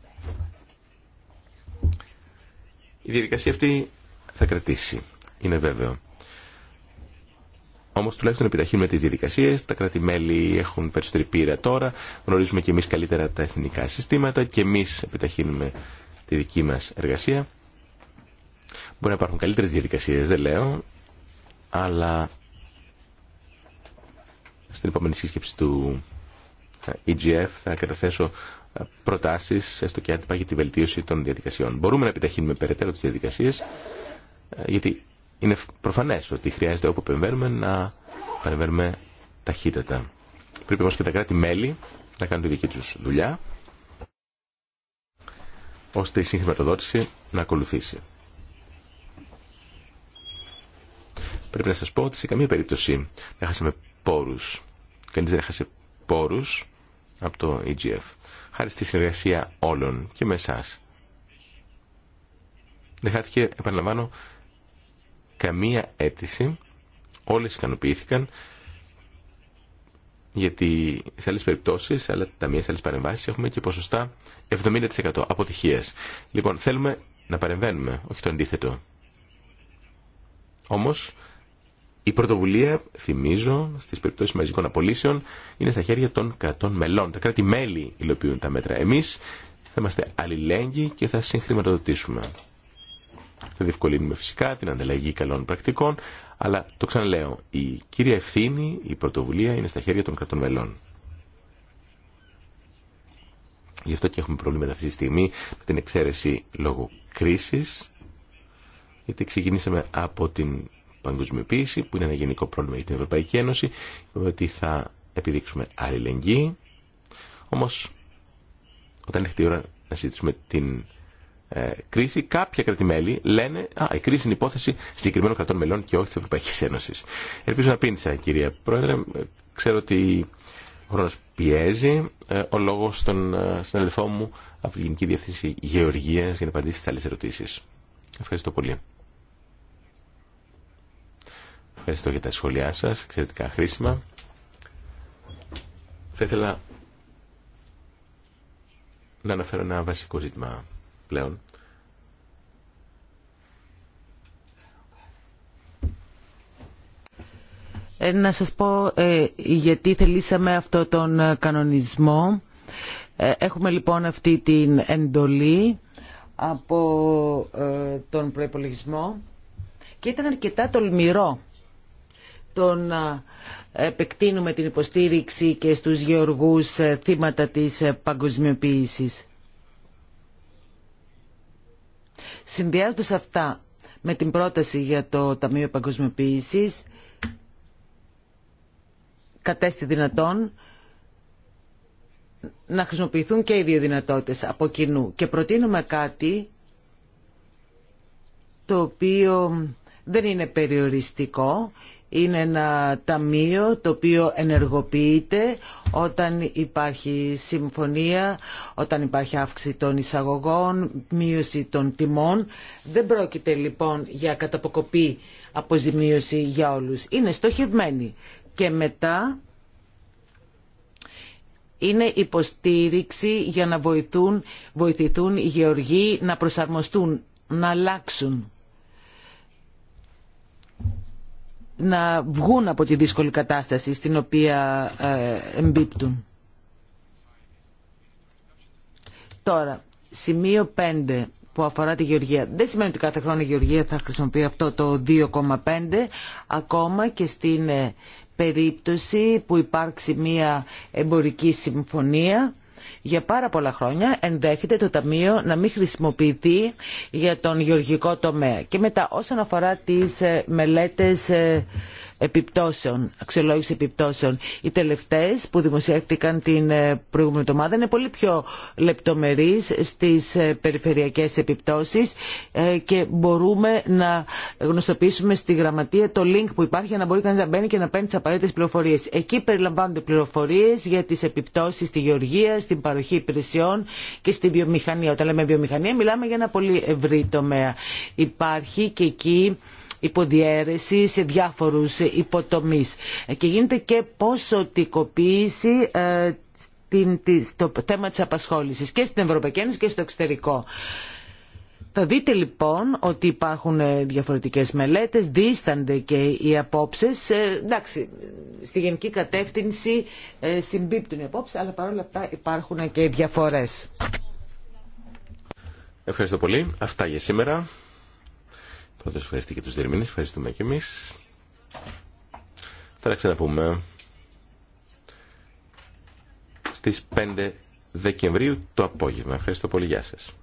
Η διαδικασία αυτή θα κρατήσει, είναι βέβαιο. Όμω τουλάχιστον επιταχύνουμε τι διαδικασίε. Τα κρατη έχουν περισσότερη πείρα τώρα. Γνωρίζουμε και εμεί καλύτερα τα εθνικά συστήματα και εμεί επιταχύνουμε τη δική μα εργασία. Μπορεί να υπάρχουν καλύτερες διαδικασίες, δεν λέω, αλλά στην επόμενη σύσκεψη του EGF θα καταθέσω προτάσεις, έστω και άτυπα, για τη βελτίωση των διαδικασιών. Μπορούμε να επιταχύνουμε περαιτέρω τις διαδικασίες, ε, γιατί είναι προφανές ότι χρειάζεται όπου επεμβαίνουμε να παρεμβαίνουμε ταχύτατα. Πρέπει όμως και τα κράτη-μέλη να κάνουν τη δική τους δουλειά, ώστε η συγχρηματοδότηση να ακολουθήσει. Πρέπει να σας πω ότι σε καμία περίπτωση δεν χάσαμε πόρους. Κανείς δεν έχασε πόρους από το EGF. Χάρη στη συνεργασία όλων και με εσά. Δεν χάθηκε, επαναλαμβάνω, καμία αίτηση. Όλες ικανοποιήθηκαν γιατί σε άλλε περιπτώσει, σε άλλα ταμεία, σε άλλε παρεμβάσει έχουμε και ποσοστά 70% αποτυχία. Λοιπόν, θέλουμε να παρεμβαίνουμε, όχι το αντίθετο. Όμω, η πρωτοβουλία, θυμίζω, στι περιπτώσει μαζικών απολύσεων είναι στα χέρια των κρατών μελών. Τα κράτη-μέλη υλοποιούν τα μέτρα. Εμεί θα είμαστε αλληλέγγυοι και θα συγχρηματοδοτήσουμε. Θα διευκολύνουμε φυσικά την ανταλλαγή καλών πρακτικών, αλλά το ξαναλέω, η κύρια ευθύνη, η πρωτοβουλία είναι στα χέρια των κρατών μελών. Γι' αυτό και έχουμε προβλήματα αυτή τη στιγμή με την εξαίρεση λόγω κρίση, γιατί ξεκινήσαμε από την παγκοσμιοποίηση, που είναι ένα γενικό πρόβλημα για την Ευρωπαϊκή Ένωση, ότι θα επιδείξουμε αλληλεγγύη. Όμω, όταν έρχεται η ώρα να συζητήσουμε την ε, κρίση, κάποια κρατημέλη λένε «Α, η κρίση είναι υπόθεση συγκεκριμένων κρατών μελών και όχι τη Ευρωπαϊκή Ένωση. Ελπίζω να πίνησα, κυρία Πρόεδρε. Ξέρω ότι ο χρόνο πιέζει. Ε, ο λόγος στον ε, συναδελφό μου από την Γενική Διευθύνση Γεωργίας για να απαντήσει στι άλλε ερωτήσει. Ευχαριστώ πολύ ευχαριστώ για τα σχόλιά σας, εξαιρετικά χρήσιμα. Θα ήθελα να αναφέρω ένα βασικό ζήτημα πλέον. Ε, να σας πω ε, γιατί θελήσαμε αυτό τον ε, κανονισμό. Ε, έχουμε λοιπόν αυτή την εντολή από τον προϋπολογισμό και ήταν αρκετά τολμηρό το να επεκτείνουμε την υποστήριξη και στους γεωργούς ε, θύματα της ε, παγκοσμιοποίησης. Συνδυάζοντας αυτά με την πρόταση για το Ταμείο Παγκοσμιοποίησης, κατέστη δυνατόν να χρησιμοποιηθούν και οι δύο δυνατότητες από κοινού. Και προτείνουμε κάτι το οποίο δεν είναι περιοριστικό είναι ένα ταμείο το οποίο ενεργοποιείται όταν υπάρχει συμφωνία, όταν υπάρχει αύξηση των εισαγωγών, μείωση των τιμών. Δεν πρόκειται λοιπόν για καταποκοπή αποζημίωση για όλους. Είναι στοχευμένη και μετά είναι υποστήριξη για να βοηθούν, βοηθηθούν οι γεωργοί να προσαρμοστούν, να αλλάξουν. να βγουν από τη δύσκολη κατάσταση στην οποία ε, εμπίπτουν. Τώρα, σημείο 5 που αφορά τη γεωργία. Δεν σημαίνει ότι κάθε χρόνο η γεωργία θα χρησιμοποιεί αυτό το 2,5 ακόμα και στην ε, περίπτωση που υπάρξει μια εμπορική συμφωνία για πάρα πολλά χρόνια ενδέχεται το Ταμείο να μην χρησιμοποιηθεί για τον γεωργικό τομέα. Και μετά όσον αφορά τις ε, μελέτες ε, επιπτώσεων, αξιολόγηση επιπτώσεων. Οι τελευταίε που δημοσιεύτηκαν την ε, προηγούμενη εβδομάδα είναι πολύ πιο λεπτομερεί στι ε, περιφερειακές επιπτώσει ε, και μπορούμε να γνωστοποιήσουμε στη γραμματεία το link που υπάρχει για να μπορεί κανεί να μπαίνει και να παίρνει τι απαραίτητε πληροφορίε. Εκεί περιλαμβάνονται πληροφορίε για τι επιπτώσει στη γεωργία, στην παροχή υπηρεσιών και στη βιομηχανία. Όταν λέμε βιομηχανία μιλάμε για ένα πολύ ευρύ τομέα. Υπάρχει και εκεί υποδιέρεση σε διάφορους υποτομής και γίνεται και ποσοτικοποίηση ε, το θέμα της απασχόλησης και στην Ευρωπαϊκή Ένωση και στο εξωτερικό. Θα δείτε λοιπόν ότι υπάρχουν ε, διαφορετικές μελέτες, δίστανται και οι απόψεις. Ε, εντάξει, στη γενική κατεύθυνση ε, συμπίπτουν οι απόψεις, αλλά παρόλα αυτά υπάρχουν και διαφορές. Ευχαριστώ πολύ. Αυτά για σήμερα. Πρώτος ευχαριστή και τους Δερμήνες. Ευχαριστούμε και εμείς. Θα τα ξαναπούμε στις 5 Δεκεμβρίου το απόγευμα. Ευχαριστώ πολύ. Γεια σας.